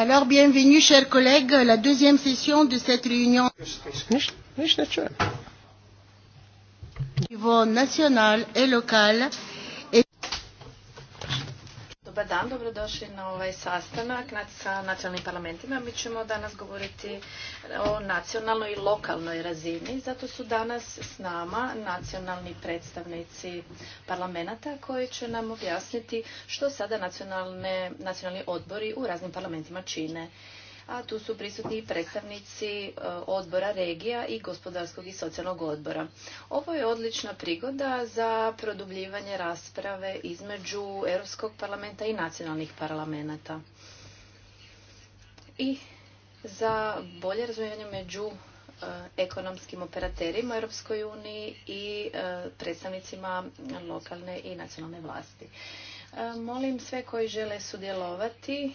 Alors, bienvenue, chers collègues, à la deuxième session de cette réunion au niveau national et local Dobar dan, dobrodošli na ovaj sastanak sa nacionalnim parlamentima. Mi ćemo danas govoriti o nacionalnoj i lokalnoj razini. Zato su danas s nama nacionalni predstavnici parlamenta koji će nam objasniti što sada nacionalni odbori u raznim parlamentima čine a tu su prisutni i predstavnici e, odbora regija i gospodarskog i socijalnog odbora. Ovo je odlična prigoda za produbljivanje rasprave između Europskog parlamenta i nacionalnih parlamenta. I za bolje razumijevanje među e, ekonomskim operaterima Europskoj uniji i e, predstavnicima lokalne i nacionalne vlasti. Molim sve koji žele sudjelovati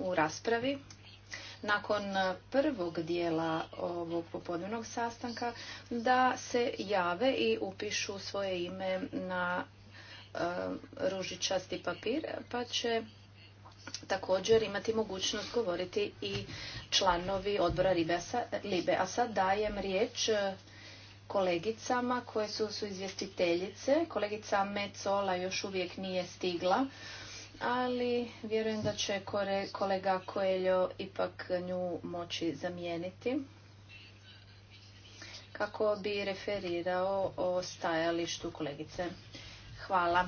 u raspravi nakon prvog dijela ovog popodnevnog sastanka da se jave i upišu svoje ime na e, ružičasti papir pa će također imati mogućnost govoriti i članovi odbora Libe. A sad dajem riječ kolegicama koje su, su izvjestiteljice. Kolegica Mecola još uvijek nije stigla ali vjerujem da će kolega Koeljo ipak nju moći zamijeniti kako bi referirao o stajalištu kolegice. Hvala.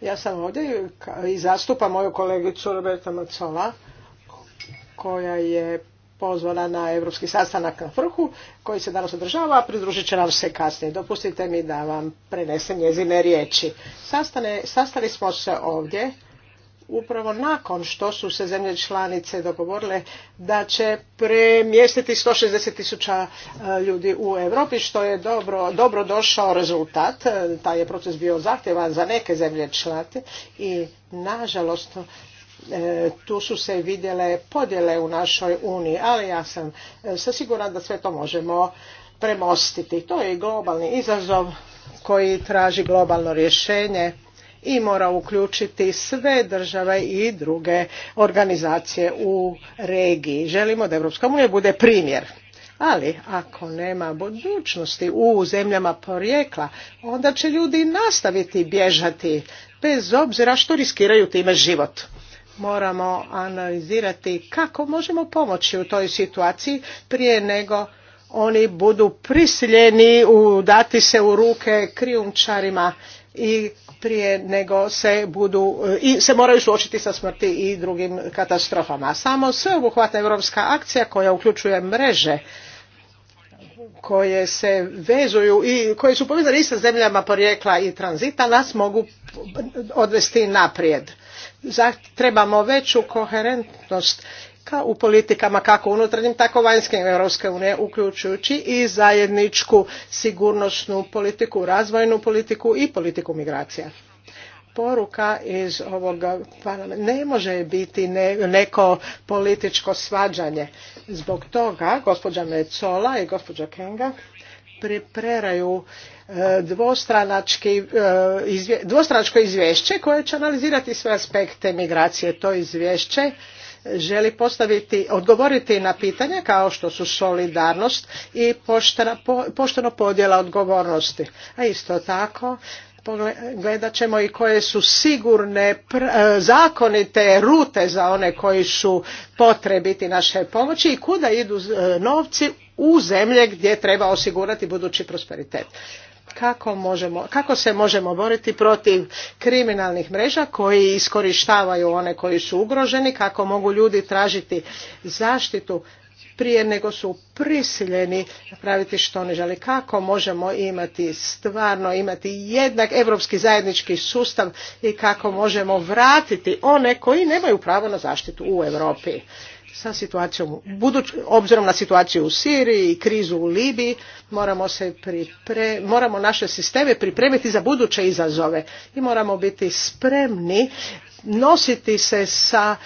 Ja sam ovdje i zastupam moju kolegicu Roberta Macola koja je pozvana na europski sastanak na vrhu koji se danas održava, a pridružit će nam se kasnije. Dopustite mi da vam prenesem njezine riječi. Sastane, sastali smo se ovdje upravo nakon što su se zemlje članice dogovorile da će premjestiti 160 tisuća e, ljudi u Europi, što je dobro, dobro došao rezultat. E, taj je proces bio zahtjevan za neke zemlje članice i nažalost E, tu su se vidjele podjele u našoj uniji, ali ja sam e, sasiguran da sve to možemo premostiti. To je globalni izazov koji traži globalno rješenje i mora uključiti sve države i druge organizacije u regiji. Želimo da EU bude primjer. Ali ako nema budućnosti u zemljama porijekla, onda će ljudi nastaviti bježati bez obzira što riskiraju time život moramo analizirati kako možemo pomoći u toj situaciji prije nego oni budu prisiljeni dati se u ruke krijumčarima i prije nego se budu i se moraju suočiti sa smrti i drugim katastrofama. Samo sveobuhvatna europska akcija koja uključuje mreže koje se vezuju i koje su povezane i sa zemljama porijekla i tranzita nas mogu odvesti naprijed trebamo veću koherentnost u politikama kako unutarnjim tako vanjskim Europske unije uključujući i zajedničku sigurnosnu politiku, razvojnu politiku i politiku migracija poruka iz ovoga ne može biti neko političko svađanje. Zbog toga gospođa Mecola i gospođa Kenga pripremaju E, e, dvostranačko izvješće koje će analizirati sve aspekte migracije. To izvješće želi postaviti, odgovoriti na pitanja kao što su solidarnost i pošteno podjela odgovornosti. A isto tako gledat ćemo i koje su sigurne e, zakonite rute za one koji su potrebiti naše pomoći i kuda idu novci u zemlje gdje treba osigurati budući prosperitet kako, se možemo boriti protiv kriminalnih mreža koji iskorištavaju one koji su ugroženi, kako mogu ljudi tražiti zaštitu prije nego su prisiljeni napraviti što ne žele. Kako možemo imati stvarno, imati jednak europski zajednički sustav i kako možemo vratiti one koji nemaju pravo na zaštitu u Europi sa situacijom, obzirom na situaciju u Siriji i krizu u Libiji, moramo, se moramo naše sisteme pripremiti za buduće izazove i moramo biti spremni nositi se sa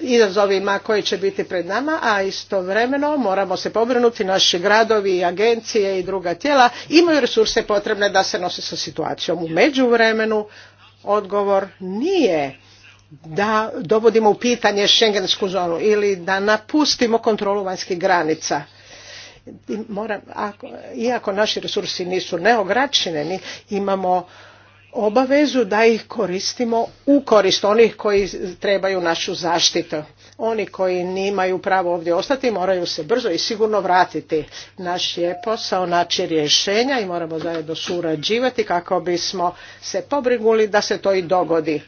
izazovima koji će biti pred nama, a istovremeno moramo se pobrinuti naši gradovi, agencije i druga tijela imaju resurse potrebne da se nose sa situacijom. U međuvremenu odgovor nije da dovodimo u pitanje šengensku zonu ili da napustimo kontrolu vanjskih granica. Moram, ako, iako naši resursi nisu neogračeni, imamo obavezu da ih koristimo u korist onih koji trebaju našu zaštitu. Oni koji nimaju pravo ovdje ostati moraju se brzo i sigurno vratiti. Naš je posao naći rješenja i moramo zajedno surađivati kako bismo se pobrignuli da se to i dogodi.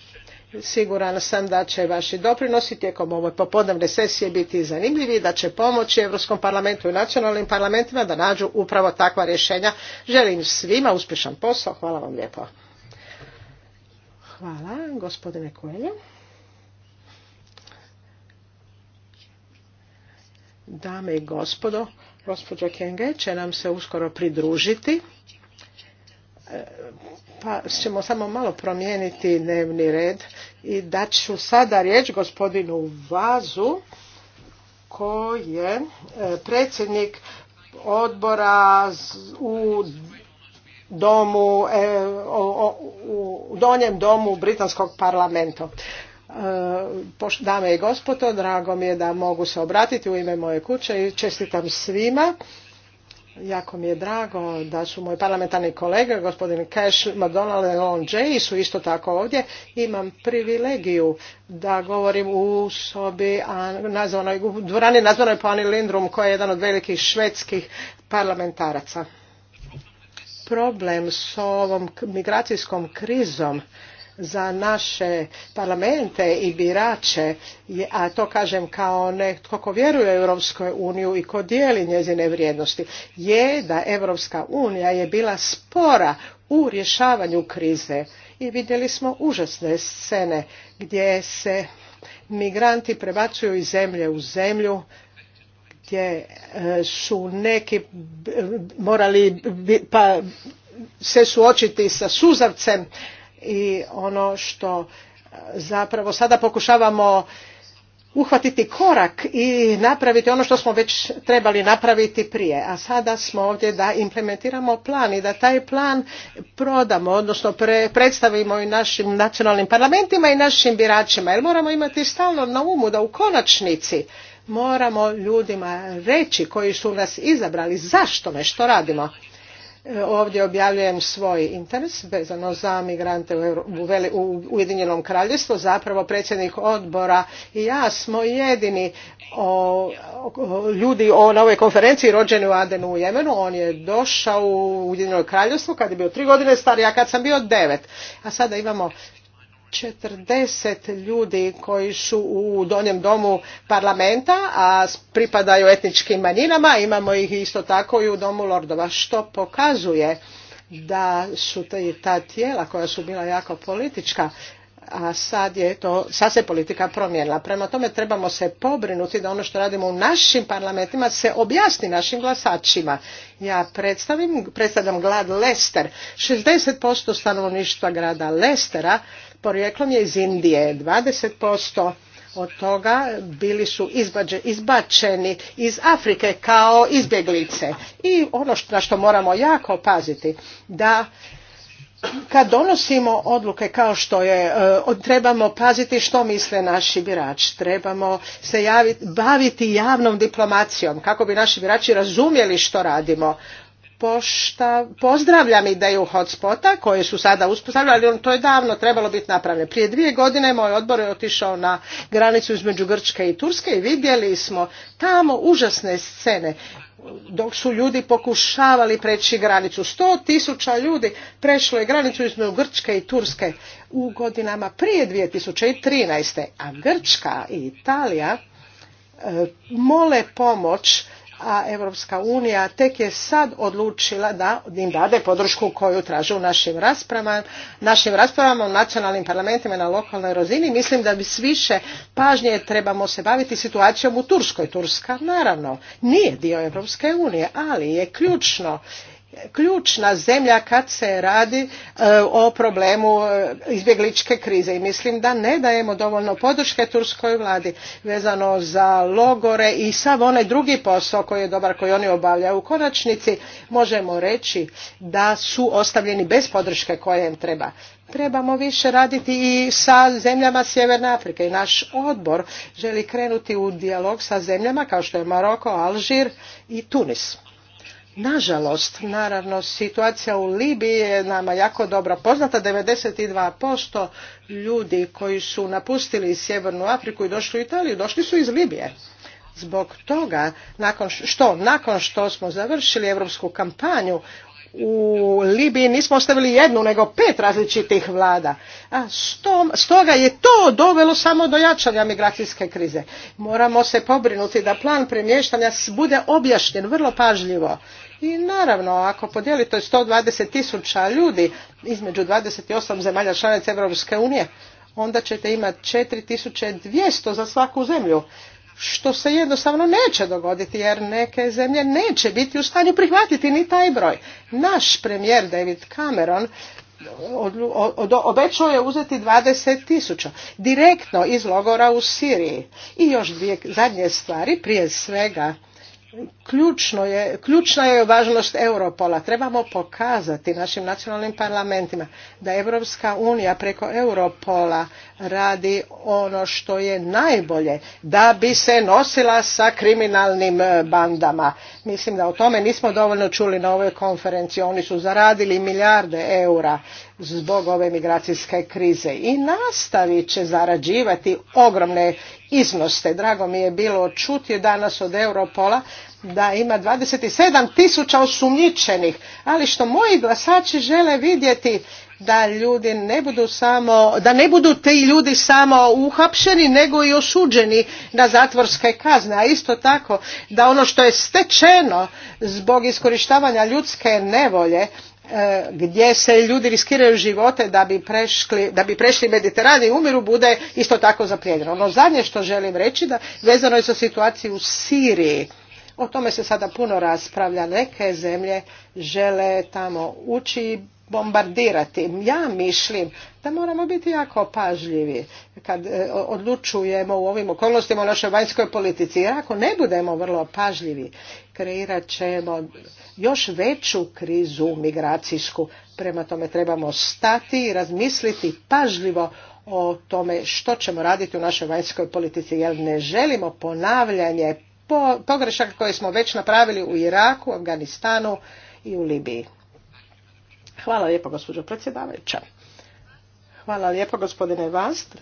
Siguran sam da će vaši doprinosi tijekom ove popodnevne sesije biti zanimljivi i da će pomoći Europskom parlamentu i nacionalnim parlamentima da nađu upravo takva rješenja. Želim svima uspješan posao. Hvala vam lijepo. Hvala, gospodine Coelho. Dame i gospodo, gospođa Kenge će nam se uskoro pridružiti pa ćemo samo malo promijeniti dnevni red i dat ću sada riječ gospodinu Vazu koji je e, predsjednik odbora u domu e, u donjem domu britanskog parlamenta e, dame i gospodo drago mi je da mogu se obratiti u ime moje kuće i čestitam svima Jako mi je drago da su moji parlamentarni kolege, gospodin Cash, McDonald i Jay su isto tako ovdje. Imam privilegiju da govorim u sobi a, u dvorani nazvanoj pani Lindrum koja je jedan od velikih švedskih parlamentaraca. Problem s ovom migracijskom krizom za naše parlamente i birače, a to kažem kao netko ko vjeruje u Europskoj uniju i ko dijeli njezine vrijednosti, je da Europska unija je bila spora u rješavanju krize i vidjeli smo užasne scene gdje se migranti prebacuju iz zemlje u zemlju gdje e, su neki morali pa se suočiti sa suzavcem i ono što e, zapravo sada pokušavamo uhvatiti korak i napraviti ono što smo već trebali napraviti prije. A sada smo ovdje da implementiramo plan i da taj plan prodamo, odnosno predstavimo i našim nacionalnim parlamentima i našim biračima. Jer moramo imati stalno na umu da u konačnici moramo ljudima reći koji su nas izabrali zašto nešto radimo ovdje objavljujem svoj interes vezano za migrante u Ujedinjenom kraljevstvu. Zapravo predsjednik odbora i ja smo jedini ljudi o, na ovoj konferenciji rođeni u Adenu u Jemenu. On je došao u Ujedinjeno kraljevstvo kad je bio tri godine star, ja kad sam bio devet. A sada imamo 40 ljudi koji su u donjem domu parlamenta, a pripadaju etničkim manjinama, imamo ih isto tako i u domu lordova, što pokazuje da su ta tijela koja su bila jako politička, a sad, je to, sad se politika promijenila. Prema tome trebamo se pobrinuti da ono što radimo u našim parlamentima se objasni našim glasačima. Ja predstavim, predstavljam glad Lester. 60% stanovništva grada Lestera porijeklom je iz Indije. 20% od toga bili su izbačeni iz Afrike kao izbjeglice. I ono na što moramo jako paziti da kad donosimo odluke kao što je, e, trebamo paziti što misle naši birači, trebamo se baviti javnom diplomacijom kako bi naši birači razumjeli što radimo pošta, pozdravljam ideju hotspota koje su sada uspostavljali, ali ono, to je davno trebalo biti napravljeno. Prije dvije godine moj odbor je otišao na granicu između Grčke i Turske i vidjeli smo tamo užasne scene dok su ljudi pokušavali preći granicu. Sto tisuća ljudi prešlo je granicu između Grčke i Turske u godinama prije 2013. A Grčka i Italija e, mole pomoć a Europska unija tek je sad odlučila da im dade podršku koju traže u našim raspravama, našim raspravama u nacionalnim parlamentima na lokalnoj razini. Mislim da bi s više pažnje trebamo se baviti situacijom u Turskoj. Turska naravno nije dio Europske unije, ali je ključno ključna zemlja kad se radi e, o problemu e, izbjegličke krize i mislim da ne dajemo dovoljno podrške turskoj vladi vezano za logore i sav onaj drugi posao koji je dobar koji oni obavljaju. U konačnici možemo reći da su ostavljeni bez podrške koja im treba. Trebamo više raditi i sa zemljama Sjeverne Afrike i naš odbor želi krenuti u dijalog sa zemljama kao što je Maroko, Alžir i Tunis Nažalost, naravno, situacija u Libiji je nama jako dobro poznata. 92% ljudi koji su napustili Sjevernu Afriku i došli u Italiju, došli su iz Libije. Zbog toga, nakon što, nakon što smo završili europsku kampanju, u Libiji nismo ostavili jednu, nego pet različitih vlada. A stoga je to dovelo samo do jačanja migracijske krize. Moramo se pobrinuti da plan premještanja bude objašnjen vrlo pažljivo i naravno, ako podijelite 120 tisuća ljudi između 28 zemalja članica Europske unije, onda ćete imati 4200 za svaku zemlju, što se jednostavno neće dogoditi jer neke zemlje neće biti u stanju prihvatiti ni taj broj. Naš premijer David Cameron obećao je uzeti 20 tisuća direktno iz logora u Siriji. I još dvije zadnje stvari, prije svega ključna je važnost Europola. Trebamo pokazati našim nacionalnim parlamentima da Europska unija preko Europola radi ono što je najbolje da bi se nosila sa kriminalnim e, bandama. Mislim da o tome nismo dovoljno čuli na ovoj konferenciji. Oni su zaradili milijarde eura zbog ove migracijske krize i nastavit će zarađivati ogromne iznoste. Drago mi je bilo čuti danas od Europola da ima 27 tisuća osumnjičenih, ali što moji glasači žele vidjeti da ljudi ne budu samo, da ne budu ti ljudi samo uhapšeni nego i osuđeni na zatvorske kazne, a isto tako da ono što je stečeno zbog iskorištavanja ljudske nevolje e, gdje se ljudi riskiraju živote da bi prešli, da bi prešli Mediteran i umiru bude isto tako zapljenjeno. Ono zadnje što želim reći da vezano je za situaciju u Siriji o tome se sada puno raspravlja. Neke zemlje žele tamo ući bombardirati. Ja mišlim da moramo biti jako pažljivi kad e, odlučujemo u ovim okolnostima u našoj vanjskoj politici. Jer ako ne budemo vrlo pažljivi, kreirat ćemo još veću krizu migracijsku. Prema tome trebamo stati i razmisliti pažljivo o tome što ćemo raditi u našoj vanjskoj politici jer ne želimo ponavljanje pogrešaka koje smo već napravili u Iraku, Afganistanu i u Libiji. Hvala lijepo gospođo predsjedavajuća. Hvala lijepo gospodine Vast.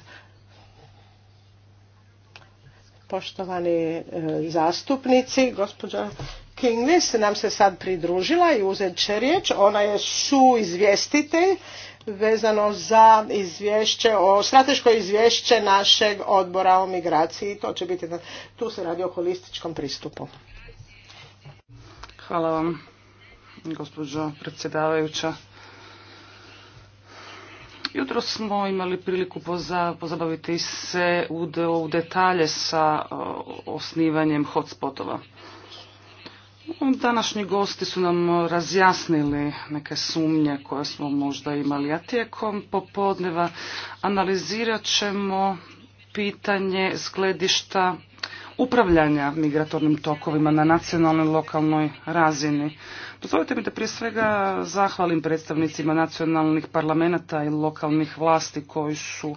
Poštovani e, zastupnici, gospođa Kingnes nam se sad pridružila i uzet će riječ. Ona je izvjestitelj vezano za izvješće o strateško izvješće našeg odbora o migraciji. To će biti, tu se radi o holističkom pristupu. Hvala vam, gospođo predsjedavajuća. Jutro smo imali priliku pozabaviti se u detalje sa osnivanjem hotspotova. Današnji gosti su nam razjasnili neke sumnje koje smo možda imali, a tijekom popodneva analizirat ćemo pitanje skledišta upravljanja migratornim tokovima na nacionalnoj i lokalnoj razini. Dozvolite mi da prije svega zahvalim predstavnicima nacionalnih parlamenta i lokalnih vlasti koji su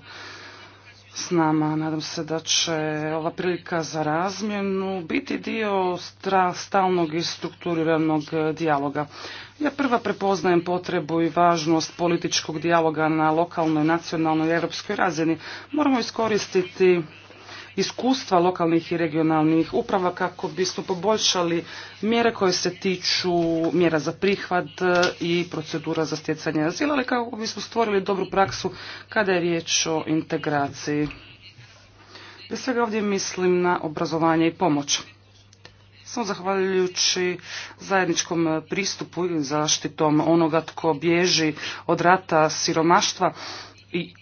s nama. Nadam se da će ova prilika za razmjenu biti dio stalnog i strukturiranog dijaloga. Ja prva prepoznajem potrebu i važnost političkog dijaloga na lokalnoj, nacionalnoj i europskoj razini. Moramo iskoristiti iskustva lokalnih i regionalnih uprava kako bismo poboljšali mjere koje se tiču mjera za prihvat e, i procedura za stjecanje azila, ali kako bismo stvorili dobru praksu kada je riječ o integraciji. Prije svega ovdje mislim na obrazovanje i pomoć. Samo zahvaljujući zajedničkom pristupu i zaštitom onoga tko bježi od rata siromaštva i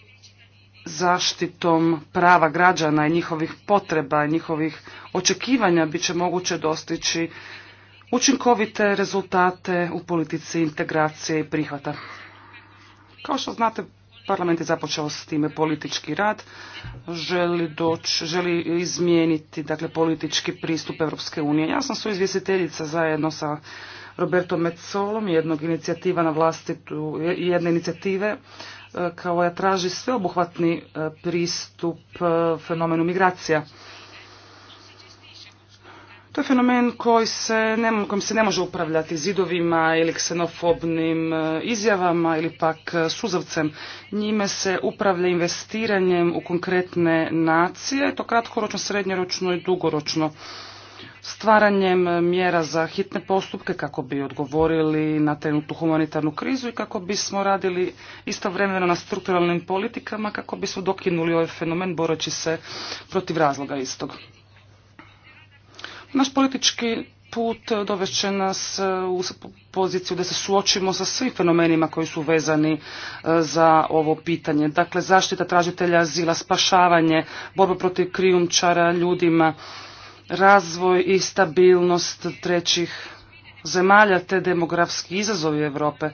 zaštitom prava građana i njihovih potreba i njihovih očekivanja bit će moguće dostići učinkovite rezultate u politici integracije i prihvata. Kao što znate, parlament je započeo s time politički rad, želi, doć, želi izmijeniti dakle, politički pristup Europske unije. Ja sam su izvjestiteljica zajedno sa Roberto Metsolom, jednog inicijativa na vlastitu, jedne inicijative kao ja traži sveobuhvatni e, pristup e, fenomenu migracija. To je fenomen koji se ne, kojim se ne može upravljati zidovima ili ksenofobnim e, izjavama ili pak suzavcem. Njime se upravlja investiranjem u konkretne nacije, to kratkoročno, srednjoročno i dugoročno stvaranjem e, mjera za hitne postupke kako bi odgovorili na trenutnu humanitarnu krizu i kako bismo radili istovremeno na strukturalnim politikama kako bismo dokinuli ovaj fenomen boreći se protiv razloga istog. Naš politički put dovešće nas e, u poziciju da se suočimo sa svim fenomenima koji su vezani e, za ovo pitanje. Dakle, zaštita tražitelja azila, spašavanje, borba protiv krijumčara ljudima, razvoj i stabilnost trećih zemalja te demografski izazovi Europe.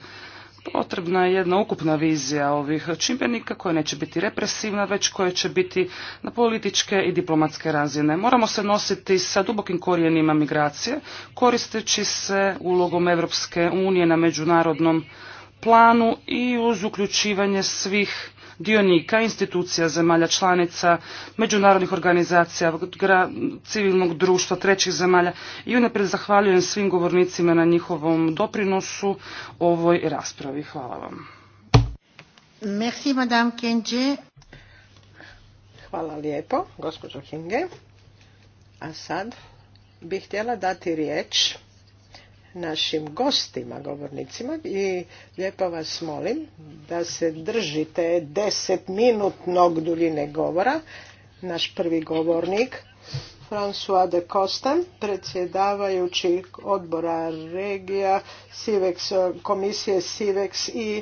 Potrebna je jedna ukupna vizija ovih čimbenika koja neće biti represivna, već koja će biti na političke i diplomatske razine. Moramo se nositi sa dubokim korijenima migracije, koristeći se ulogom Europske unije na međunarodnom planu i uz uključivanje svih dionika, institucija zemalja članica, međunarodnih organizacija, civilnog društva, trećih zemalja i unaprijed zahvaljujem svim govornicima na njihovom doprinosu ovoj raspravi. Hvala vam. Merci, Madame Kenji. Hvala lijepo, gospođo Kinge. A sad bih htjela dati riječ našim gostima, govornicima i lijepo vas molim da se držite desetminutnog duljine govora. Naš prvi govornik François de Costa, predsjedavajući odbora regija Sivex, komisije SIVEX i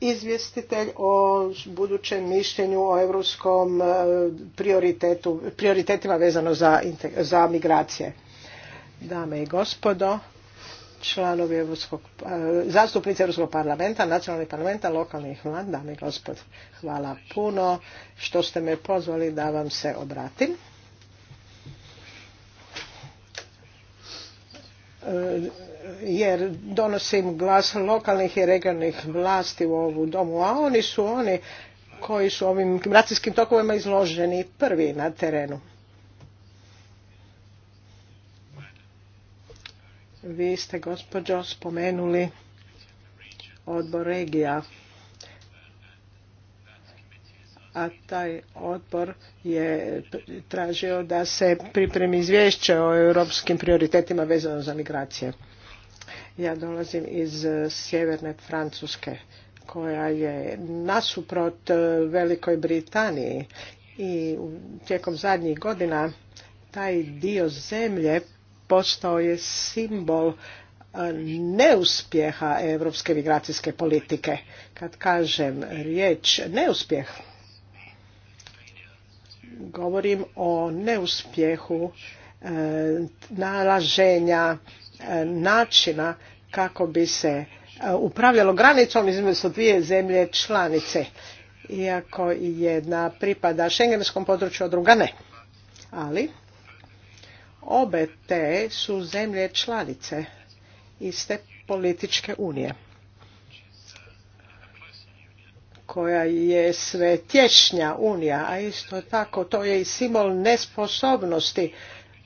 izvjestitelj o budućem mišljenju o europskom e, prioritetima vezano za, za migracije. Dame i gospodo, članovi Evropskog, pa, zastupnici Europskog parlamenta, nacionalnih parlamenta, lokalnih vlada, dame i gospod, hvala puno što ste me pozvali da vam se obratim. E, jer donosim glas lokalnih i regionalnih vlasti u ovu domu, a oni su oni koji su ovim migracijskim tokovima izloženi prvi na terenu. Vi ste, gospođo, spomenuli odbor regija. A taj odbor je tražio da se pripremi izvješće o europskim prioritetima vezano za migracije. Ja dolazim iz sjeverne Francuske koja je nasuprot e, Velikoj Britaniji i tijekom zadnjih godina taj dio zemlje postao je simbol e, neuspjeha europske migracijske politike. Kad kažem riječ neuspjeh, govorim o neuspjehu e, nalaženja e, načina kako bi se upravljalo granicom između dvije zemlje članice. Iako jedna pripada šengenskom području, a druga ne. Ali Obe te su zemlje članice iste političke unije koja je sve tješnja unija, a isto tako to je i simbol nesposobnosti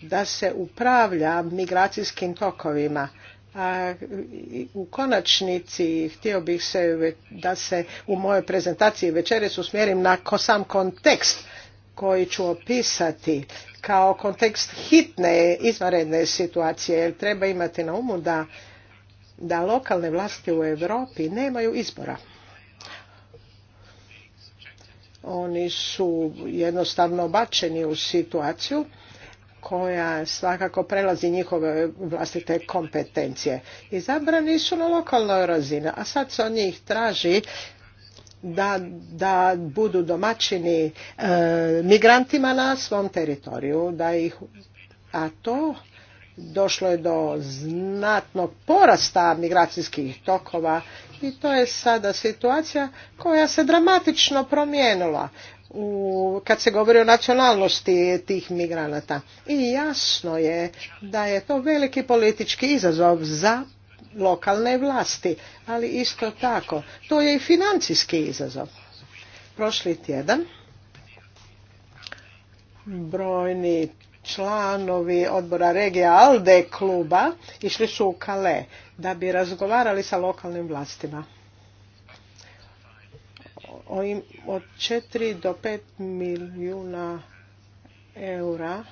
da se upravlja migracijskim tokovima. A u konačnici htio bih se da se u mojoj prezentaciji večeras usmjerim na sam kontekst koji ću opisati kao kontekst hitne izvanredne situacije jer treba imati na umu da, da lokalne vlasti u Europi nemaju izbora. Oni su jednostavno bačeni u situaciju koja svakako prelazi njihove vlastite kompetencije. Izabrani su na lokalnoj razini, a sad se od njih traži da, budu domaćini e, migrantima na svom teritoriju, da ih, a to došlo je do znatnog porasta migracijskih tokova i to je sada situacija koja se dramatično promijenila u, kad se govori o nacionalnosti tih migranata. I jasno je da je to veliki politički izazov za lokalne vlasti, ali isto tako. To je i financijski izazov. Prošli tjedan brojni članovi odbora regija Alde kluba išli su u Kale da bi razgovarali sa lokalnim vlastima. od 4 do 5 milijuna eura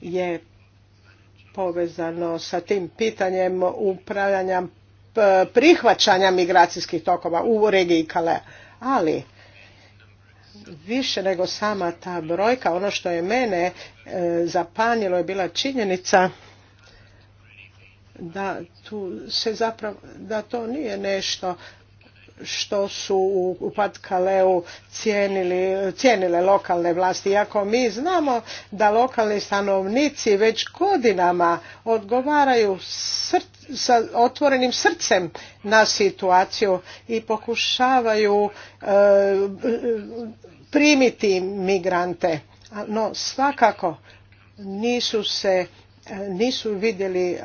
je povezano sa tim pitanjem upravljanja prihvaćanja migracijskih tokova u regiji Kale. Ali više nego sama ta brojka, ono što je mene e, zapanjilo je bila činjenica da tu se zapravo da to nije nešto što su u Patkaleu cijenile lokalne vlasti. Iako mi znamo da lokalni stanovnici već godinama odgovaraju sa otvorenim srcem na situaciju i pokušavaju e, primiti migrante. No svakako nisu se E, nisu vidjeli e,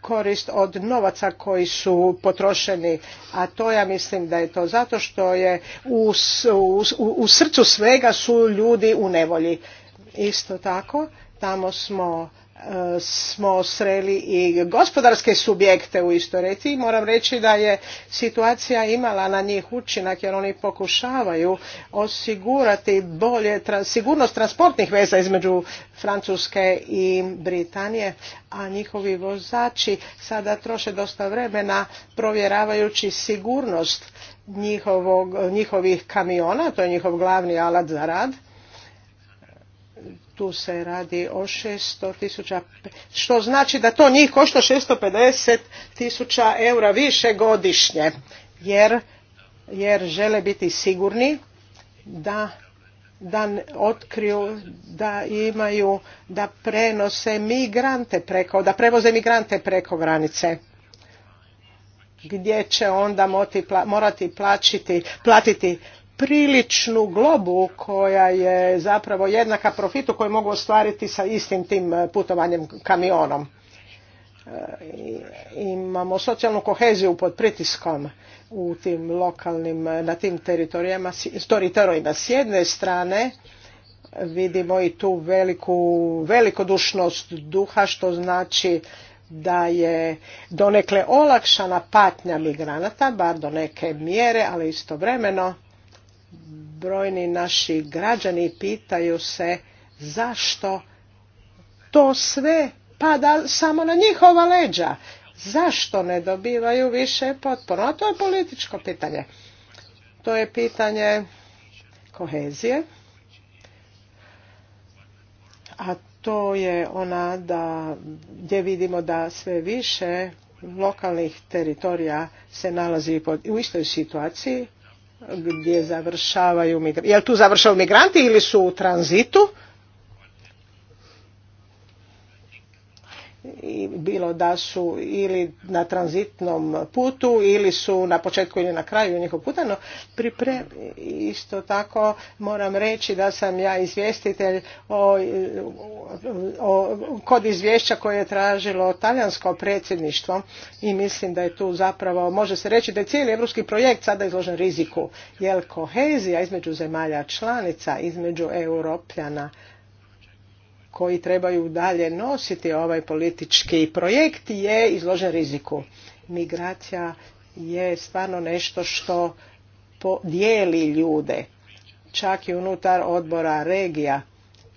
korist od novaca koji su potrošeni, a to ja mislim da je to zato što je u, u srcu svega su ljudi u nevolji. Isto tako, tamo smo smo sreli i gospodarske subjekte u istoj i Moram reći da je situacija imala na njih učinak jer oni pokušavaju osigurati bolje sigurnost transportnih veza između Francuske i Britanije, a njihovi vozači sada troše dosta vremena provjeravajući sigurnost njihovog, njihovih kamiona, to je njihov glavni alat za rad tu se radi o 600 tisuća, što znači da to njih košta 650 tisuća eura više godišnje, jer, jer žele biti sigurni da da otkriju da imaju da prenose migrante preko da prevoze migrante preko granice gdje će onda morati plaćiti, platiti priličnu globu koja je zapravo jednaka profitu koju mogu ostvariti sa istim tim e, putovanjem kamionom. E, imamo socijalnu koheziju pod pritiskom u tim lokalnim, e, na tim teritorijama, teritorijima. S jedne strane vidimo i tu veliku velikodušnost duha što znači da je donekle olakšana patnja migranata, bar do neke mjere, ali istovremeno brojni naši građani pitaju se zašto to sve pada samo na njihova leđa. Zašto ne dobivaju više potporu? A to je političko pitanje. To je pitanje kohezije. A to je ona da gdje vidimo da sve više lokalnih teritorija se nalazi u istoj situaciji gdje završavaju migranti. Jel tu završavaju migranti ili su u tranzitu? i bilo da su ili na tranzitnom putu ili su na početku ili na kraju njihov puta, no isto tako moram reći da sam ja izvjestitelj o, kod izvješća koje je tražilo talijansko predsjedništvo i mislim da je tu zapravo, može se reći da je cijeli europski projekt sada izložen riziku, jer kohezija između zemalja članica, između europljana koji trebaju dalje nositi ovaj politički projekt je izložen riziku. Migracija je stvarno nešto što podijeli ljude, čak i unutar odbora regija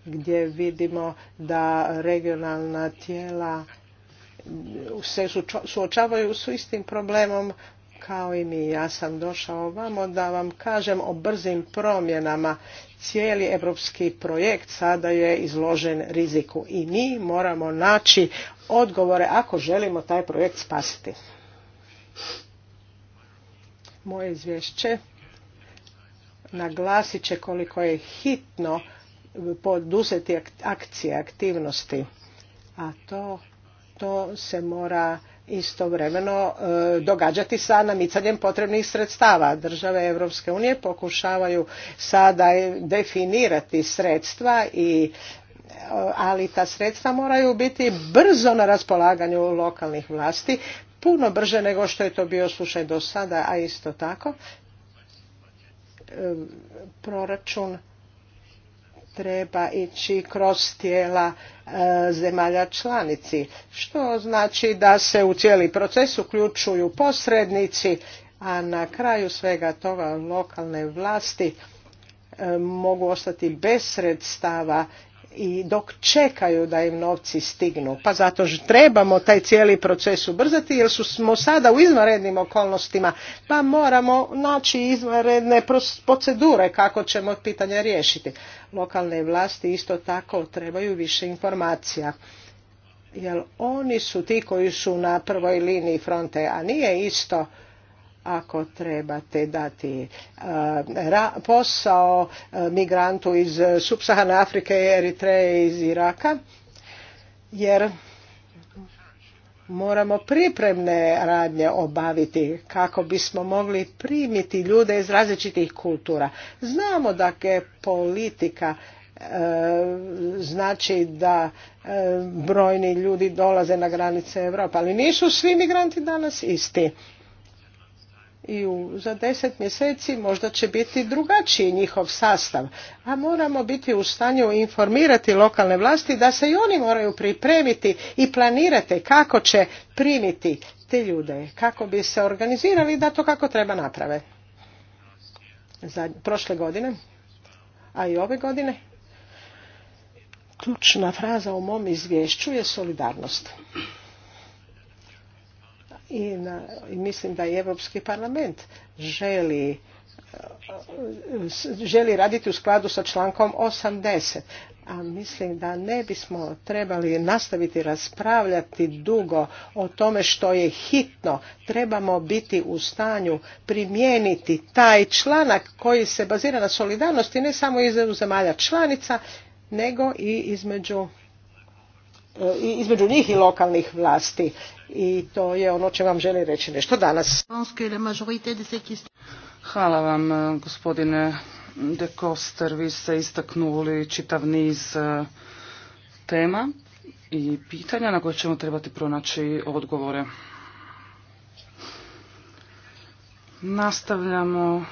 gdje vidimo da regionalna tijela se suočavaju s istim problemom kao i mi. Ja sam došao ovamo da vam kažem o brzim promjenama. Cijeli europski projekt sada je izložen riziku i mi moramo naći odgovore ako želimo taj projekt spasiti. Moje izvješće naglasit će koliko je hitno poduzeti akcije, aktivnosti, a to, to se mora istovremeno e, događati sa namicanjem potrebnih sredstava. Države Europske unije pokušavaju sada definirati sredstva i e, ali ta sredstva moraju biti brzo na raspolaganju lokalnih vlasti, puno brže nego što je to bio slučaj do sada, a isto tako e, proračun treba ići kroz tijela e, zemalja članici, što znači da se u cijeli proces uključuju posrednici, a na kraju svega toga lokalne vlasti e, mogu ostati bez sredstava i dok čekaju da im novci stignu. Pa zato že trebamo taj cijeli proces ubrzati jer smo sada u izvanrednim okolnostima pa moramo naći izvanredne procedure kako ćemo pitanje riješiti. Lokalne vlasti isto tako trebaju više informacija jer oni su ti koji su na prvoj liniji fronte, a nije isto ako trebate dati e, posao e, migrantu iz subsahane Afrike, Eritreje, iz Iraka, jer moramo pripremne radnje obaviti kako bismo mogli primiti ljude iz različitih kultura. Znamo da je politika e, znači da brojni ljudi dolaze na granice Europe, ali nisu svi migranti danas isti i u, za deset mjeseci možda će biti drugačiji njihov sastav. A moramo biti u stanju informirati lokalne vlasti da se i oni moraju pripremiti i planirati kako će primiti te ljude, kako bi se organizirali da to kako treba naprave. za prošle godine, a i ove godine, ključna fraza u mom izvješću je solidarnost i, mislim da i Europski parlament želi e, želi raditi u skladu sa člankom 80. A mislim da ne bismo trebali nastaviti raspravljati dugo o tome što je hitno. Trebamo biti u stanju primijeniti taj članak koji se bazira na solidarnosti ne samo između zemalja članica, nego i između između njih i lokalnih vlasti i to je ono čemu vam želim reći nešto danas. Hvala vam eh, gospodine De Koster, vi ste istaknuli čitav niz eh, tema i pitanja na koje ćemo trebati pronaći odgovore. Nastavljamo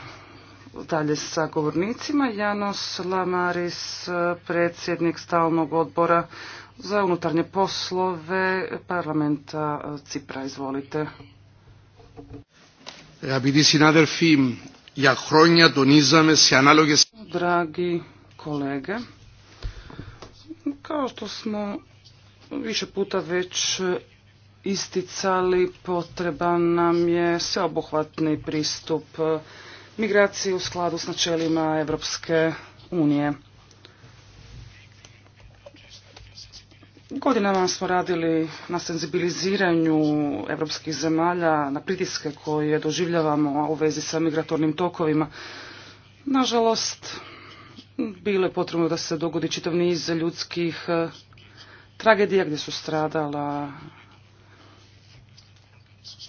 dalje sa govornicima. Janos Lamaris, eh, predsjednik stalnog odbora za unutarnje poslove parlamenta e, Cipra. Izvolite. Dragi kolege, kao što smo više puta već isticali, potreban nam je sveobuhvatni pristup migraciji u skladu s načelima Europske unije. Godinama smo radili na senzibiliziranju evropskih zemalja, na pritiske koje doživljavamo u vezi sa migratornim tokovima. Nažalost, bilo je potrebno da se dogodi čitav niz ljudskih eh, tragedija gdje su stradala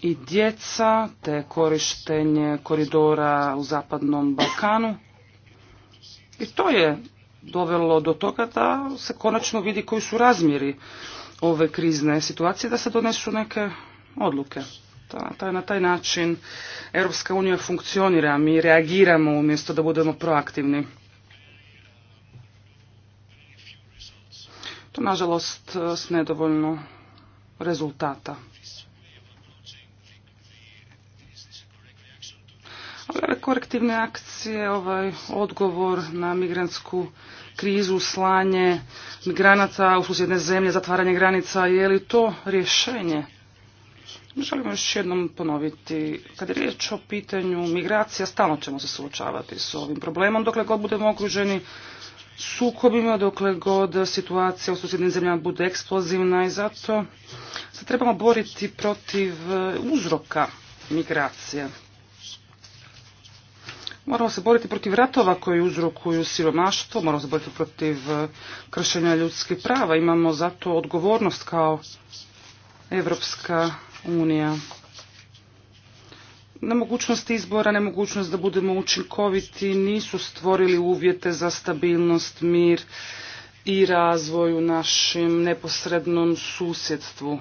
i djeca, te korištenje koridora u Zapadnom Balkanu. I to je dovelo do toga da se konačno vidi koji su razmjeri ove krizne situacije, da se donesu neke odluke. ta, na taj način Europska unija funkcionira, mi reagiramo umjesto da budemo proaktivni. To nažalost s nedovoljno rezultata. korektivne akcije, ovaj odgovor na migrantsku krizu, slanje migranata u susjedne zemlje, zatvaranje granica, je li to rješenje? Želimo još jednom ponoviti, kad je riječ o pitanju migracija, stalno ćemo se suočavati s ovim problemom, dokle god budemo okruženi sukobima, dokle god situacija u susjednim zemljama bude eksplozivna i zato se trebamo boriti protiv eh, uzroka migracije. Moramo se boriti protiv ratova koji uzrokuju siromaštvo, moramo se boriti protiv e, kršenja ljudskih prava. Imamo zato odgovornost kao Evropska unija. Nemogućnost izbora, nemogućnost da budemo učinkoviti nisu stvorili uvjete za stabilnost, mir i razvoj u našem neposrednom susjedstvu.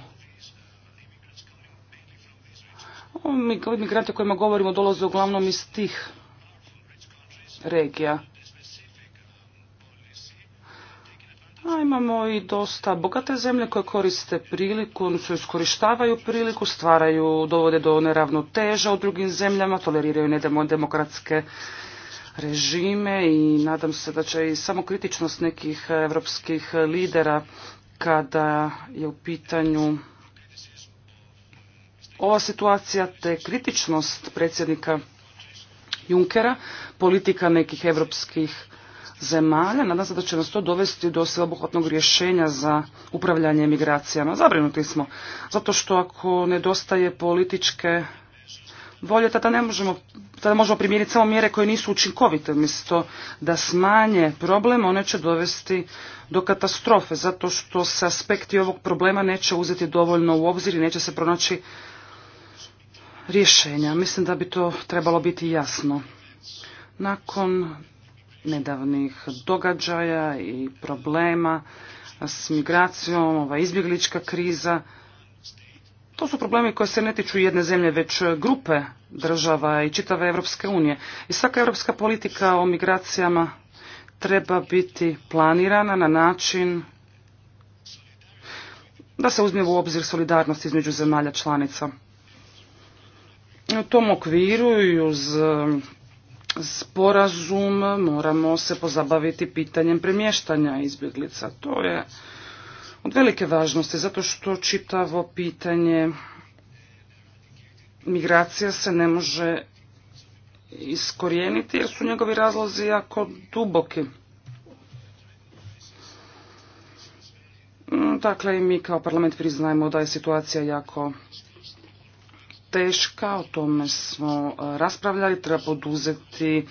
Migranti o kojima govorimo dolaze uglavnom iz tih regija. A imamo i dosta bogate zemlje koje koriste priliku, su iskorištavaju priliku, stvaraju, dovode do neravnoteža u drugim zemljama, toleriraju nedemokratske režime i nadam se da će i samokritičnost nekih evropskih lidera kada je u pitanju ova situacija te kritičnost predsjednika Junckera, politika nekih europskih zemalja. Nadam se da će nas to dovesti do sveobuhvatnog rješenja za upravljanje migracijama. Zabrinuti smo, zato što ako nedostaje političke volje, tada ne možemo, tada možemo primijeniti samo mjere koje nisu učinkovite. Umjesto da smanje problem, one će dovesti do katastrofe, zato što se aspekti ovog problema neće uzeti dovoljno u obzir i neće se pronaći rješenja. Mislim da bi to trebalo biti jasno. Nakon nedavnih događaja i problema s migracijom, ova izbjeglička kriza, to su problemi koji se ne tiču jedne zemlje, već grupe država i čitave Europske unije. I svaka europska politika o migracijama treba biti planirana na način da se uzme u obzir solidarnost između zemalja članica. U tom okviru i uz um, sporazum moramo se pozabaviti pitanjem premještanja izbjeglica. To je od velike važnosti zato što čitavo pitanje migracija se ne može iskorijeniti jer su njegovi razlozi jako duboki. Mm, dakle, mi kao parlament priznajemo da je situacija jako teška, o tome smo e, raspravljali, treba poduzeti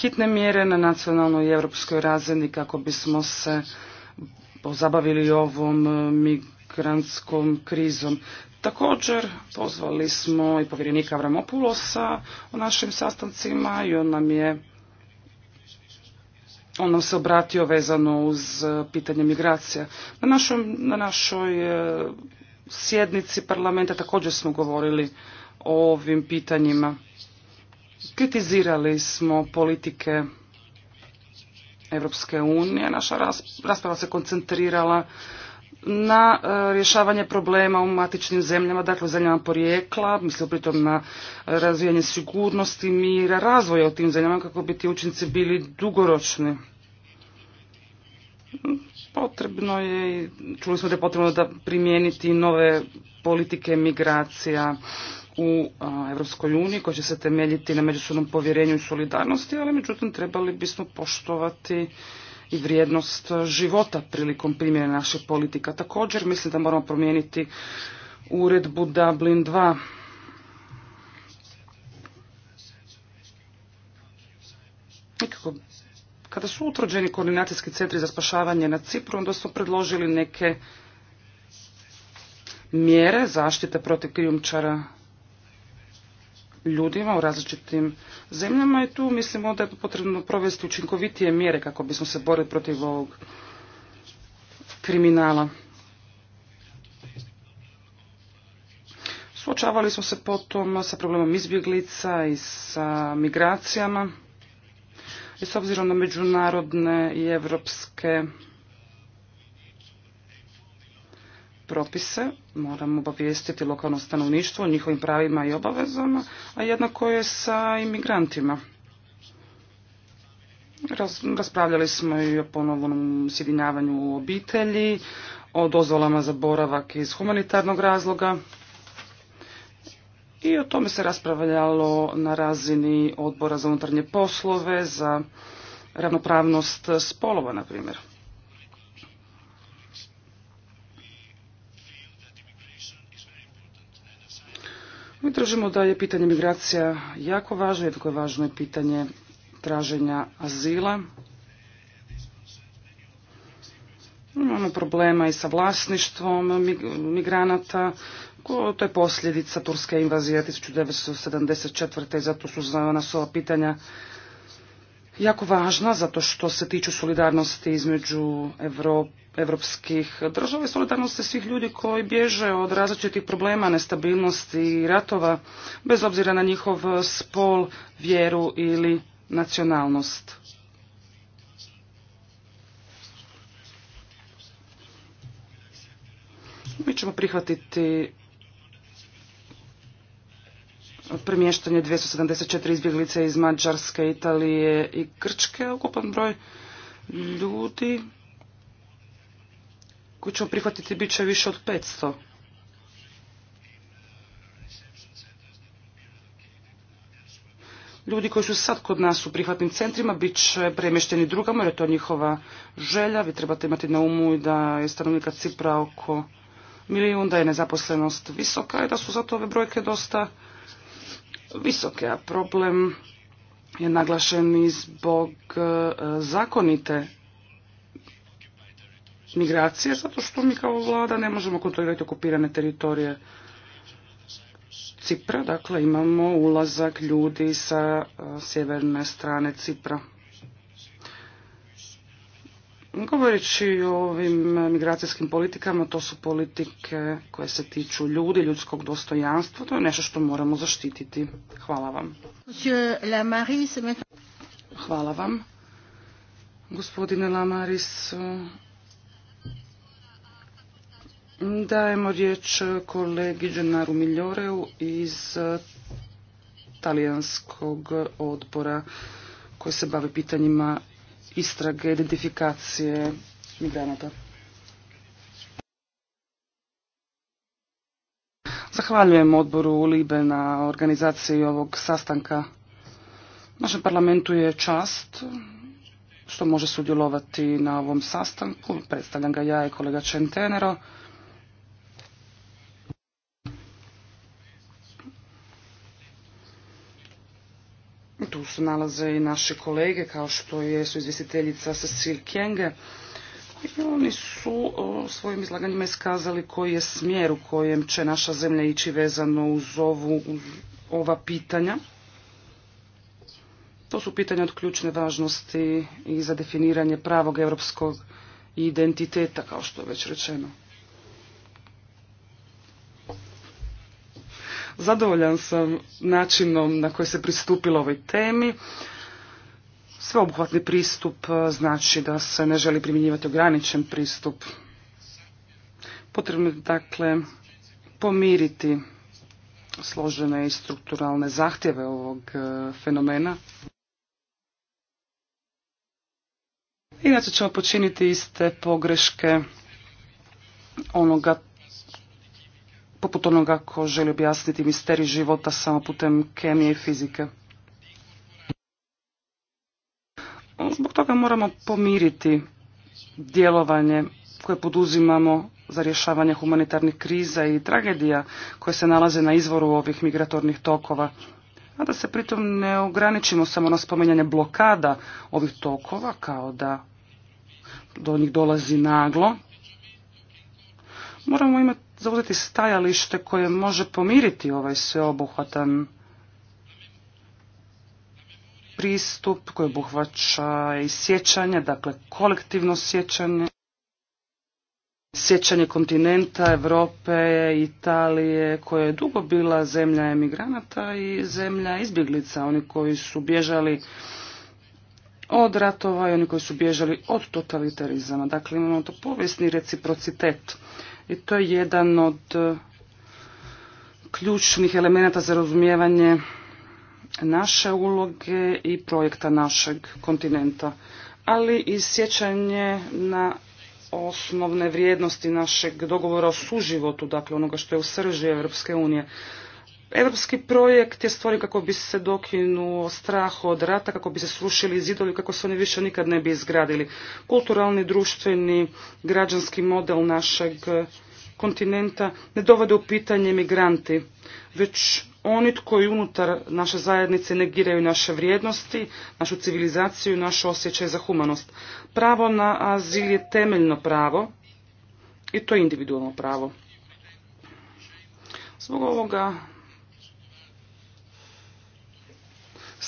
hitne mjere na nacionalnoj i europskoj razini kako bismo se pozabavili ovom e, migrantskom krizom. Također pozvali smo i povjerenika Avramopulosa u našim sastancima i on nam je on nam se obratio vezano uz e, pitanje migracija. Na, na našoj sjednici parlamenta također smo govorili o ovim pitanjima. Kritizirali smo politike Europske unije. Naša rasprava se koncentrirala na e, rješavanje problema u matičnim zemljama, dakle zemljama porijekla, mislim pritom na razvijanje sigurnosti, mira, razvoja u tim zemljama kako bi ti učinci bili dugoročni. Potrebno je, čuli smo da je potrebno da primijeniti nove politike migracija u Europskoj uniji koje će se temeljiti na međusobnom povjerenju i solidarnosti, ali međutim trebali bismo poštovati i vrijednost života prilikom primjene naše politika. Također mislim da moramo promijeniti uredbu Dublin 2. Kada su utvrđeni koordinacijski centri za spašavanje na Cipru, onda smo predložili neke mjere zaštite protiv krijumčara ljudima u različitim zemljama i tu mislimo da je potrebno provesti učinkovitije mjere kako bismo se borili protiv ovog kriminala. Suočavali smo se potom sa problemom izbjeglica i sa migracijama i s obzirom na međunarodne i evropske propise, moramo obavijestiti lokalno stanovništvo o njihovim pravima i obavezama, a jednako je sa imigrantima. raspravljali smo i o ponovnom sjedinjavanju obitelji, o dozvolama za boravak iz humanitarnog razloga i o tome se raspravljalo na razini odbora za unutarnje poslove, za ravnopravnost spolova, na primjer. Mi držimo da je pitanje migracija jako važno, jednako je važno je pitanje traženja azila. Imamo problema i sa vlasništvom migranata, to je posljedica turske invazije 1974. i zato su za nas ova pitanja jako važna, zato što se tiču solidarnosti između europskih evropskih država i solidarnosti svih ljudi koji bježe od različitih problema, nestabilnosti i ratova, bez obzira na njihov spol, vjeru ili nacionalnost. Mi ćemo prihvatiti premještanje 274 izbjeglice iz Mađarske, Italije i Grčke, ukupan broj ljudi koji ćemo prihvatiti bit će više od 500. Ljudi koji su sad kod nas u prihvatnim centrima bit će premješteni drugama jer je to njihova želja. Vi trebate imati na umu da je stanovnika Cipra oko milijun, da je nezaposlenost visoka i da su zato ove brojke dosta visoke, a problem je naglašen i zbog e, zakonite migracije, zato što mi kao vlada ne možemo kontrolirati okupirane teritorije Cipra, dakle imamo ulazak ljudi sa e, sjeverne strane Cipra. Govoreći o ovim migracijskim politikama, to su politike koje se tiču ljudi, ljudskog dostojanstva, to je nešto što moramo zaštititi. Hvala vam. Hvala vam. Gospodine Lamaris, dajemo riječ kolegi Gennaru Miljoreu iz talijanskog odbora koji se bavi pitanjima istrage, identifikacije migranata. Zahvaljujem odboru Libe na organizaciji ovog sastanka. Našem parlamentu je čast što može sudjelovati na ovom sastanku. Predstavljam ga ja i kolega Čentenero. Tu se nalaze i naše kolege, kao što je su izvjestiteljica Cecil Kenge I oni su svojim izlaganjima iskazali koji je smjer u kojem će naša zemlja ići vezano uz, ovu, uz ova pitanja. To su pitanja od ključne važnosti i za definiranje pravog europskog identiteta, kao što je već rečeno. Zadovoljan sam načinom na koji se pristupilo ovoj temi. Sveobuhvatni pristup e, znači da se ne želi primjenjivati ograničen pristup. Potrebno je dakle pomiriti složene i strukturalne zahtjeve ovog e, fenomena. Inače ćemo počiniti iste pogreške onoga poput onoga ko želi objasniti misteri života samo putem kemije i fizike. Zbog toga moramo pomiriti djelovanje koje poduzimamo za rješavanje humanitarnih kriza i tragedija koje se nalaze na izvoru ovih migratornih tokova. A da se pritom ne ograničimo samo na spominjanje blokada ovih tokova, kao da do njih dolazi naglo. Moramo imati zauzeti stajalište koje može pomiriti ovaj sveobuhvatan pristup koji obuhvaća i sjećanje, dakle kolektivno sjećanje, sjećanje kontinenta, Europe, Italije, koja je dugo bila zemlja emigranata i zemlja izbjeglica, oni koji su bježali od ratova i oni koji su bježali od totalitarizama. Dakle, imamo to povijesni reciprocitet. I to je jedan od e, ključnih elemenata za razumijevanje naše uloge i projekta našeg kontinenta, ali i sjećanje na osnovne vrijednosti našeg dogovora o suživotu, dakle onoga što je u srži Europske unije. Europski projekt je stvoren kako bi se dokinuo strah od rata, kako bi se srušili zidovi, kako se oni više nikad ne bi izgradili. Kulturalni, društveni, građanski model našeg kontinenta ne dovode u pitanje migranti, već oni koji unutar naše zajednice negiraju naše vrijednosti, našu civilizaciju i naš osjećaj za humanost. Pravo na azil je temeljno pravo i to je individualno pravo. Zbog ovoga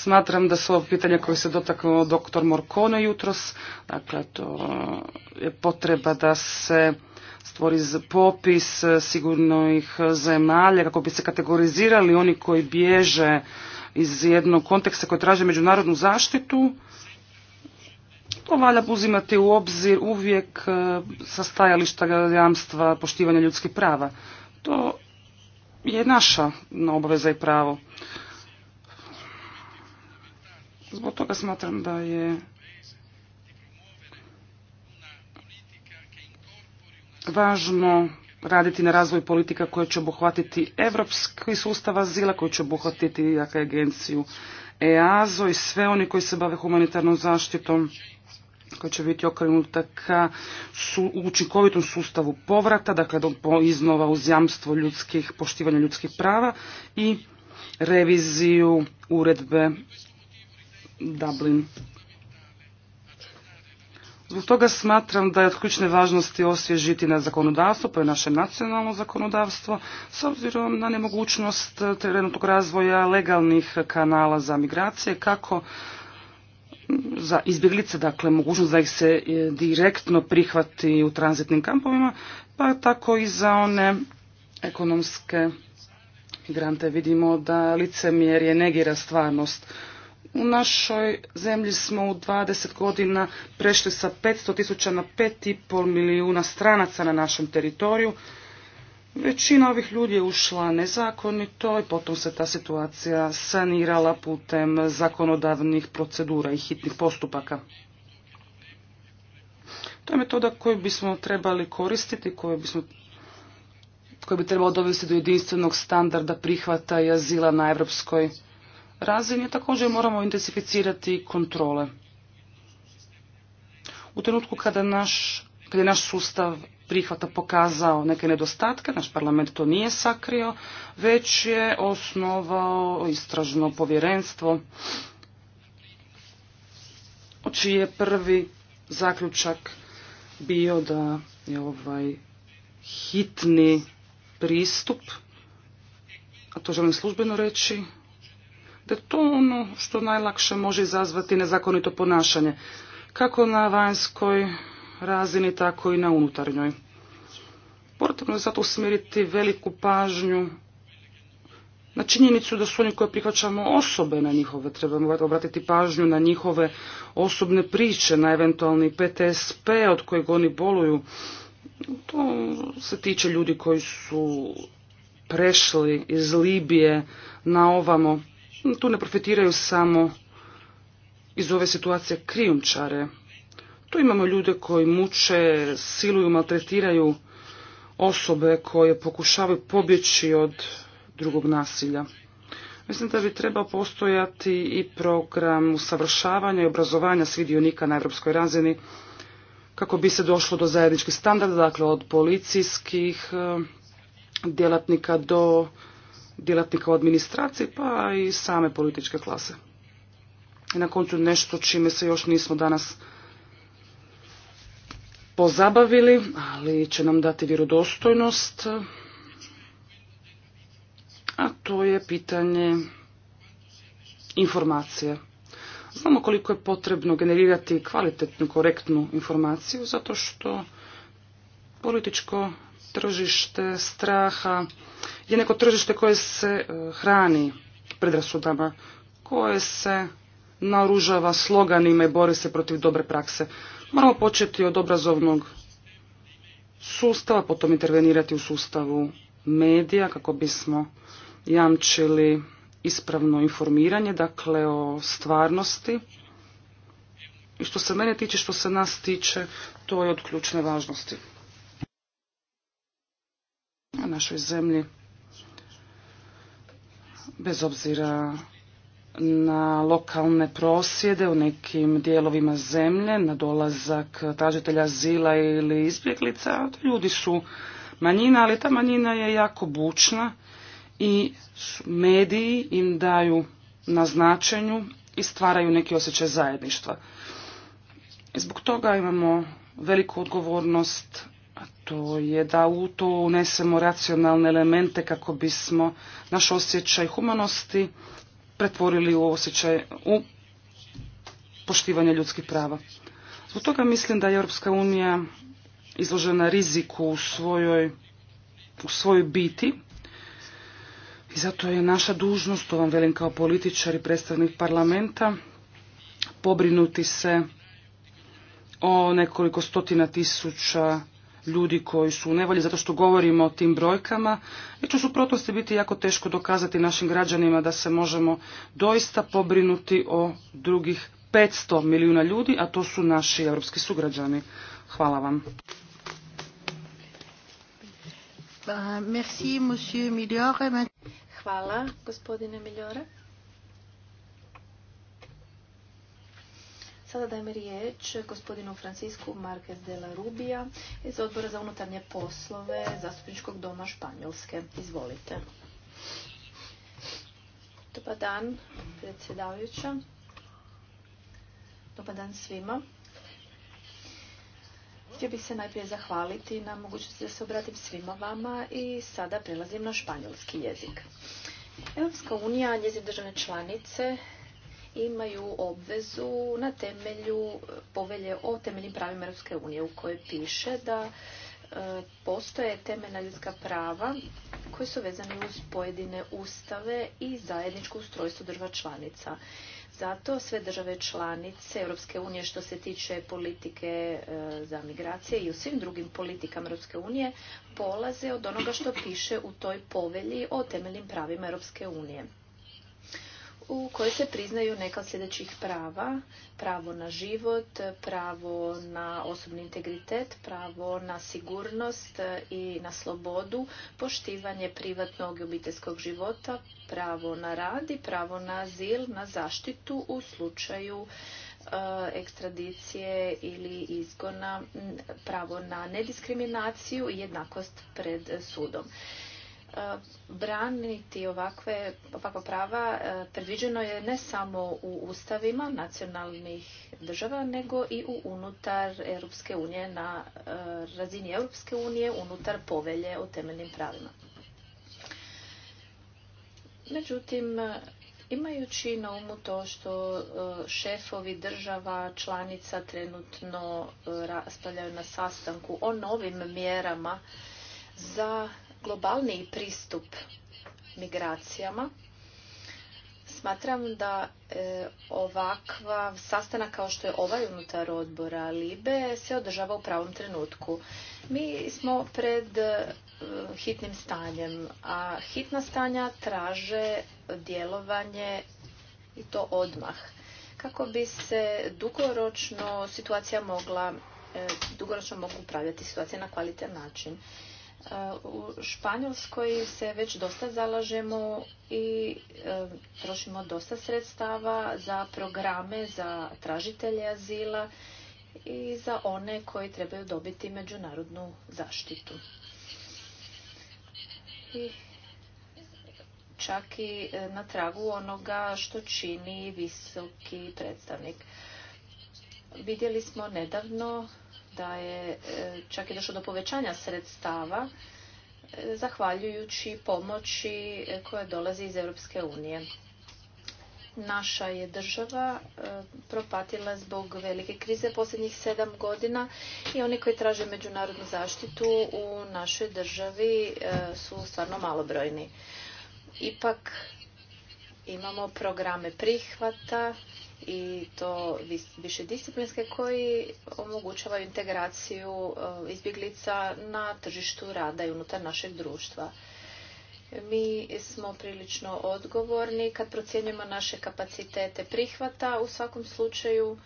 Smatram da su ovo pitanje koje se dotaknuo doktor Morkone jutros, dakle to je potreba da se stvori popis e, sigurnih zemalja kako bi se kategorizirali oni koji bježe iz jednog konteksta koji traže međunarodnu zaštitu. To valja uzimati u obzir uvijek e, sa stajališta jamstva poštivanja ljudskih prava. To je naša obaveza i pravo. Zbog toga smatram da je važno raditi na razvoju politika koje će obuhvatiti evropski sustav azila, koji će obuhvatiti dakle, agenciju EASO i sve oni koji se bave humanitarnom zaštitom koji će biti okrenuta ka učinkovitom sustavu povrata, dakle po iznova uz jamstvo ljudskih, poštivanja ljudskih prava i reviziju uredbe Dublin. Zbog toga smatram da je od ključne važnosti osvježiti na zakonodavstvo, pa je naše nacionalno zakonodavstvo, s obzirom na nemogućnost eh, trenutnog razvoja legalnih kanala za migracije, kako mm, za izbjeglice, dakle mogućnost da ih se eh, direktno prihvati u tranzitnim kampovima, pa tako i za one ekonomske migrante. Vidimo da je negira stvarnost. U našoj zemlji smo u 20 godina prešli sa 500 tisuća na 5,5 milijuna stranaca na našem teritoriju. Većina ovih ljudi je ušla nezakonito i potom se ta situacija sanirala putem zakonodavnih procedura i hitnih postupaka. To je metoda koju bismo trebali koristiti, koju, bismo, bi trebalo dovesti do jedinstvenog standarda prihvata i azila na europskoj razini također moramo intensificirati kontrole. U trenutku kada, naš, kada je naš sustav prihvata pokazao neke nedostatke, naš parlament to nije sakrio, već je osnovao istražno povjerenstvo, čiji je prvi zaključak bio da je ovaj hitni pristup, a to želim službeno reći, da je to ono što najlakše može izazvati nezakonito ponašanje, kako na vanjskoj razini, tako i na unutarnjoj. Potrebno je zato usmjeriti veliku pažnju na činjenicu da su oni koje prihvaćamo osobe na njihove, trebamo obratiti pažnju na njihove osobne priče, na eventualni PTSP od kojeg oni boluju. To se tiče ljudi koji su prešli iz Libije na ovamo. Tu ne profitiraju samo iz ove situacije krijumčare. Tu imamo ljude koji muče, siluju, maltretiraju osobe koje pokušavaju pobjeći od drugog nasilja. Mislim da bi trebao postojati i program usavršavanja i obrazovanja svih dionika na europskoj razini kako bi se došlo do zajedničkih standarda, dakle od policijskih eh, djelatnika do djelatnika u administraciji pa i same političke klase. I na koncu nešto čime se još nismo danas pozabavili, ali će nam dati vjerodostojnost, a to je pitanje informacije. Znamo koliko je potrebno generirati kvalitetnu, korektnu informaciju, zato što političko tržište straha je neko tržište koje se e, hrani predrasudama, koje se naružava sloganima i bori se protiv dobre prakse. Moramo početi od obrazovnog sustava, potom intervenirati u sustavu medija kako bismo jamčili ispravno informiranje, dakle o stvarnosti. I što se mene tiče, što se nas tiče, to je od ključne važnosti. Na našoj zemlji bez obzira na lokalne prosjede u nekim dijelovima zemlje, na dolazak tražitelja zila ili izbjeglica. Ljudi su manjina, ali ta manjina je jako bučna i mediji im daju na značenju i stvaraju neki osjećaj zajedništva. zbog toga imamo veliku odgovornost to je da u to unesemo racionalne elemente kako bismo naš osjećaj humanosti pretvorili u osjećaj u poštivanje ljudskih prava. Zbog toga mislim da je Europska unija izložena riziku u svojoj, u svojoj biti i zato je naša dužnost, to vam velim kao političar i predstavnik parlamenta, pobrinuti se o nekoliko stotina tisuća ljudi koji su u nevolji zato što govorimo o tim brojkama i u suprotnosti biti jako teško dokazati našim građanima da se možemo doista pobrinuti o drugih 500 milijuna ljudi, a to su naši europski sugrađani. Hvala vam. Hvala, gospodine Miljore. Sada dajem riječ gospodinu Francisku Marquez de la Rubija iz odbora za unutarnje poslove Zastupničkog doma Španjolske. Izvolite. Dobar dan, predsjedavajuća. Dobar dan svima. Htio bih se najprije zahvaliti na mogućnosti da se obratim svima vama i sada prelazim na španjolski jezik. Europska unija, njezine državne članice imaju obvezu na temelju povelje o temeljnim pravima Europske unije u kojoj piše da e, postoje temeljna ljudska prava koji su vezani uz pojedine ustave i zajedničko ustrojstvo država članica. Zato sve države članice Europske unije što se tiče politike e, za migracije i u svim drugim politikama Europske unije polaze od onoga što piše u toj povelji o temeljnim pravima Europske unije u kojoj se priznaju neka od sljedećih prava. Pravo na život, pravo na osobni integritet, pravo na sigurnost i na slobodu, poštivanje privatnog i obiteljskog života, pravo na rad i pravo na azil, na zaštitu u slučaju e, ekstradicije ili izgona, pravo na nediskriminaciju i jednakost pred sudom. E, braniti ovakve, ovakva prava e, predviđeno je ne samo u ustavima nacionalnih država, nego i u unutar Europske unije na e, razini Europske unije unutar povelje o temeljnim pravima. Međutim, imajući na umu to što šefovi država članica trenutno raspravljaju na sastanku o novim mjerama za globalniji pristup migracijama. Smatram da e, ovakva sastanak kao što je ovaj unutar odbora LIBE se održava u pravom trenutku. Mi smo pred e, hitnim stanjem, a hitna stanja traže djelovanje i to odmah kako bi se dugoročno situacija mogla e, dugoročno mogu upravljati situacije na kvalitetan način. U Španjolskoj se već dosta zalažemo i e, trošimo dosta sredstava za programe, za tražitelje azila i za one koji trebaju dobiti međunarodnu zaštitu. I čak i e, na tragu onoga što čini visoki predstavnik. Vidjeli smo nedavno da je e, čak i došlo do povećanja sredstava e, zahvaljujući pomoći e, koja dolazi iz Europske unije. Naša je država propatila zbog velike krize posljednjih sedam godina i oni koji traže međunarodnu zaštitu u našoj državi su stvarno malobrojni. Ipak imamo programe prihvata i to više disciplinske koji omogućavaju integraciju e, izbjeglica na tržištu rada i unutar našeg društva. Mi smo prilično odgovorni kad procjenjujemo naše kapacitete prihvata. U svakom slučaju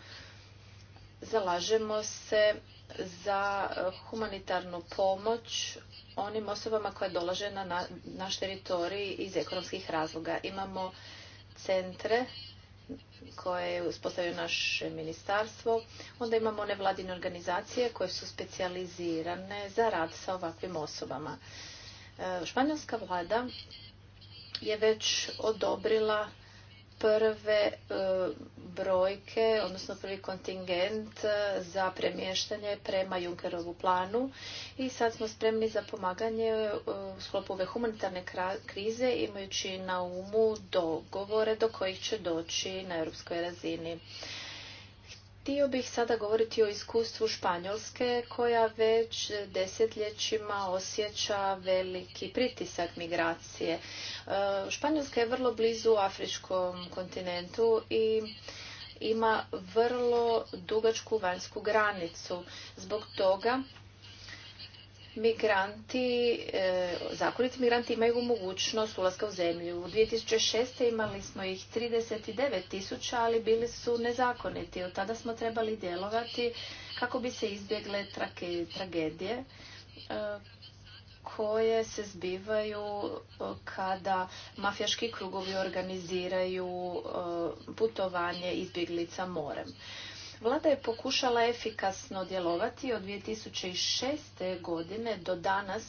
zalažemo se za e, humanitarnu pomoć onim osobama koje dolaže na naš teritorij iz ekonomskih razloga. Imamo centre koje je uspostavio naše ministarstvo. Onda imamo nevladine organizacije koje su specijalizirane za rad sa ovakvim osobama. E, španjolska vlada je već odobrila prve e, brojke, odnosno prvi kontingent e, za premještanje prema Junkerovu planu i sad smo spremni za pomaganje e, u sklopu ove humanitarne krize imajući na umu dogovore do kojih će doći na europskoj razini. Htio bih sada govoriti o iskustvu Španjolske koja već desetljećima osjeća veliki pritisak migracije. E, Španjolska je vrlo blizu afričkom kontinentu i ima vrlo dugačku vanjsku granicu. Zbog toga migranti, e, zakoniti migranti imaju mogućnost ulaska u zemlju. U 2006. imali smo ih 39 tisuća, ali bili su nezakoniti. Od tada smo trebali djelovati kako bi se izbjegle trake, tragedije e, koje se zbivaju e, kada mafijaški krugovi organiziraju putovanje izbjeglica morem. Vlada je pokušala efikasno djelovati od 2006. godine do danas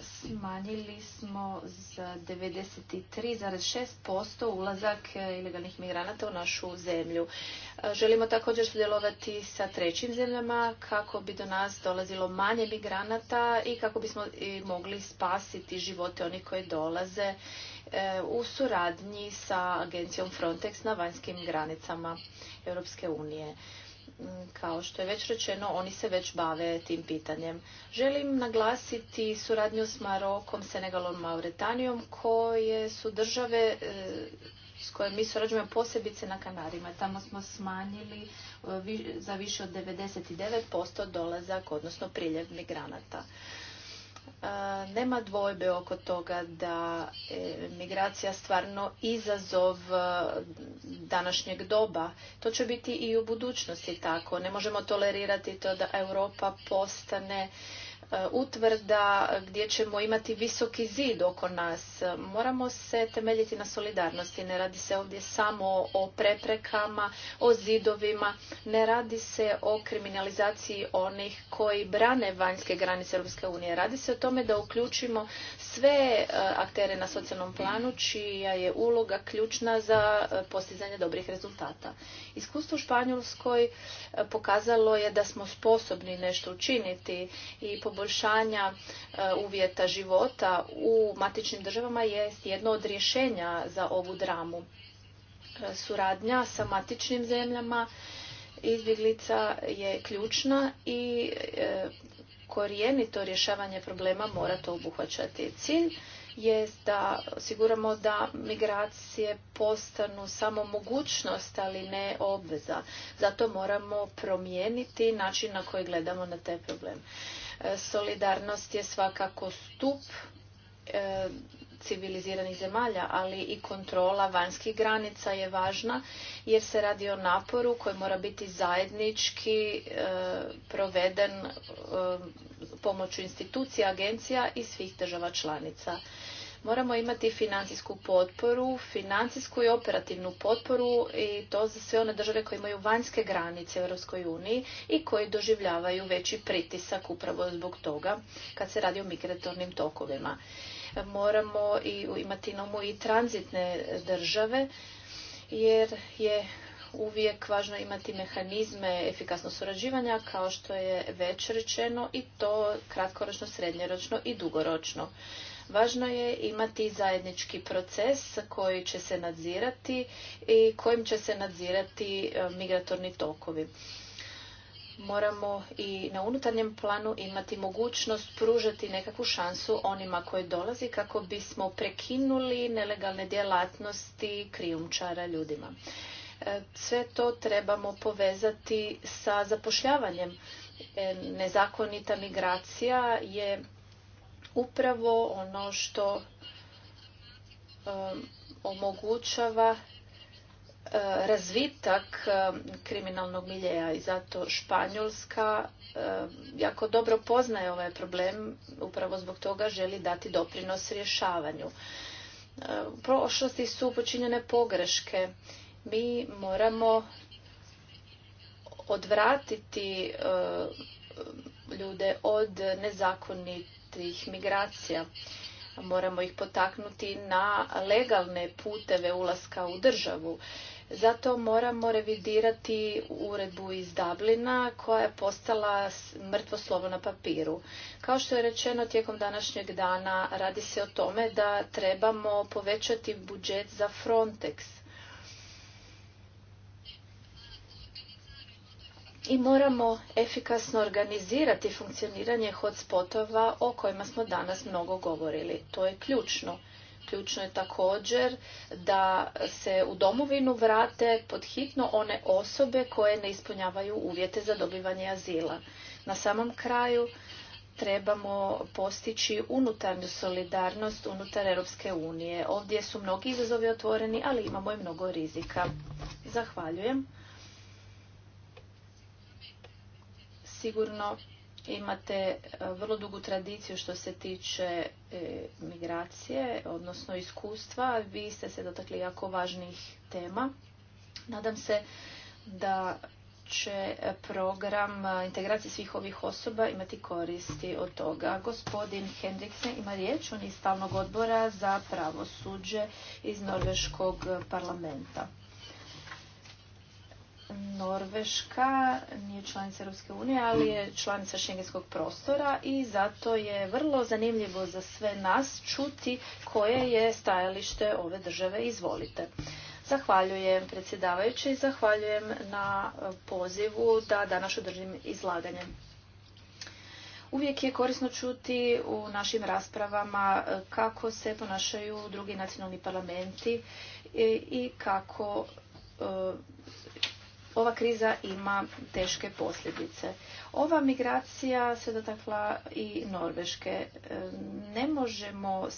smanjili smo za 93,6% ulazak ilegalnih migranata u našu zemlju. Želimo također sudjelovati sa trećim zemljama kako bi do nas dolazilo manje migranata i kako bismo mogli spasiti živote onih koji dolaze E, u suradnji sa agencijom Frontex na vanjskim granicama Europske unije. Mm, Kao što je već rečeno, oni se već bave tim pitanjem. Želim naglasiti suradnju s Marokom, Senegalom, Mauretanijom, koje su države e, s kojim mi surađujemo posebice na Kanarima. Tamo smo smanjili e, za više od 99% dolazak, odnosno priljev migranata nema dvojbe oko toga da e, migracija stvarno izazov e, današnjeg doba. To će biti i u budućnosti tako. Ne možemo tolerirati to da Europa postane E, utvrda gdje ćemo imati visoki zid oko nas. Moramo se temeljiti na solidarnosti. Ne radi se ovdje samo o preprekama, o zidovima. Ne radi se o kriminalizaciji onih koji brane vanjske granice Europske unije. Radi se o tome da uključimo sve e, aktere na socijalnom planu čija je uloga ključna za e, postizanje dobrih rezultata. Iskustvo u Španjolskoj pokazalo je da smo sposobni nešto učiniti i poboljšanja e, uvjeta života u matičnim državama je jedno od rješenja za ovu dramu. E, suradnja sa matičnim zemljama izbjeglica je ključna i e, korijenito rješavanje problema mora to obuhvaćati. Cilj je da osiguramo da migracije postanu samo mogućnost, ali ne obveza. Zato moramo promijeniti način na koji gledamo na te problem. E, solidarnost je svakako stup e, civiliziranih zemalja, ali i kontrola vanjskih granica je važna jer se radi o naporu koji mora biti zajednički e, proveden pomoću institucija, agencija i svih država članica. Moramo imati financijsku potporu, financijsku i operativnu potporu i to za sve one države koje imaju vanjske granice u Europskoj uniji i koje doživljavaju veći pritisak upravo zbog toga kad se radi o migratornim tokovima. Moramo i imati na i tranzitne države jer je uvijek važno imati mehanizme efikasnog surađivanja kao što je već rečeno i to kratkoročno, srednjoročno i dugoročno. Važno je imati zajednički proces koji će se nadzirati i kojim će se nadzirati e, migratorni tokovi moramo i na unutarnjem planu imati mogućnost pružati nekakvu šansu onima koji dolazi kako bismo prekinuli nelegalne djelatnosti krijumčara ljudima. E, sve to trebamo povezati sa zapošljavanjem. E, nezakonita migracija je upravo ono što um, omogućava uh, razvitak um, kriminalnog miljeja i zato Španjolska um, jako dobro poznaje ovaj problem, upravo zbog toga želi dati doprinos rješavanju. Uh, u prošlosti su počinjene pogreške. Mi moramo odvratiti uh, ljude od nezakonit ih migracija. Moramo ih potaknuti na legalne puteve ulaska u državu. Zato moramo revidirati uredbu iz Dublina koja je postala mrtvo slovo na papiru. Kao što je rečeno tijekom današnjeg dana radi se o tome da trebamo povećati budžet za Frontex i moramo efikasno organizirati funkcioniranje hotspotova o kojima smo danas mnogo govorili. To je ključno. Ključno je također da se u domovinu vrate hitno one osobe koje ne ispunjavaju uvjete za dobivanje azila. Na samom kraju trebamo postići unutarnju solidarnost unutar Europske unije. Ovdje su mnogi izazovi otvoreni, ali imamo i mnogo rizika. Zahvaljujem. sigurno imate e, vrlo dugu tradiciju što se tiče e, migracije, odnosno iskustva. Vi ste se dotakli jako važnih tema. Nadam se da će program e, integracije svih ovih osoba imati koristi od toga. Gospodin Hendriksen ima riječ, on je iz stalnog odbora za pravosuđe iz Norveškog parlamenta. Norveška nije članica Europske unije, ali je članica šengenskog prostora i zato je vrlo zanimljivo za sve nas čuti koje je stajalište ove države. Izvolite. Zahvaljujem predsjedavajući i zahvaljujem na pozivu da danas održim izlaganje. Uvijek je korisno čuti u našim raspravama kako se ponašaju drugi nacionalni parlamenti i kako e, ova kriza ima teške posljedice. Ova migracija se dotakla i Norveške. E, ne možemo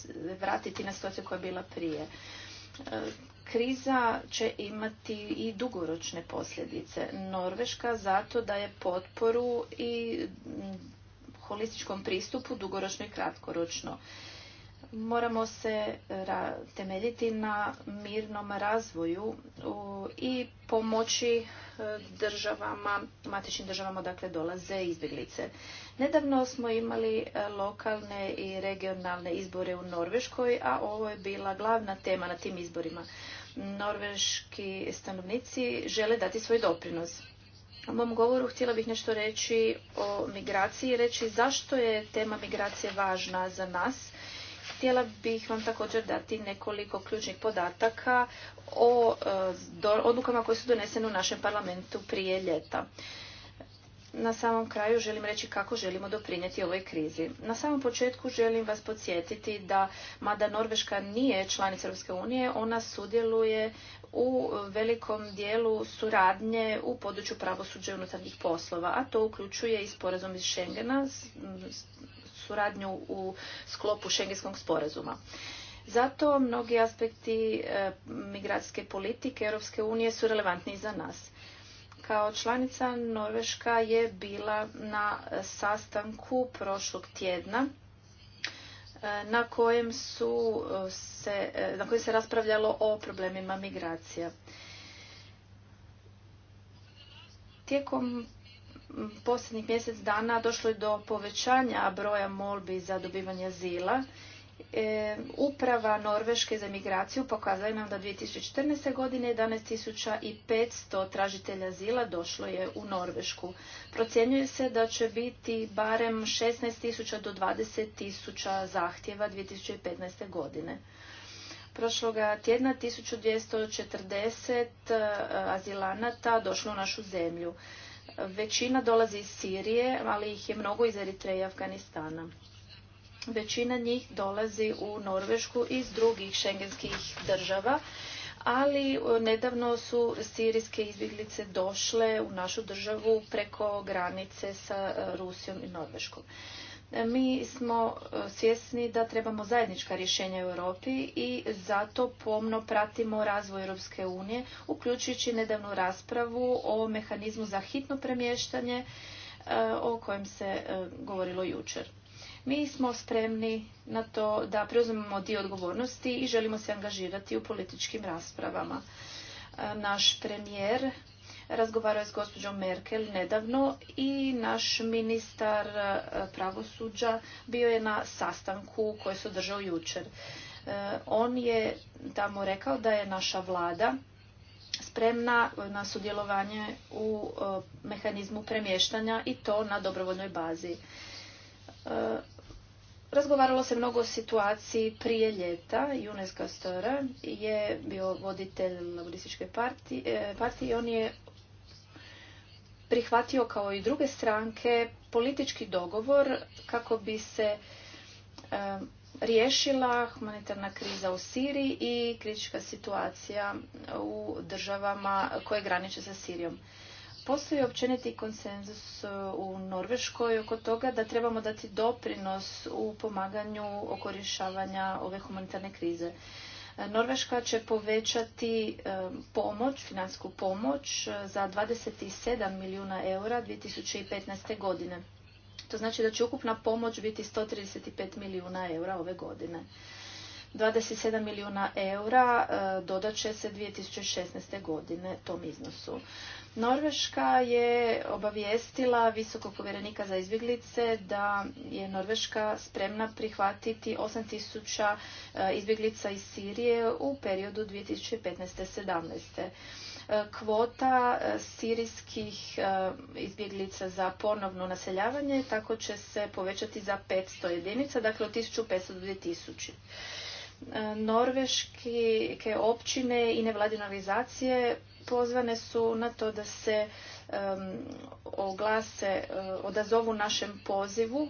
vratiti na situaciju koja je bila prije. E, kriza će imati i dugoročne posljedice. Norveška zato daje potporu i holističkom pristupu dugoročno i kratkoročno moramo se temeljiti na mirnom razvoju i pomoći e, državama, matičnim državama dakle dolaze izbjeglice. Nedavno smo imali e, lokalne i regionalne izbore u Norveškoj, a ovo je bila glavna tema na tim izborima. Norveški stanovnici žele dati svoj doprinos. U mom govoru htjela bih nešto reći o migraciji, reći zašto je tema migracije važna za nas Htjela bih vam također dati nekoliko ključnih podataka o e, odlukama koje su donesene u našem parlamentu prije ljeta. Na samom kraju želim reći kako želimo doprinijeti ovoj krizi. Na samom početku želim vas podsjetiti da, mada Norveška nije članica Europske unije, ona sudjeluje u velikom dijelu suradnje u području pravosuđa unutarnjih poslova, a to uključuje i sporazum iz Schengena suradnju u sklopu šengenskog sporazuma. Zato mnogi aspekti e, migracijske politike Europske unije su relevantni za nas. Kao članica Norveška je bila na sastanku prošlog tjedna e, na kojem, su e, se, na kojem se raspravljalo o problemima migracija. Tijekom posljednjih mjesec dana došlo je do povećanja broja molbi za dobivanje azila. E, uprava Norveške za migraciju pokazala nam da 2014. godine 11.500 tražitelja azila došlo je u Norvešku. Procjenjuje se da će biti barem 16.000 do 20.000 zahtjeva 2015. godine. Prošloga tjedna 1240 e, azilanata došlo u našu zemlju. Većina dolazi iz Sirije, ali ih je mnogo iz Eritreje i Afganistana. Većina njih dolazi u Norvešku iz drugih šengenskih država, ali e, nedavno su sirijske izbjeglice došle u našu državu preko granice sa e, Rusijom i Norveškom mi smo e, svjesni da trebamo zajednička rješenja u Europi i zato pomno pratimo razvoj Europske unije, uključujući nedavnu raspravu o mehanizmu za hitno premještanje e, o kojem se e, govorilo jučer. Mi smo spremni na to da preuzmemo dio odgovornosti i želimo se angažirati u političkim raspravama. Naš premijer razgovarao je s gospođom Merkel nedavno i naš ministar eh, pravosuđa bio je na sastanku koji se održao jučer. Eh, on je tamo rekao da je naša vlada spremna na sudjelovanje u eh, mehanizmu premještanja i to na dobrovoljnoj bazi. Razgovaralo se mnogo o situaciji prije ljeta. Junes Castora je bio voditelj laborističke partije i on je prihvatio kao i druge stranke politički dogovor kako bi se riješila humanitarna kriza u Siriji i kritička situacija u državama koje graniče sa Sirijom. Postoji općeniti konsenzus e, u Norveškoj oko toga da trebamo dati doprinos u pomaganju oko rješavanja ove humanitarne krize. Norveška će povećati e, pomoć, financijsku pomoć e, za 27 milijuna eura 2015. godine. To znači da će ukupna pomoć biti 135 milijuna eura ove godine. 27 milijuna eura e, dodat će se 2016. godine tom iznosu. Norveška je obavijestila visokog povjerenika za izbjeglice da je Norveška spremna prihvatiti 8000 e, izbjeglica iz Sirije u periodu 2015 17 e, kvota e, sirijskih izbjeglica za ponovno naseljavanje tako će se povećati za 500 jedinica, dakle od 1500 do 2000. Norveške općine i nevladine organizacije pozvane su na to da se oglase, eh, odazovu našem pozivu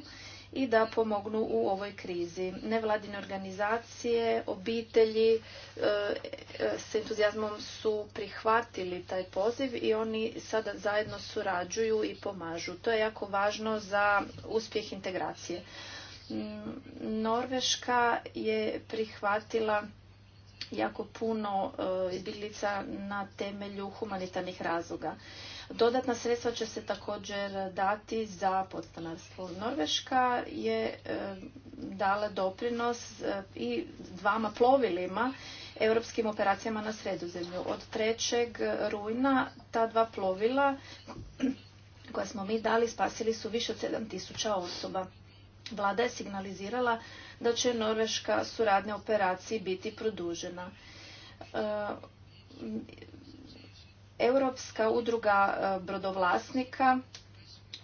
i da pomognu u ovoj krizi. Nevladine organizacije, obitelji eh, eh, s entuzijazmom su prihvatili taj poziv i oni sada zajedno surađuju i pomažu. To je jako važno za uspjeh integracije. Mm, Norveška je prihvatila jako puno eh, izbjeglica na temelju humanitarnih razloga. Dodatna sredstva će se također dati za podstanarstvo. Norveška je eh, dala doprinos eh, i dvama plovilima europskim operacijama na sredozemlju. Od 3. rujna ta dva plovila koja smo mi dali spasili su više od 7000 osoba. Vlada je signalizirala da će norveška suradnja operaciji biti produžena. E, Europska udruga e, brodovlasnika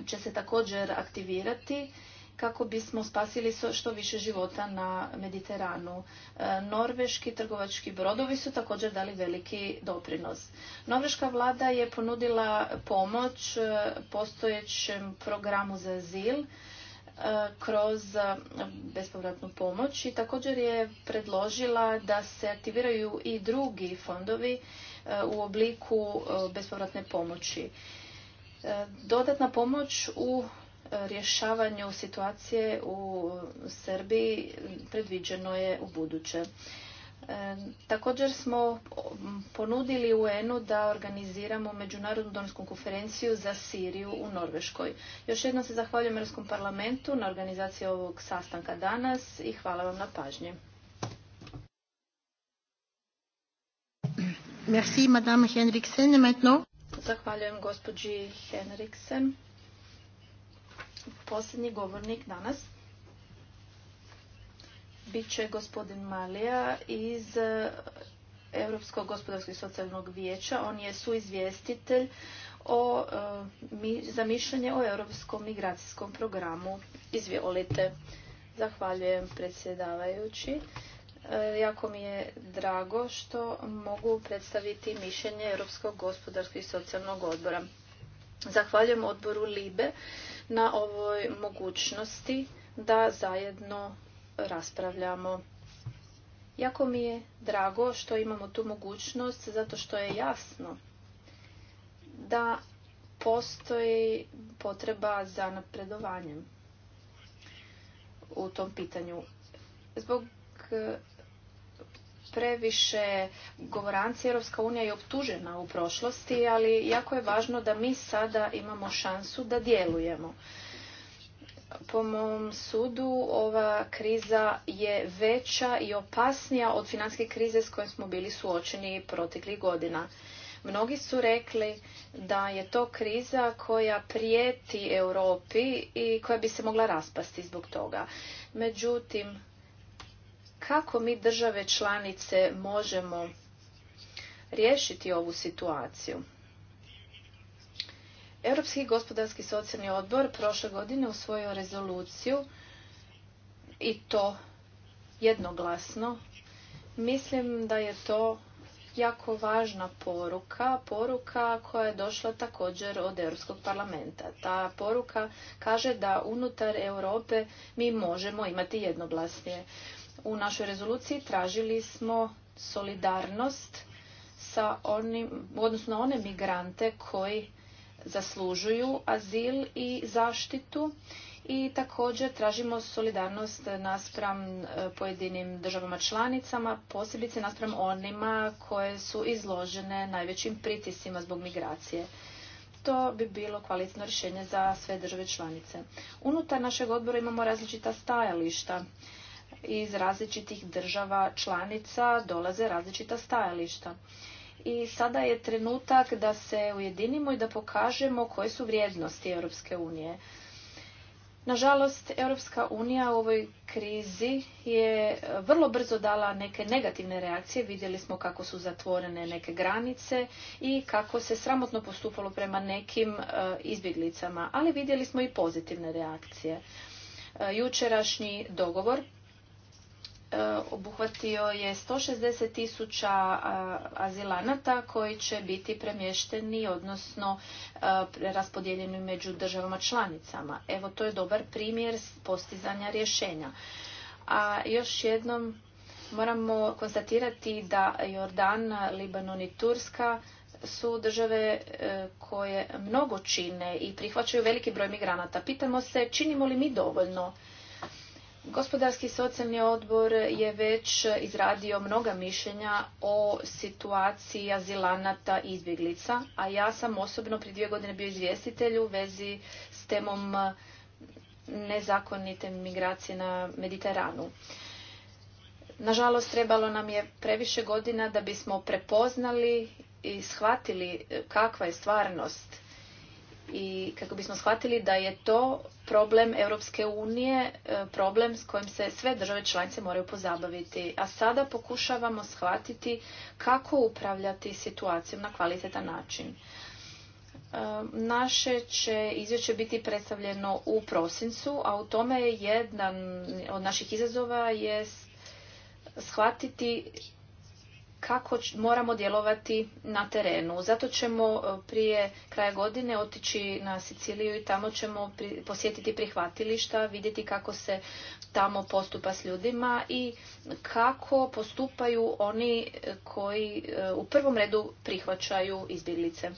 će se također aktivirati kako bismo spasili što više života na Mediteranu. E, norveški trgovački brodovi su također dali veliki doprinos. Norveška vlada je ponudila pomoć postojećem programu za azil E, kroz e, bespovratnu pomoć i također je predložila da se aktiviraju i drugi fondovi e, u obliku bespovratne pomoći. Dodatna pomoć u rješavanju situacije u Srbiji predviđeno je u buduće. E, također smo ponudili UN-u da organiziramo Međunarodnu donsku konferenciju za Siriju u Norveškoj. Još jednom se zahvaljujem Europskom parlamentu na organizaciji ovog sastanka danas i hvala vam na pažnji. Merci, Madame Henriksen, maintenant. Zahvaljujem gospođi Henriksen. Posljednji govornik danas bit će gospodin Malija iz e, Europskog gospodarskog i socijalnog vijeća. On je suizvjestitelj o, e, za mišljenje o Europskom migracijskom programu. Izvolite. Zahvaljujem predsjedavajući. E, jako mi je drago što mogu predstaviti mišljenje Europskog gospodarskog i socijalnog odbora. Zahvaljujem odboru LIBE na ovoj mogućnosti da zajedno raspravljamo. Jako mi je drago što imamo tu mogućnost, zato što je jasno da postoji potreba za napredovanjem u tom pitanju. Zbog eh, previše govoranci Europska unija je optužena u prošlosti, ali jako je važno da mi sada imamo šansu da djelujemo po mom sudu ova kriza je veća i opasnija od financijske krize s kojom smo bili suočeni proteklih godina. Mnogi su rekli da je to kriza koja prijeti Europi i koja bi se mogla raspasti zbog toga. Međutim, kako mi države članice možemo riješiti ovu situaciju? Europski gospodarski socijalni odbor prošle godine usvojio rezoluciju i to jednoglasno. Mislim da je to jako važna poruka, poruka koja je došla također od Europskog parlamenta. Ta poruka kaže da unutar Europe mi možemo imati jednoglasnije. U našoj rezoluciji tražili smo solidarnost sa onim, odnosno one migrante koji zaslužuju azil i zaštitu i također tražimo solidarnost naspram e, pojedinim državama članicama, posebice naspram onima koje su izložene najvećim pritisima zbog migracije. To bi bilo kvalitetno rješenje za sve države članice. Unutar našeg odbora imamo različita stajališta. Iz različitih država članica dolaze različita stajališta i sada je trenutak da se ujedinimo i da pokažemo koje su vrijednosti Europske unije. Nažalost, Europska unija u ovoj krizi je vrlo brzo dala neke negativne reakcije. Vidjeli smo kako su zatvorene neke granice i kako se sramotno postupalo prema nekim e, izbjeglicama, ali vidjeli smo i pozitivne reakcije. E, jučerašnji dogovor E, obuhvatio je 160 tisuća azilanata koji će biti premješteni, odnosno e, raspodijeljeni među državama članicama. Evo, to je dobar primjer postizanja rješenja. A još jednom moramo konstatirati da Jordan, Libanon i Turska su države e, koje mnogo čine i prihvaćaju veliki broj migranata. Pitamo se činimo li mi dovoljno Gospodarski socijalni odbor je već izradio mnoga mišljenja o situaciji azilanata i izbjeglica, a ja sam osobno prije dvije godine bio izvjestitelj u vezi s temom nezakonite migracije na Mediteranu. Nažalost, trebalo nam je previše godina da bismo prepoznali i shvatili kakva je stvarnost i kako bismo shvatili da je to problem Europske unije, e, problem s kojim se sve države članice moraju pozabaviti. A sada pokušavamo shvatiti kako upravljati situacijom na kvalitetan način. E, naše će izvješće biti predstavljeno u prosincu, a u tome jedan od naših izazova je shvatiti kako moramo djelovati na terenu. Zato ćemo e, prije kraja godine otići na Siciliju i tamo ćemo posjetiti prihvatilišta, vidjeti kako se tamo postupa s ljudima i kako postupaju oni e, koji e, u prvom redu prihvaćaju izbjeglice.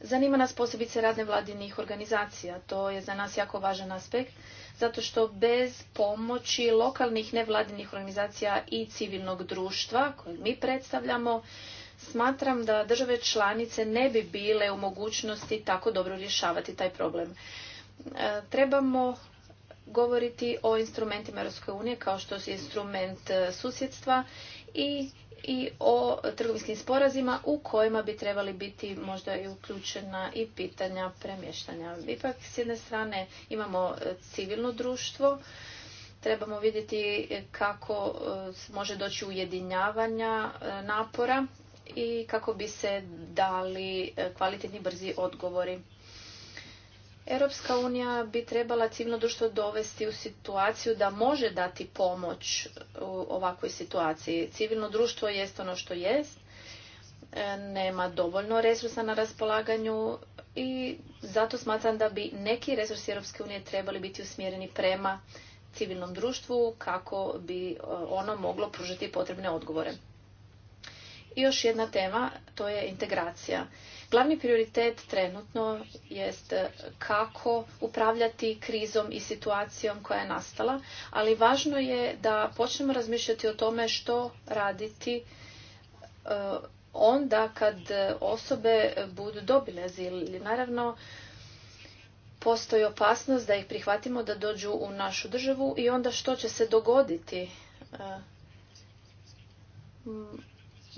Zanima nas posebice radne vladinih organizacija, to je za nas jako važan aspekt zato što bez pomoći lokalnih nevladinih organizacija i civilnog društva koje mi predstavljamo, smatram da države članice ne bi bile u mogućnosti tako dobro rješavati taj problem. E, trebamo govoriti o instrumentima Europske unije kao što je instrument e, susjedstva i i o trgovinskim sporazima u kojima bi trebali biti možda i uključena i pitanja premještanja. Ipak s jedne strane imamo e, civilno društvo, trebamo vidjeti e, kako e, može doći ujedinjavanja napora i kako bi se dali kvalitetni brzi odgovori Europska unija bi trebala civilno društvo dovesti u situaciju da može dati pomoć u ovakvoj situaciji. Civilno društvo jest ono što jest, e, nema dovoljno resursa na raspolaganju i zato smatram da bi neki resursi Europske unije trebali biti usmjereni prema civilnom društvu kako bi e, ono moglo pružiti potrebne odgovore. I još jedna tema, to je integracija. Glavni prioritet trenutno jest e, kako upravljati krizom i situacijom koja je nastala, ali važno je da počnemo razmišljati o tome što raditi e, onda kad osobe budu dobile azil. Naravno, postoji opasnost da ih prihvatimo da dođu u našu državu i onda što će se dogoditi e,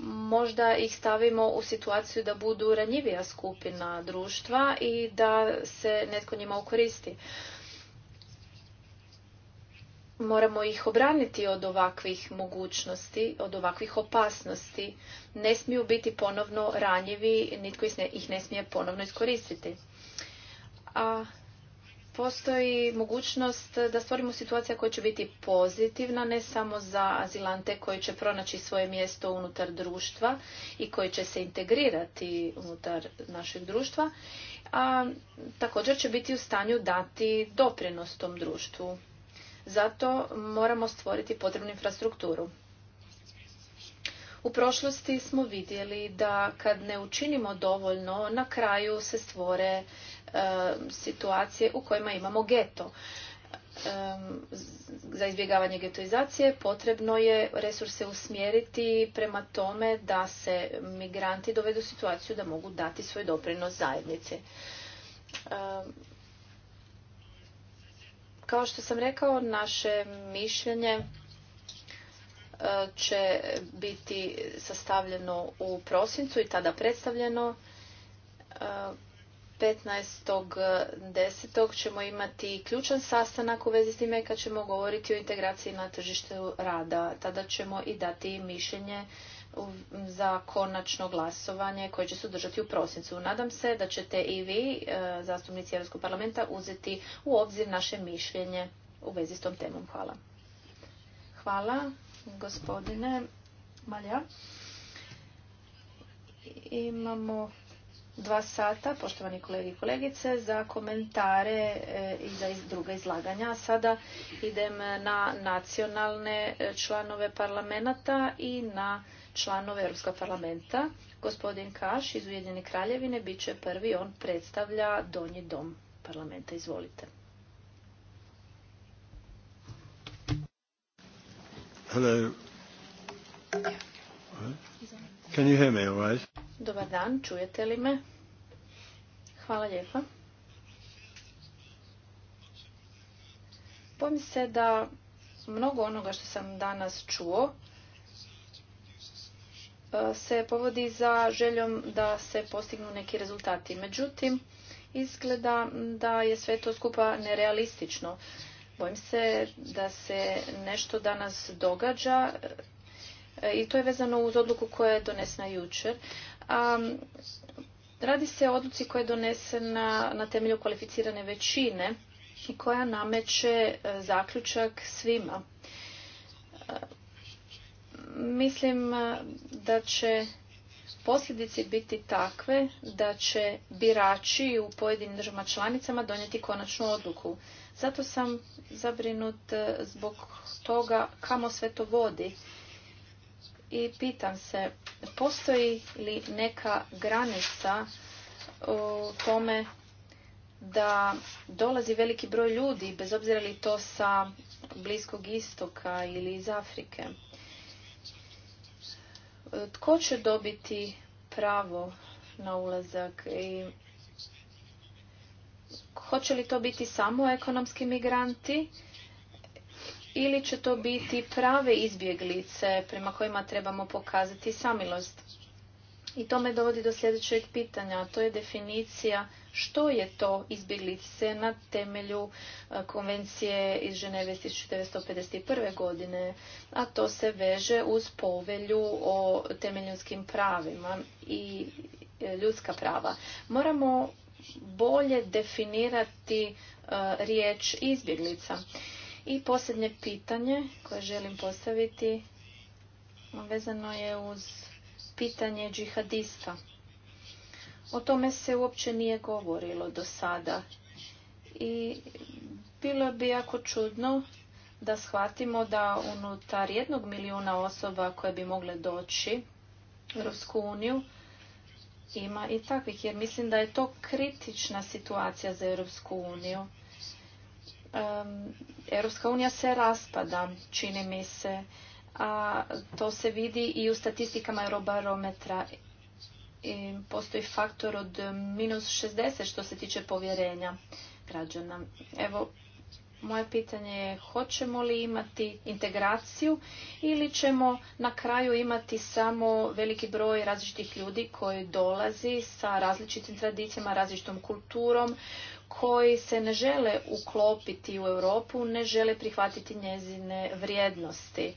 možda ih stavimo u situaciju da budu ranjivija skupina društva i da se netko njima ukoristi. Moramo ih obraniti od ovakvih mogućnosti, od ovakvih opasnosti. Ne smiju biti ponovno ranjivi, nitko ih ne smije ponovno iskoristiti. A postoji mogućnost da stvorimo situacija koja će biti pozitivna ne samo za azilante koji će pronaći svoje mjesto unutar društva i koji će se integrirati unutar našeg društva, a također će biti u stanju dati doprinos tom društvu. Zato moramo stvoriti potrebnu infrastrukturu. U prošlosti smo vidjeli da kad ne učinimo dovoljno, na kraju se stvore situacije u kojima imamo geto. Za izbjegavanje getoizacije potrebno je resurse usmjeriti prema tome da se migranti dovedu u situaciju da mogu dati svoj doprinos zajednice. Kao što sam rekao, naše mišljenje e, će biti sastavljeno u prosincu i tada predstavljeno e, 15.10. ćemo imati ključan sastanak u vezi s time kad ćemo govoriti o integraciji na tržištu rada. Tada ćemo i dati mišljenje za konačno glasovanje koje će se održati u prosincu. Nadam se da ćete i vi, e, zastupnici Europskog parlamenta, uzeti u obzir naše mišljenje u vezi s tom temom. Hvala. Hvala, gospodine Malja. Imamo dva sata, poštovani kolegi i kolegice, za komentare eh, i za druga izlaganja. Sada idem na nacionalne eh, članove parlamenta i na članove Europskog parlamenta. Gospodin Kaš iz Ujedinjene kraljevine bit će prvi, on predstavlja donji dom parlamenta. Izvolite. Hello. Can you hear me all Dobar dan, čujete li me? Hvala lijepa. Bojim se da mnogo onoga što sam danas čuo e, se povodi za željom da se postignu neki rezultati. Međutim, izgleda da je sve to skupa nerealistično. Bojim se da se nešto danas događa E, i to je vezano uz odluku koja je donesena jučer. radi se o odluci koja je donesena na temelju kvalificirane većine i koja nameće e, zaključak svima. E, mislim da će posljedice biti takve da će birači u pojedinim državama članicama donijeti konačnu odluku. Zato sam zabrinut zbog toga kamo sve to vodi i pitam se postoji li neka granica u tome da dolazi veliki broj ljudi, bez obzira li to sa Bliskog istoka ili iz Afrike. Tko će dobiti pravo na ulazak i hoće li to biti samo ekonomski migranti ili će to biti prave izbjeglice prema kojima trebamo pokazati samilost. I to me dovodi do sljedećeg pitanja, a to je definicija što je to izbjeglice na temelju e, konvencije iz Ženeve 1951. godine, a to se veže uz povelju o temeljnjskim pravima i e, ljudska prava. Moramo bolje definirati e, riječ izbjeglica. I posljednje pitanje koje želim postaviti vezano je uz pitanje džihadista. O tome se uopće nije govorilo do sada. I bilo bi jako čudno da shvatimo da unutar jednog milijuna osoba koje bi mogle doći u Europsku uniju ima i takvih, jer mislim da je to kritična situacija za Europsku uniju. Europska unija se raspada, čini mi se, a to se vidi i u statistikama Eurobarometra. I postoji faktor od minus 60 što se tiče povjerenja građana. Evo, moje pitanje je hoćemo li imati integraciju ili ćemo na kraju imati samo veliki broj različitih ljudi koji dolazi sa različitim tradicijama, različitom kulturom koji se ne žele uklopiti u Europu, ne žele prihvatiti njezine vrijednosti. E,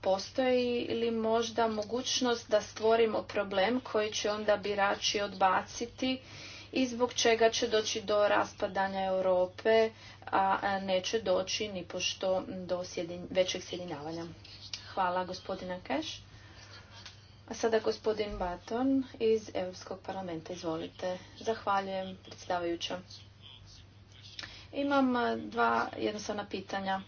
postoji li možda mogućnost da stvorimo problem koji će onda birači odbaciti i zbog čega će doći do raspadanja Europe, a neće doći ni pošto do većeg sjedinjavanja. Hvala gospodina Keš. A sada gospodin Baton iz Europskog parlamenta. Izvolite. Zahvaljujem, predsjedavajuća. Imam eh, dva jednostavna pitanja,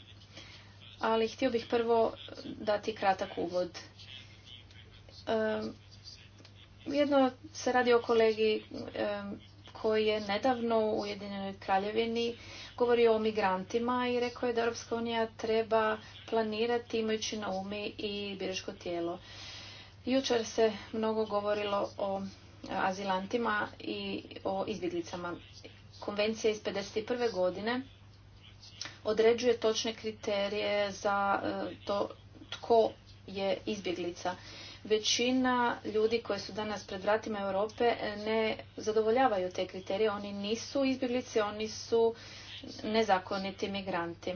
ali htio bih prvo dati kratak uvod. Ehm, jedno se radi o kolegi ehm, koji je nedavno u Ujedinjenoj kraljevini govorio o migrantima i rekao je da Europska unija treba planirati imajući na umi i biračko tijelo. Jučer se mnogo govorilo o azilantima i o izbjeglicama. Konvencija iz 1951. godine određuje točne kriterije za e, to tko je izbjeglica. Većina ljudi koji su danas pred vratima Europe ne zadovoljavaju te kriterije. Oni nisu izbjeglice, oni su nezakoniti migranti.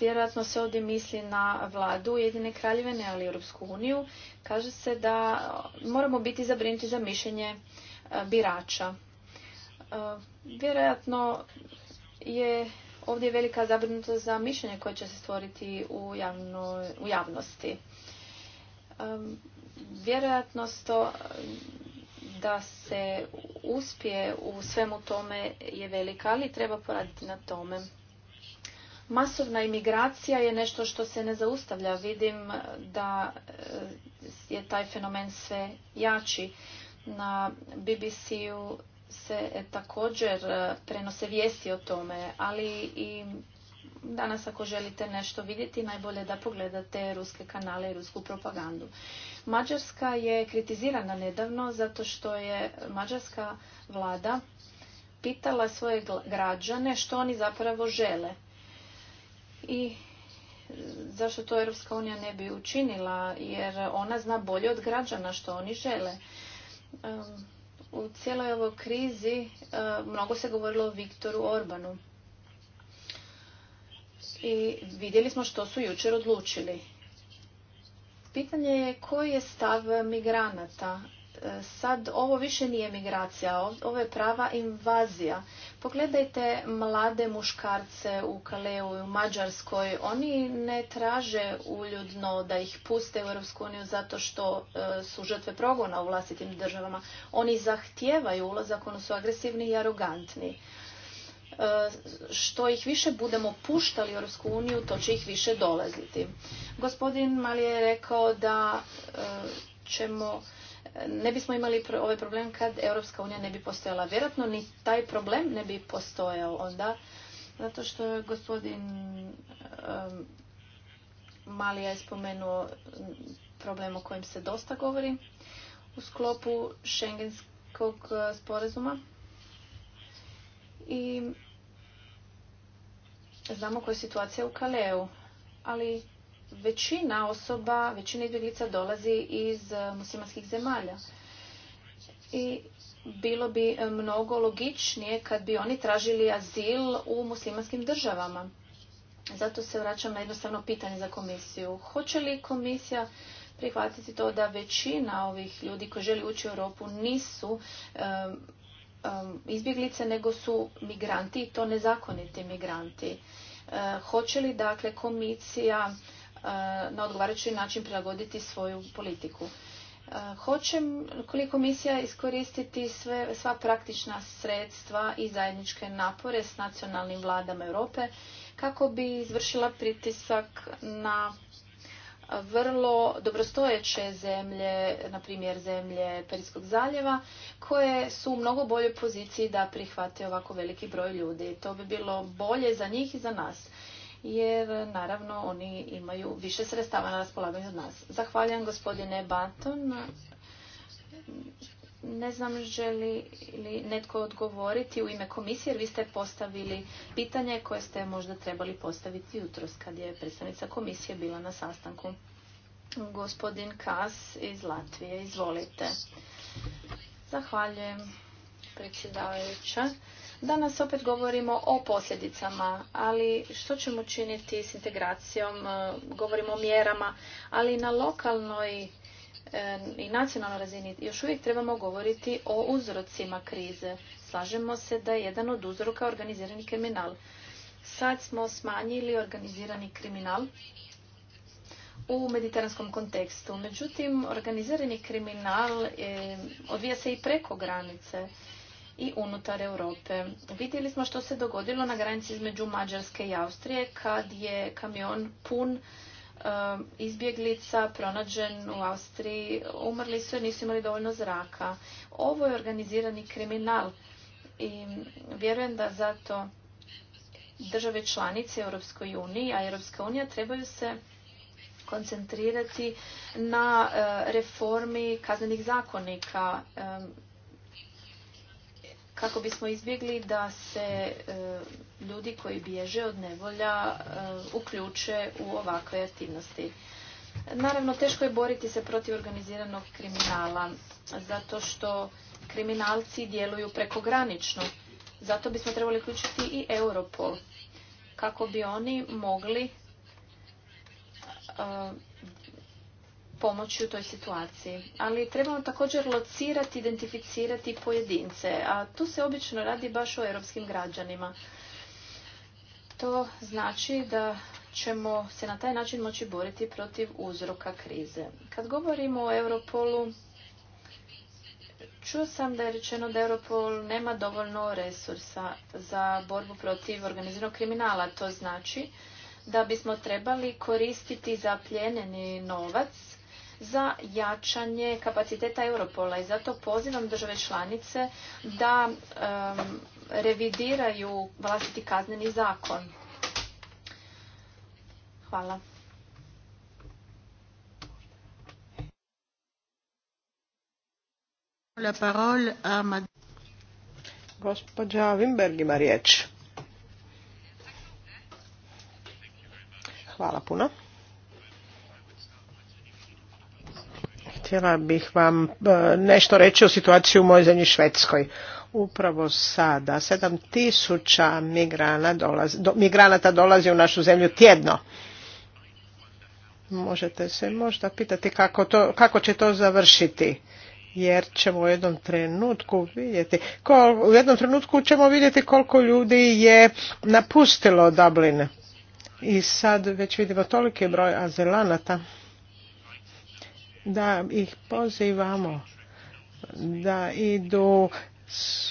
vjerojatno se ovdje misli na vladu jedine kraljevine, ali i Europsku uniju, kaže se da moramo biti zabrinuti za mišljenje e, birača. E, vjerojatno je ovdje velika zabrinutost za mišljenje koje će se stvoriti u, u javnosti. Vjerojatnost da se uspije u svemu tome je velika, ali treba poraditi na tome. Masovna imigracija je nešto što se ne zaustavlja. Vidim da e, je taj fenomen sve jači. Na BBC-u se e, također e, prenose vijesti o tome, ali i danas ako želite nešto vidjeti, najbolje da pogledate ruske kanale i rusku propagandu. Mađarska je kritizirana nedavno zato što je mađarska vlada pitala svoje građane što oni zapravo žele i zašto to Europska unija ne bi učinila, jer ona zna bolje od građana što oni žele. U cijeloj ovoj krizi mnogo se govorilo o Viktoru Orbanu. I vidjeli smo što su jučer odlučili. Pitanje je koji je stav migranata. Sad ovo više nije migracija, ovo je prava invazija. Pogledajte mlade muškarce u Kaleu i u Mađarskoj. Oni ne traže uljudno da ih puste u Europsku uniju zato što e, su žrtve progona u vlastitim državama. Oni zahtijevaju ulazak, oni su agresivni i arogantni. E, što ih više budemo puštali u Europsku uniju, to će ih više dolaziti. Gospodin Mali je rekao da e, ćemo ne bismo imali ovaj problem kad Europska unija ne bi postojala. Vjerojatno ni taj problem ne bi postojao onda, zato što je gospodin Malija je spomenuo problem o kojem se dosta govori u sklopu šengenskog e, sporazuma. I znamo koja je situacija u Kaleu, ali većina osoba, većina izbjeglica dolazi iz e, muslimanskih zemalja. I bilo bi e, mnogo logičnije kad bi oni tražili azil u muslimanskim državama. Zato se vraćam na jednostavno pitanje za komisiju. Hoće li komisija prihvatiti to da većina ovih ljudi koji želi ući u Europu nisu e, izbjeglice, nego su migranti i to nezakoniti migranti. hoće li dakle komisija Eh, na odgovarajući način prilagoditi svoju politiku. Eh, Hoće koliko komisija iskoristiti sve, sva praktična sredstva i zajedničke napore s nacionalnim vladama Europe kako bi izvršila pritisak na vrlo dobrostojeće zemlje, na primjer zemlje Perijskog zaljeva, koje su u mnogo boljoj poziciji da prihvate ovako veliki broj ljudi. To bi bilo bolje za njih i za nas jer naravno oni imaju više sredstava na raspolaganju od nas. Zahvaljujem gospodine Baton. Ne znam želi li netko odgovoriti u ime komisije, jer vi ste postavili pitanje koje ste možda trebali postaviti jutros kad je predstavnica komisije bila na sastanku. Gospodin Kas iz Latvije, izvolite. Zahvaljujem predsjedavajuća. Danas opet govorimo o posljedicama, ali što ćemo činiti s integracijom, e, govorimo o mjerama, ali na lokalnoj e, i nacionalnoj razini još uvijek trebamo govoriti o uzrocima krize. Slažemo se da je jedan od uzroka organizirani kriminal. Sad smo smanjili organizirani kriminal u mediteranskom kontekstu. Međutim, organizirani kriminal e, odvija se i preko granice i unutar Europe. Vidjeli smo što se dogodilo na granici između Mađarske i Austrije kad je kamion pun um, izbjeglica pronađen u Austriji. Umrli su jer nisu imali dovoljno zraka. Ovo je organizirani kriminal i vjerujem da zato države članice Europskoj uniji, a Europska unija trebaju se koncentrirati na uh, reformi kaznenih zakonika um, kako bismo izbjegli da se e, ljudi koji bježe od nevolja e, uključe u ovakve aktivnosti. Naravno, teško je boriti se protiv organiziranog kriminala, zato što kriminalci djeluju prekogranično. Zato bismo trebali uključiti i Europol, kako bi oni mogli e, pomoći u toj situaciji. Ali trebamo također locirati, identificirati pojedince, a tu se obično radi baš o europskim građanima. To znači da ćemo se na taj način moći boriti protiv uzroka krize. Kad govorimo o Europolu, čuo sam da je rečeno da Europol nema dovoljno resursa za borbu protiv organiziranog kriminala. To znači da bismo trebali koristiti zapljeneni novac za jačanje kapaciteta Europola i zato pozivam države članice da revidiraju vlastiti kazneni zakon. Hvala. La parole Gospođa Wimberg riječ. Hvala puno. Htjela bih vam e, nešto reći o situaciji u mojoj zemlji Švedskoj. Upravo sada 7000 migranata dolazi u našu zemlju tjedno. Možete se možda pitati kako, to, kako će to završiti jer ćemo u jednom trenutku vidjeti kol, u jednom trenutku ćemo vidjeti koliko ljudi je napustilo Dublin i sad već vidimo toliki broj azilanata da ih pozivamo da idu s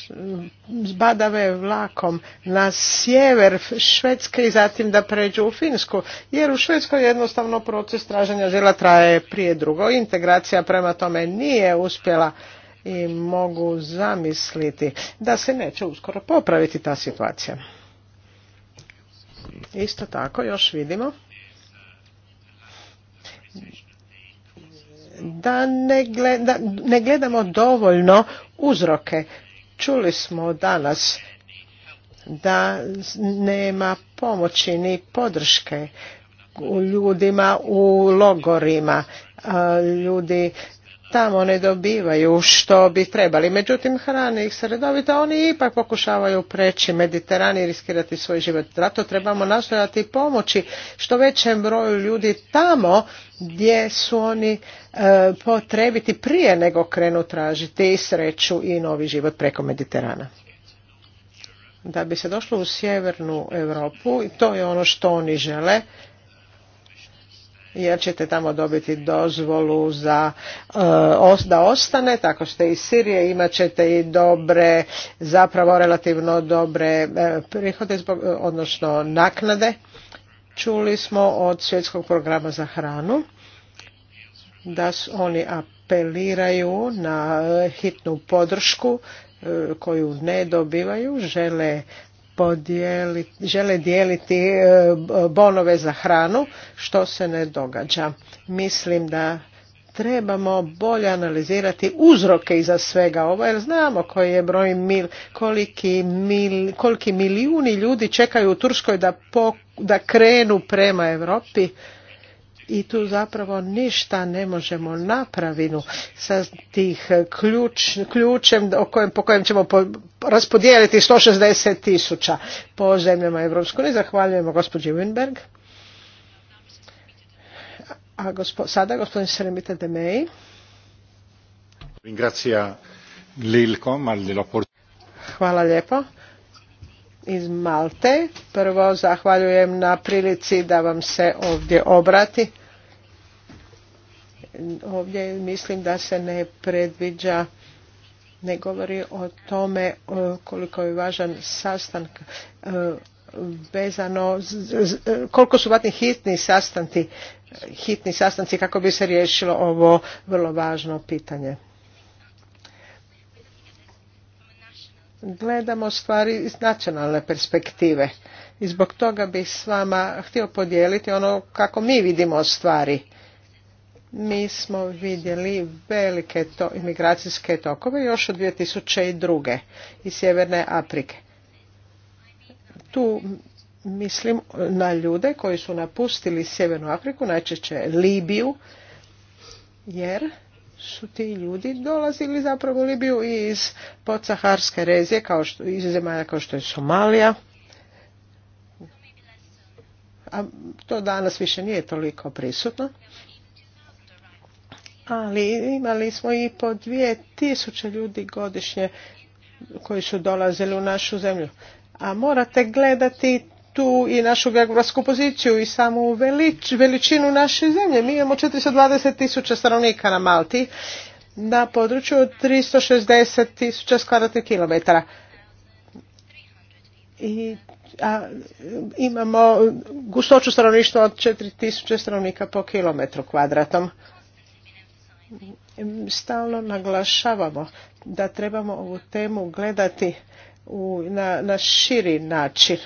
badave vlakom na sjever Švedske i zatim da pređu u Finsku, jer u Švedskoj jednostavno proces traženja žela traje prije drugo. Integracija prema tome nije uspjela i mogu zamisliti da se neće uskoro popraviti ta situacija. Isto tako još vidimo da ne, gleda, ne gledamo dovoljno uzroke. Čuli smo danas da nema pomoći ni podrške u ljudima u logorima ljudi tamo ne dobivaju što bi trebali. Međutim, hrane ih sredovita, oni ipak pokušavaju preći Mediteran i riskirati svoj život. Zato trebamo nastojati pomoći što većem broju ljudi tamo gdje su oni e, potrebiti prije nego krenu tražiti sreću i novi život preko Mediterana da bi se došlo u sjevernu Europu i to je ono što oni žele jer ćete tamo dobiti dozvolu za e, da ostane, tako ste iz Sirije, imat ćete i dobre, zapravo relativno dobre e, prihode, zbog, e, odnosno naknade. Čuli smo od svjetskog programa za hranu da oni apeliraju na hitnu podršku koju ne dobivaju, žele podijeliti, žele dijeliti e, bonove za hranu, što se ne događa. Mislim da trebamo bolje analizirati uzroke iza svega ovo, jer znamo koji je broj mil, koliki, mil, koliki milijuni ljudi čekaju u Turskoj da, da krenu prema Europi i tu zapravo ništa ne možemo napraviti sa tih ključ, ključem o kojem, po kojem ćemo po, raspodijeliti 160 tisuća po zemljama Evropskoj. unije. Zahvaljujemo gospođi Winberg. A gospo, sada gospodin Sremita Demeji. Hvala lijepo iz Malte. Prvo zahvaljujem na prilici da vam se ovdje obrati. Ovdje mislim da se ne predviđa ne govori o tome e, koliko je važan sastanak e, vezano e, koliko su vatni hitni sastanci hitni sastanci kako bi se riješilo ovo vrlo važno pitanje. gledamo stvari iz nacionalne perspektive i zbog toga bih s vama htio podijeliti ono kako mi vidimo stvari. Mi smo vidjeli velike to, imigracijske tokove još od 2002. iz Sjeverne Afrike. Tu mislim na ljude koji su napustili Sjevernu Afriku, najčešće Libiju, jer su ti ljudi dolazili zapravo u Libiju iz podsaharske rezije, kao što, iz zemalja kao što je Somalija. A to danas više nije toliko prisutno. Ali imali smo i po dvije tisuće ljudi godišnje koji su dolazili u našu zemlju. A morate gledati tu i našu geografsku poziciju i samu veličinu naše zemlje. Mi imamo 420 tisuća stanovnika na Malti na području od 360 tisuća kvadratnih kilometara. I a, imamo gustoću stanovništva od 4000 stanovnika po kilometru kvadratom. Stalno naglašavamo da trebamo ovu temu gledati u, na, na širi način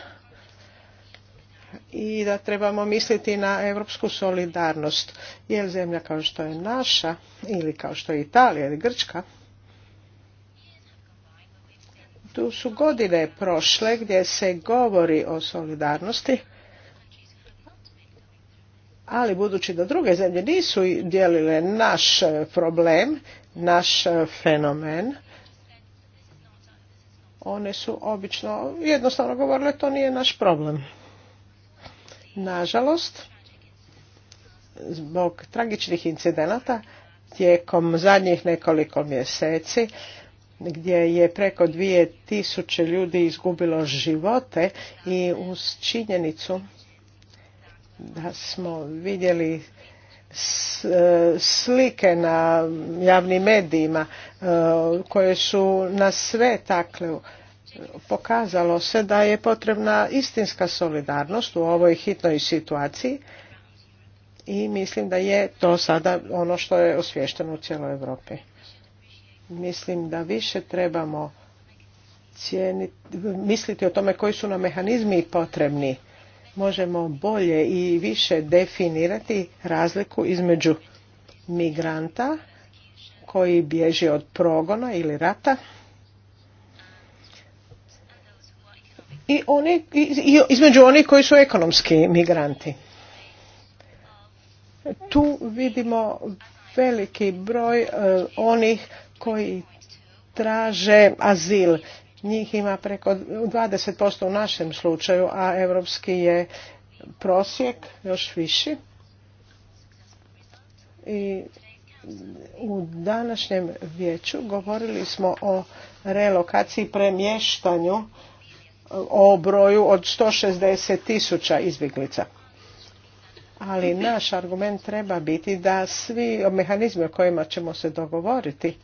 i da trebamo misliti na europsku solidarnost. Jer zemlja kao što je naša ili kao što je Italija ili Grčka tu su godine prošle gdje se govori o solidarnosti, ali budući da druge zemlje nisu dijelile naš problem, naš fenomen, one su obično jednostavno govorile to nije naš problem. Nažalost, zbog tragičnih incidenata tijekom zadnjih nekoliko mjeseci, gdje je preko tisuće ljudi izgubilo živote i uz činjenicu da smo vidjeli e, slike na javnim medijima e, koje su na sve takle pokazalo se da je potrebna istinska solidarnost u ovoj hitnoj situaciji i mislim da je to sada ono što je osviješteno u cijeloj Europi. Mislim da više trebamo cijeniti, misliti o tome koji su nam mehanizmi potrebni. Možemo bolje i više definirati razliku između migranta koji bježi od progona ili rata i oni, između onih koji su ekonomski migranti. Tu vidimo veliki broj e, onih koji traže azil. Njih ima preko 20% u našem slučaju, a europski je prosjek još viši. I u današnjem vijeću govorili smo o relokaciji premještanju o broju od 160 tisuća izbjeglica. Ali naš argument treba biti da svi mehanizmi o kojima ćemo se dogovoriti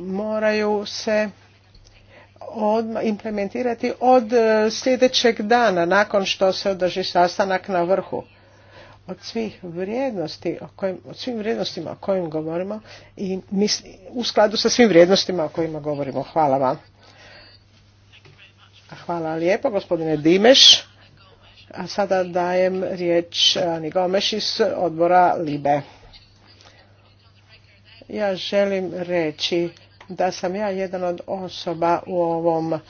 moraju se implementirati od e, sljedećeg dana nakon što se održi sastanak na vrhu. Od svih vrijednosti, o kojim, od svim vrijednostima o kojim govorimo i misli, u skladu sa svim vrijednostima o kojima govorimo. Hvala vam. Hvala lijepo, gospodine Dimeš. A sada dajem riječ Ani Gomeš odbora Libe. Ja želim reći da sam ja jedan od osoba u ovom e,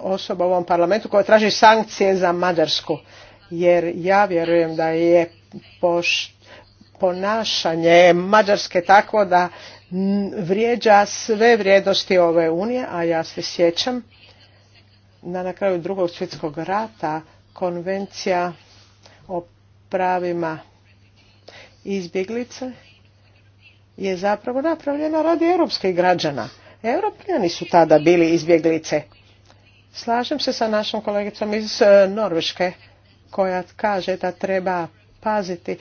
osoba u ovom parlamentu koja traži sankcije za Mađarsku. Jer ja vjerujem da je ponašanje Mađarske tako da vrijeđa sve vrijednosti ove unije, a ja se sjećam na, na kraju drugog svjetskog rata konvencija o pravima izbjeglice je zapravo napravljena radi europskih građana. Europljani su tada bili izbjeglice. Slažem se sa našom kolegicom iz e, Norveške koja kaže da treba paziti,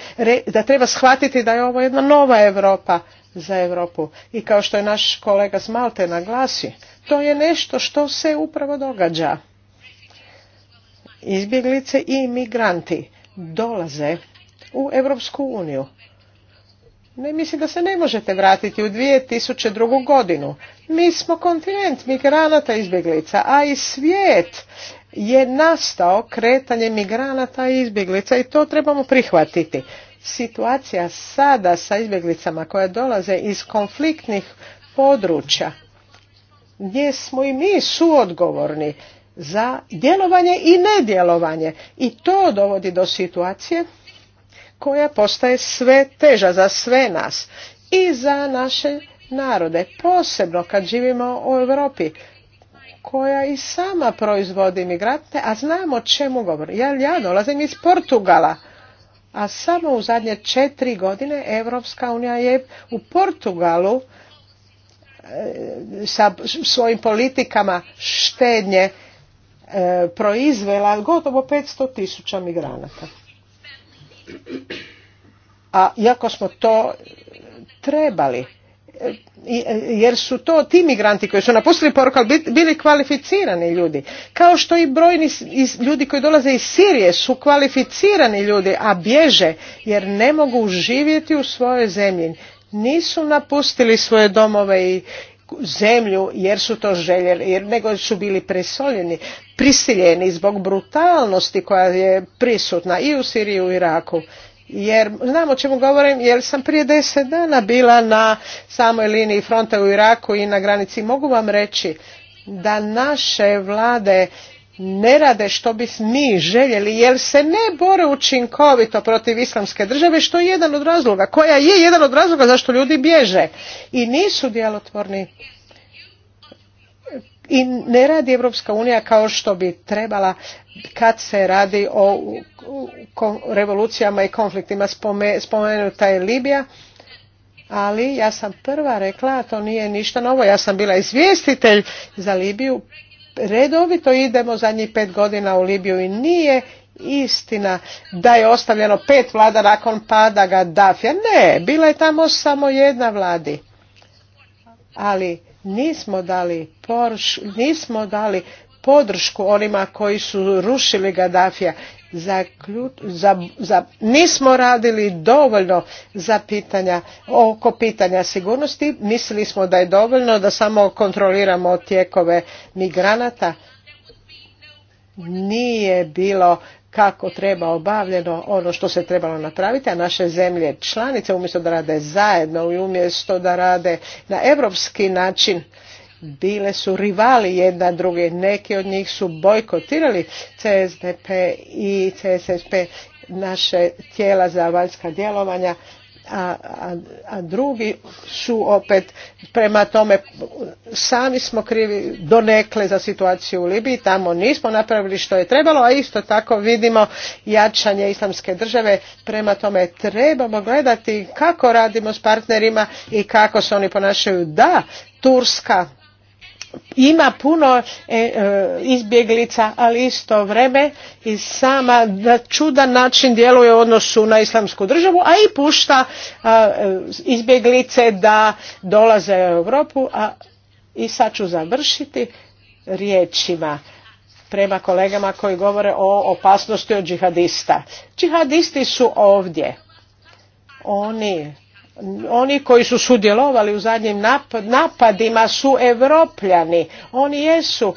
da treba shvatiti da je ovo jedna nova Europa za Europu. I kao što je naš kolega s Malte naglasi, to je nešto što se upravo događa. Izbjeglice i migranti dolaze u Europsku uniju. Ne mislim da se ne možete vratiti u 2002. godinu. Mi smo kontinent migranata i izbjeglica, a i svijet je nastao kretanje migranata i izbjeglica i to trebamo prihvatiti. Situacija sada sa izbjeglicama koje dolaze iz konfliktnih područja gdje smo i mi suodgovorni za djelovanje i nedjelovanje. I to dovodi do situacije koja postaje sve teža za sve nas i za naše narode, posebno kad živimo u Europi koja i sama proizvodi migrante, a znamo o čemu govorim. Ja, ja dolazim iz Portugala, a samo u zadnje četiri godine Evropska unija je u Portugalu sa svojim politikama štednje e, proizvela gotovo 500 tisuća migranata. A iako smo to trebali, e, e, jer su to ti migranti koji su napustili poruka bili kvalificirani ljudi. Kao što i brojni ljudi koji dolaze iz Sirije su kvalificirani ljudi, a bježe jer ne mogu živjeti u svojoj zemlji nisu napustili svoje domove i zemlju jer su to željeli, jer nego su bili presoljeni, prisiljeni zbog brutalnosti koja je prisutna i u Siriji i u Iraku. Jer znam o čemu govorim, jer sam prije deset dana bila na samoj liniji fronta u Iraku i na granici. Mogu vam reći da naše vlade ne rade što bi mi željeli jer se ne bore učinkovito protiv islamske države što je jedan od razloga koja je jedan od razloga zašto ljudi bježe i nisu djelotvorni i ne radi Europska unija kao što bi trebala kad se radi o revolucijama i konfliktima spomenuta je Libija ali ja sam prva rekla to nije ništa novo ja sam bila izvjestitelj za Libiju redovito idemo zadnjih pet godina u Libiju i nije istina da je ostavljeno pet vlada nakon pada Gaddafija. Ne, bila je tamo samo jedna vladi. Ali nismo dali Porsche, nismo dali podršku onima koji su rušili Gaddafija. Za, za, nismo radili dovoljno za pitanja, oko pitanja sigurnosti. Mislili smo da je dovoljno da samo kontroliramo tijekove migranata. Nije bilo kako treba obavljeno ono što se trebalo napraviti, a naše zemlje članice umjesto da rade zajedno i umjesto da rade na europski način bile su rivali jedna druge. Neki od njih su bojkotirali CSDP i CSSP naše tijela za vanjska djelovanja, a, a drugi su opet prema tome sami smo krivi donekle za situaciju u Libiji, tamo nismo napravili što je trebalo, a isto tako vidimo jačanje islamske države, prema tome trebamo gledati kako radimo s partnerima i kako se oni ponašaju. Da, Turska ima puno e, e, izbjeglica, ali isto vreme i sama na čudan način djeluje u odnosu na islamsku državu, a i pušta e, izbjeglice da dolaze u Europu. A, I sad ću završiti riječima prema kolegama koji govore o opasnosti od džihadista. Džihadisti su ovdje. Oni oni koji su sudjelovali u zadnjim napadima su evropljani. Oni jesu.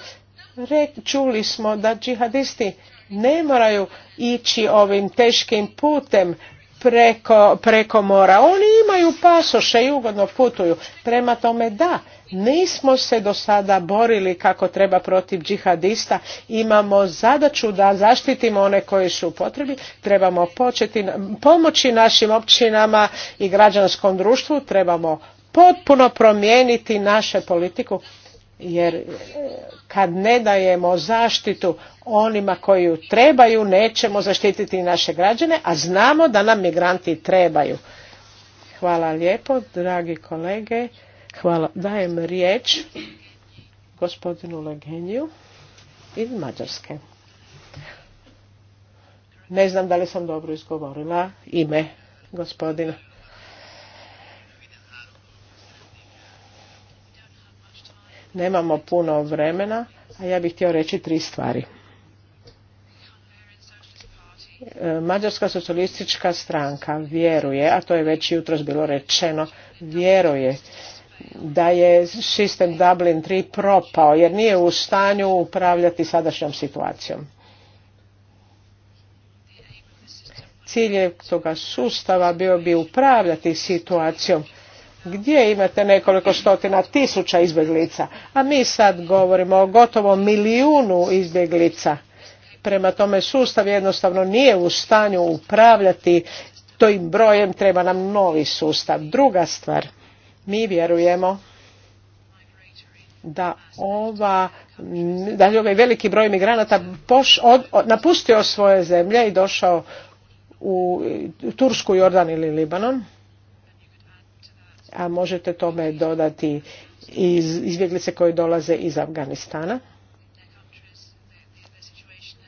čuli smo da džihadisti ne moraju ići ovim teškim putem preko mora. Oni imaju pasoše i ugodno putuju. Prema tome da, Nismo se do sada borili kako treba protiv džihadista. Imamo zadaću da zaštitimo one koji su u potrebi. Trebamo početi pomoći našim općinama i građanskom društvu. Trebamo potpuno promijeniti našu politiku jer e, kad ne dajemo zaštitu onima koji ju trebaju, nećemo zaštititi naše građane, a znamo da nam migranti trebaju. Hvala lijepo, dragi kolege. Hvala. Dajem riječ gospodinu Legeniju iz Mađarske. Ne znam da li sam dobro izgovorila ime gospodina. Nemamo puno vremena, a ja bih htio reći tri stvari. Mađarska socijalistička stranka vjeruje, a to je već jutros bilo rečeno, vjeruje da je sistem Dublin 3 propao jer nije u stanju upravljati sadašnjom situacijom. Cilj je toga sustava bio bi upravljati situacijom gdje imate nekoliko stotina tisuća izbjeglica, a mi sad govorimo o gotovo milijunu izbjeglica. Prema tome sustav jednostavno nije u stanju upravljati tojim brojem, treba nam novi sustav. Druga stvar, mi vjerujemo da ova da je ovaj veliki broj migranata poš, napustio svoje zemlje i došao u Tursku, Jordan ili Libanon. A možete tome dodati iz, izbjeglice koje dolaze iz Afganistana.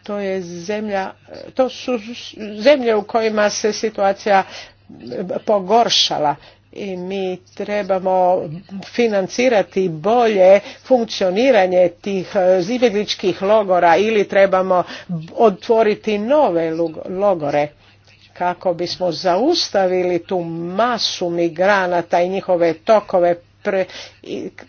To je zemlja, to su zemlje u kojima se situacija pogoršala i mi trebamo financirati bolje funkcioniranje tih e, izbjegličkih logora ili trebamo otvoriti nove logore kako bismo zaustavili tu masu migranata i njihove tokove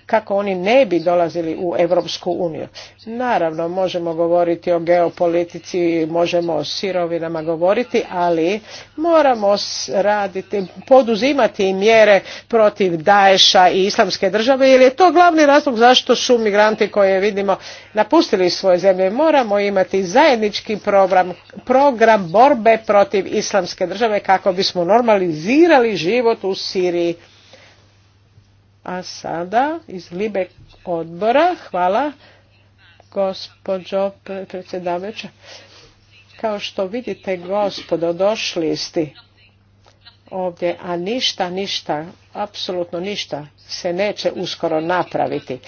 kako oni ne bi dolazili u Europsku uniju. Naravno, možemo govoriti o geopolitici, možemo o sirovinama govoriti, ali moramo raditi, poduzimati mjere protiv Daesha i islamske države, jer je to glavni razlog zašto su migranti koje vidimo napustili svoje zemlje. Moramo imati zajednički program, program borbe protiv islamske države kako bismo normalizirali život u Siriji a sada iz Libek odbora, hvala gospođo predsjedavajuća. Kao što vidite gospodo, došli ste ovdje, a ništa, ništa, apsolutno ništa se neće uskoro napraviti.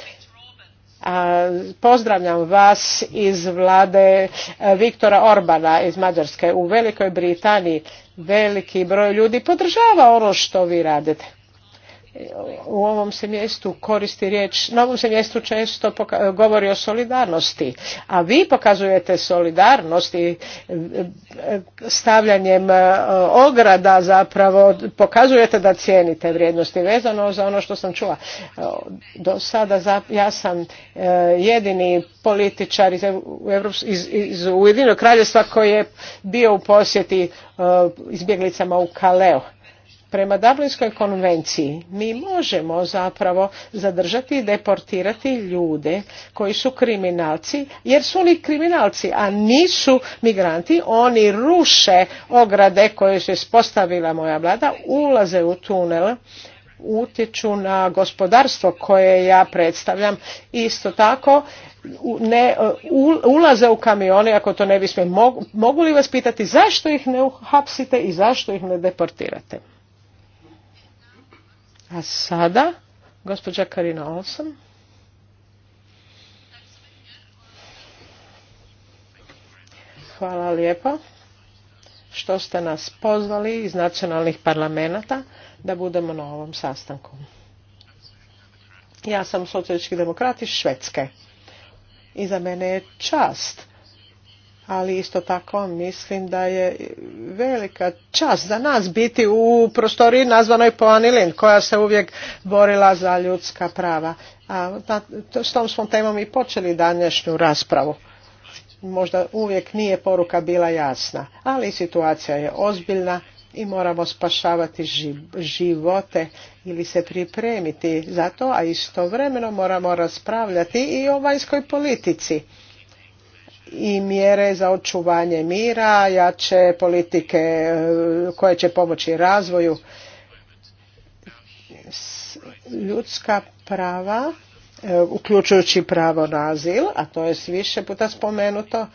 A pozdravljam vas iz vlade eh, Viktora Orbana iz Mađarske. U Velikoj Britaniji veliki broj ljudi podržava ono što vi radite u ovom se mjestu koristi riječ, na ovom se mjestu često govori o solidarnosti, a vi pokazujete solidarnost i e, stavljanjem e, ograda zapravo pokazujete da cijenite vrijednosti vezano za ono što sam čula. E, do sada ja sam jedini političar iz, iz, iz Ujedinog kraljestva koji je bio u posjeti izbjeglicama u Kaleo Prema Dublinskoj konvenciji mi možemo zapravo zadržati i deportirati ljude koji su kriminalci, jer su oni kriminalci, a nisu migranti. Oni ruše ograde koje se ispostavila moja vlada, ulaze u tunel utječu na gospodarstvo koje ja predstavljam. Isto tako ne ulaze u kamione ako to ne bismo mogu li vas pitati zašto ih ne uhapsite i zašto ih ne deportirate? A sada, gospođa Karina Olsen. Hvala lijepo što ste nas pozvali iz nacionalnih parlamenta da budemo na ovom sastanku. Ja sam socijalički demokrat iz Švedske i za mene je čast ali isto tako mislim da je velika čast za nas biti u prostoriji nazvanoj Poanilin koja se uvijek borila za ljudska prava. A s tom smo temom i počeli današnju raspravu. Možda uvijek nije poruka bila jasna, ali situacija je ozbiljna i moramo spašavati živote ili se pripremiti za to, a istovremeno moramo raspravljati i o vanjskoj politici i mjere za očuvanje mira, jače politike e, koje će pomoći razvoju ljudska prava, e, uključujući pravo na azil, a to je više puta spomenuto,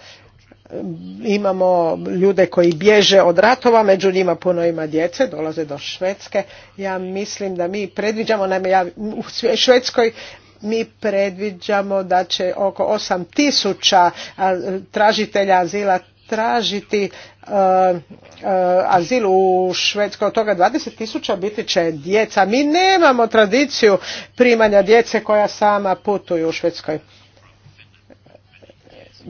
imamo ljude koji bježe od ratova, među njima puno ima djece, dolaze do Švedske. Ja mislim da mi predviđamo, naime u Švedskoj mi predviđamo da će oko 8000 tražitelja azila tražiti e, e, azil u Švedskoj, od toga dvadeset tisuća biti će djeca. Mi nemamo tradiciju primanja djece koja sama putuju u Švedskoj.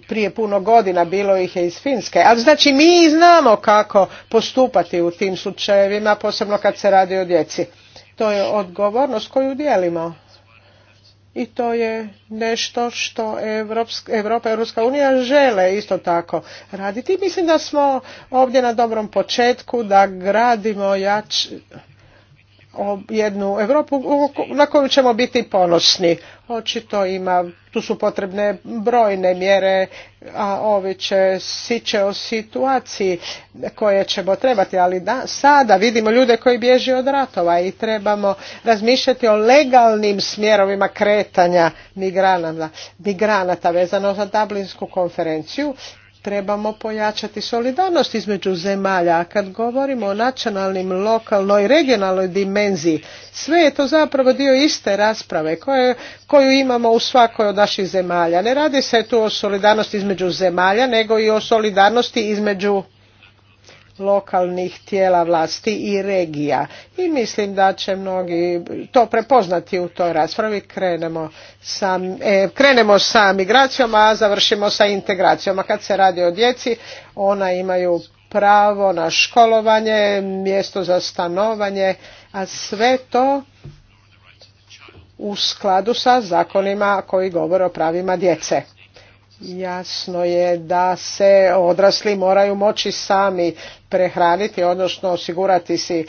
Prije puno godina bilo ih je iz Finske, ali znači mi znamo kako postupati u tim slučajevima, posebno kad se radi o djeci. To je odgovornost koju dijelimo i to je nešto što Europa i Europska unija žele isto tako raditi. Mislim da smo ovdje na dobrom početku da gradimo jač, jednu Europu na koju ćemo biti ponosni. Očito ima, tu su potrebne brojne mjere, a ovi će siće o situaciji koje ćemo trebati, ali da, sada vidimo ljude koji bježe od ratova i trebamo razmišljati o legalnim smjerovima kretanja migranata, migranata vezano za Dublinsku konferenciju trebamo pojačati solidarnost između zemalja. A kad govorimo o nacionalnim, lokalnoj, regionalnoj dimenziji, sve je to zapravo dio iste rasprave koje, koju imamo u svakoj od naših zemalja. Ne radi se tu o solidarnosti između zemalja, nego i o solidarnosti između lokalnih tijela vlasti i regija. I mislim da će mnogi to prepoznati u toj raspravi. Krenemo sa, e, krenemo sa migracijom, a završimo sa integracijom. A kad se radi o djeci, ona imaju pravo na školovanje, mjesto za stanovanje, a sve to u skladu sa zakonima koji govore o pravima djece. Jasno je da se odrasli moraju moći sami prehraniti, odnosno osigurati si e,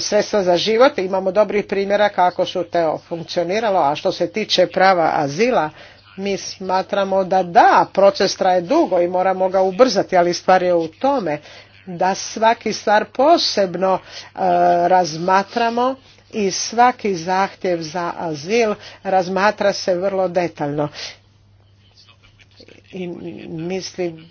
sredstva za život. Imamo dobrih primjera kako su te funkcioniralo, a što se tiče prava azila, mi smatramo da da, proces traje dugo i moramo ga ubrzati, ali stvar je u tome da svaki stvar posebno e, razmatramo i svaki zahtjev za azil razmatra se vrlo detaljno i mislim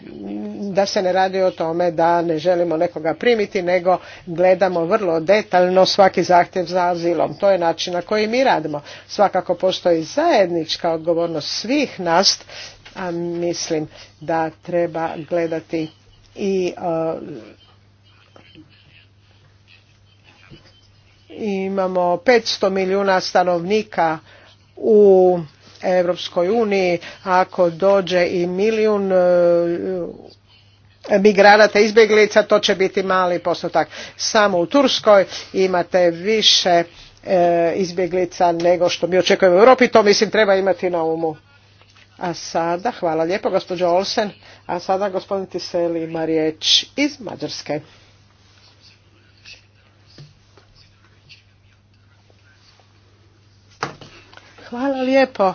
da se ne radi o tome da ne želimo nekoga primiti nego gledamo vrlo detaljno svaki zahtjev za azilom. To je način na koji mi radimo. Svakako postoji zajednička odgovornost svih nas, a mislim da treba gledati i uh, imamo 500 milijuna stanovnika u Europskoj uniji ako dođe i milijun e, migranata izbjeglica to će biti mali postotak. Samo u Turskoj imate više e, izbjeglica nego što mi očekujemo u Europi, to mislim treba imati na umu. A sada, hvala lijepo gospođo Olsen, a sada gospodin Tiseli ima riječ iz Mađarske. Hvala lijepo.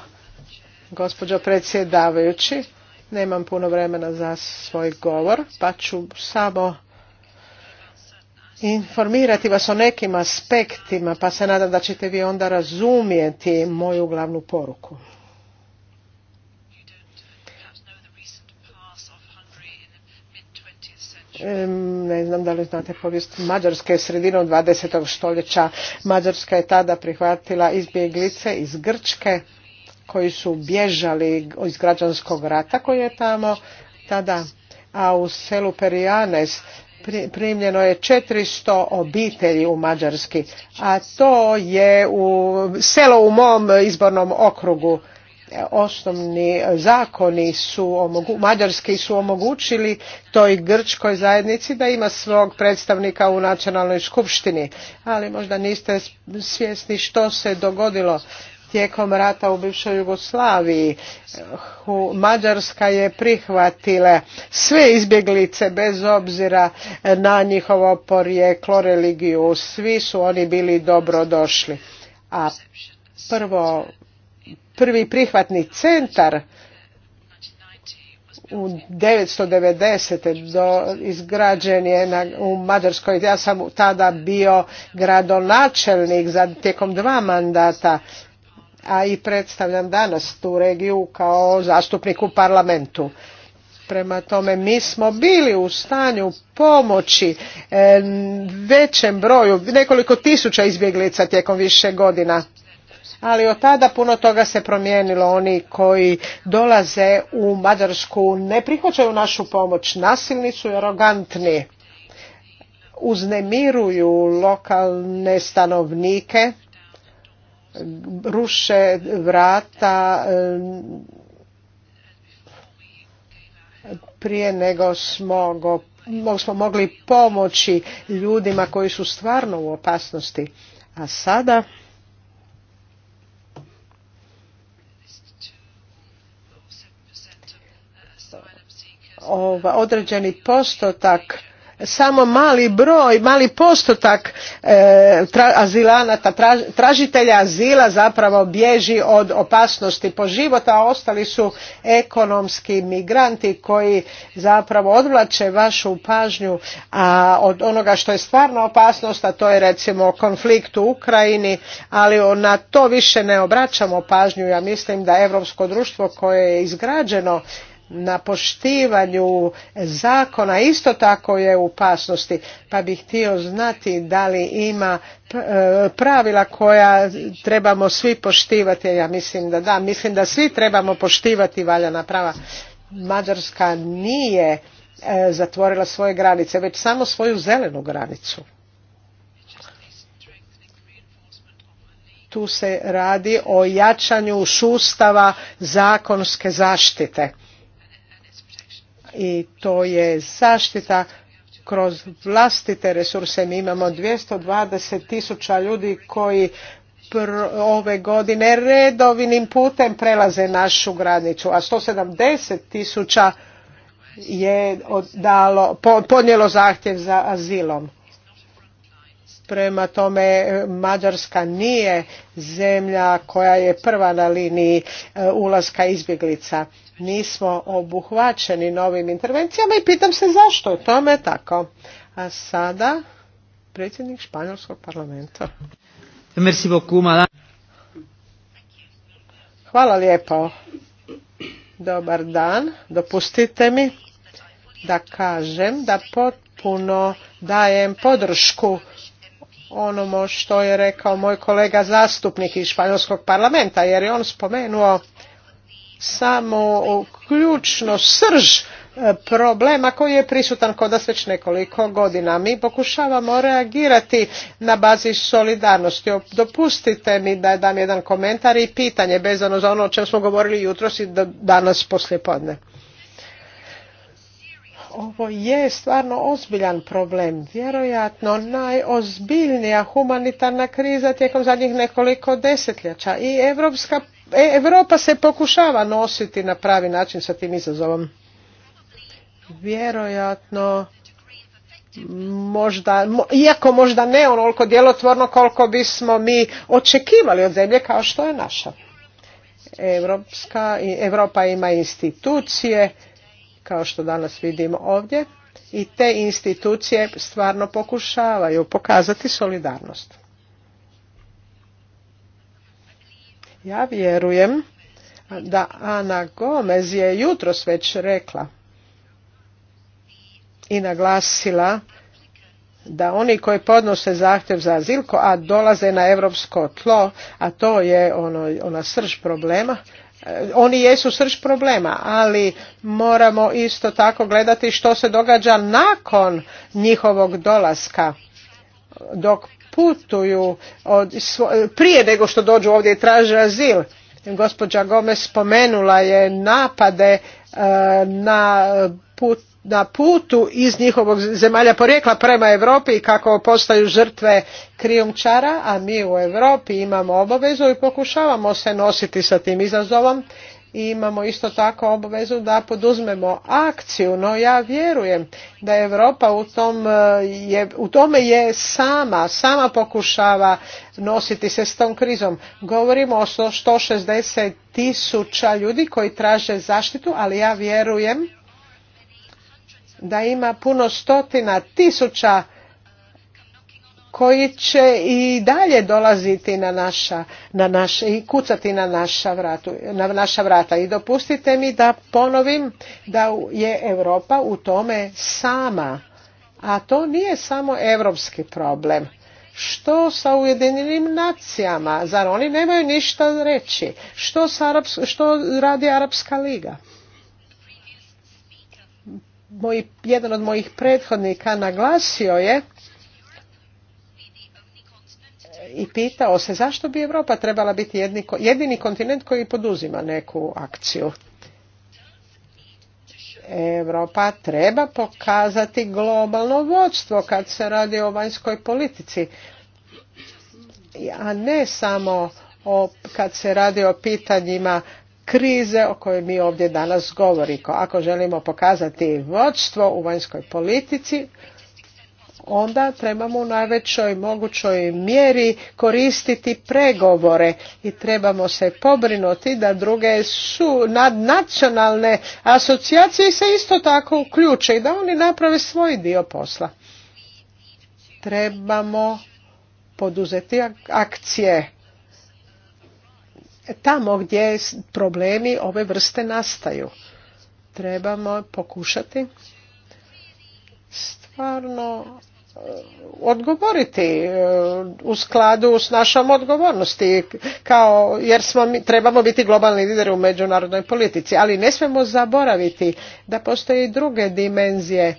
Gospođo predsjedavajući, nemam puno vremena za svoj govor, pa ću samo informirati vas o nekim aspektima, pa se nadam da ćete vi onda razumijeti moju glavnu poruku. ne znam da li znate povijest Mađarske sredinom 20. stoljeća. Mađarska je tada prihvatila izbjeglice iz Grčke koji su bježali iz građanskog rata koji je tamo tada, a u selu Perianes primljeno je 400 obitelji u Mađarski, a to je u selo u mom izbornom okrugu. Osnovni zakoni su omogu, mađarski su omogućili toj grčkoj zajednici da ima svog predstavnika u nacionalnoj skupštini, ali možda niste svjesni što se dogodilo tijekom rata u bivšoj Jugoslaviji. Mađarska je prihvatila sve izbjeglice bez obzira na njihovo porijeklo, religiju. Svi su oni bili dobrodošli. A prvo, prvi prihvatni centar u 990. Do, izgrađen je u Mađarskoj. Ja sam tada bio gradonačelnik za, tijekom dva mandata a i predstavljam danas tu regiju kao zastupnik u parlamentu. Prema tome, mi smo bili u stanju pomoći e, većem broju, nekoliko tisuća izbjeglica tijekom više godina. Ali od tada puno toga se promijenilo. Oni koji dolaze u Mađarsku ne prihvaćaju našu pomoć, nasilni su i arogantni uznemiruju lokalne stanovnike ruše vrata prije nego smo, smo mogli pomoći ljudima koji su stvarno u opasnosti. A sada određeni postotak samo mali broj, mali postotak e, azilanata, tražitelja azila zapravo bježi od opasnosti po život, a ostali su ekonomski migranti koji zapravo odvlače vašu pažnju od onoga što je stvarna opasnost, a to je recimo konflikt u Ukrajini, ali na to više ne obraćamo pažnju. Ja mislim da europsko društvo koje je izgrađeno na poštivanju zakona isto tako je u opasnosti pa bih htio znati da li ima e, pravila koja trebamo svi poštivati ja mislim da da mislim da svi trebamo poštivati valjana prava mađarska nije e, zatvorila svoje granice već samo svoju zelenu granicu tu se radi o jačanju sustava zakonske zaštite i to je zaštita kroz vlastite resurse. Mi imamo 220 tisuća ljudi koji ove godine redovinim putem prelaze našu granicu, a 170 tisuća je dalo, podnijelo zahtjev za azilom. Prema tome, Mađarska nije zemlja koja je prva na liniji e, ulaska izbjeglica. Nismo obuhvaćeni novim intervencijama i pitam se zašto je tome tako. A sada predsjednik Španjolskog parlamenta. Hvala lijepo. Dobar dan. Dopustite mi da kažem da potpuno dajem podršku ono što je rekao moj kolega zastupnik iz Španjolskog parlamenta, jer je on spomenuo samo ključno srž e, problema koji je prisutan kod nas već nekoliko godina. Mi pokušavamo reagirati na bazi solidarnosti. Dopustite mi da dam jedan komentar i pitanje bezano za ono o čem smo govorili jutros i danas poslijepodne ovo je stvarno ozbiljan problem. Vjerojatno najozbiljnija humanitarna kriza tijekom zadnjih nekoliko desetljeća i Evropska, e, Evropa se pokušava nositi na pravi način sa tim izazovom. Vjerojatno možda, iako možda ne onoliko djelotvorno koliko bismo mi očekivali od zemlje kao što je naša. Evropska, Evropa ima institucije kao što danas vidimo ovdje i te institucije stvarno pokušavaju pokazati solidarnost. Ja vjerujem da Ana Gomez je jutros već rekla i naglasila da oni koji podnose zahtjev za azilko a dolaze na europsko tlo, a to je ono, ona srž problema, Eh, oni jesu srž problema, ali moramo isto tako gledati što se događa nakon njihovog dolaska dok putuju od, prije nego što dođu ovdje i traže azil. Gospođa Gomez spomenula je napade eh, na put na putu iz njihovog zemalja porijekla prema Europi i kako postaju žrtve krijumčara, a mi u Europi imamo obavezu i pokušavamo se nositi sa tim izazovom i imamo isto tako obavezu da poduzmemo akciju, no ja vjerujem da Europa u, tom e, je, u tome je sama, sama pokušava nositi se s tom krizom. Govorimo o 160 tisuća ljudi koji traže zaštitu, ali ja vjerujem da ima puno stotina tisuća koji će i dalje dolaziti na naša, na naš i kucati na naša, vratu, na naša vrata. I dopustite mi da ponovim da je Europa u tome sama. A to nije samo europski problem. Što sa Ujedinjenim nacijama? Zar oni nemaju ništa reći? Što, što radi Arapska liga? jedan od mojih prethodnika naglasio je i pitao se zašto bi Europa trebala biti jedini kontinent koji poduzima neku akciju. Europa treba pokazati globalno vodstvo kad se radi o vanjskoj politici, a ne samo o, kad se radi o pitanjima krize o kojoj mi ovdje danas govorimo. Ako želimo pokazati vodstvo u vanjskoj politici, onda trebamo u najvećoj mogućoj mjeri koristiti pregovore i trebamo se pobrinuti da druge su nadnacionalne asocijacije se isto tako uključe i da oni naprave svoj dio posla. Trebamo poduzeti akcije tamo gdje problemi ove vrste nastaju. Trebamo pokušati stvarno eh, odgovoriti eh, u skladu s našom odgovornosti kao jer smo trebamo biti globalni lideri u međunarodnoj politici ali ne smemo zaboraviti da postoje i druge dimenzije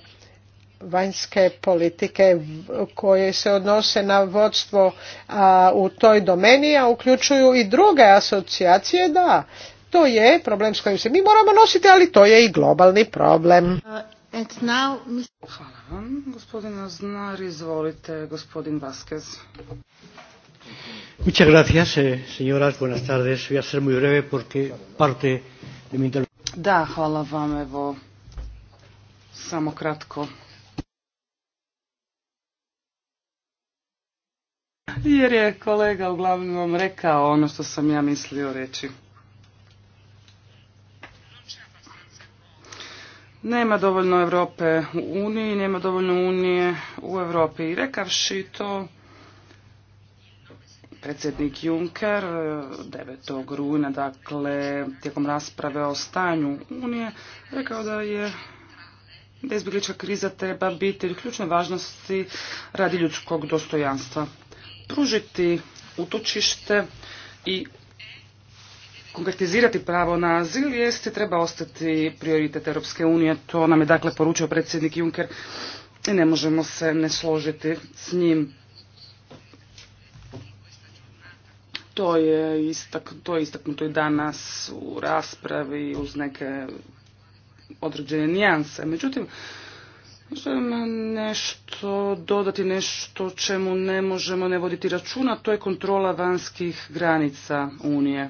vanjske politike koje se odnose na vodstvo u toj domeni, a uključuju i druge asocijacije, da. To je problem s kojim se mi moramo nositi, ali to je i globalni problem. Uh, hvala vam. Gospodina Znar, izvolite, gospodin Vasquez. Muchas gracias, eh, señoras. Buenas tardes. Voy a ser muy breve porque parte de mi intervención. Da, hvala vam. Evo, samo kratko Jer je kolega uglavnom rekao ono što sam ja mislio reći. Nema dovoljno Europe u Uniji, nema dovoljno Unije u Europi. I rekavši to, predsjednik Juncker 9. rujna, dakle, tijekom rasprave o stanju Unije, rekao da je da izbjeglička kriza treba biti u ključne važnosti radi ljudskog dostojanstva pružiti utočište i konkretizirati pravo na azil jeste treba ostati prioritet Europske unije. To nam je dakle poručio predsjednik Juncker i ne možemo se ne složiti s njim. To je, istak, to je istaknuto i danas u raspravi uz neke određene nijanse. Međutim, Želim nešto dodati, nešto čemu ne možemo ne voditi računa, to je kontrola vanjskih granica Unije.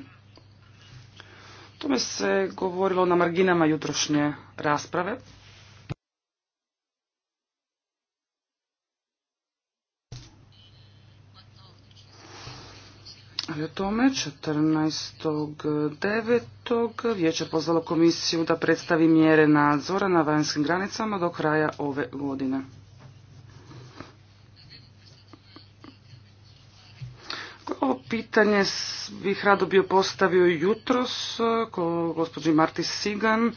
tome se govorilo na marginama jutrošnje rasprave. o tome. 14.9. vijeće je pozvalo komisiju da predstavi mjere nadzora na vanjskim granicama do kraja ove godine. Ovo pitanje bih rado bio postavio jutros eh, ko gospođi Marti Sigan, eh,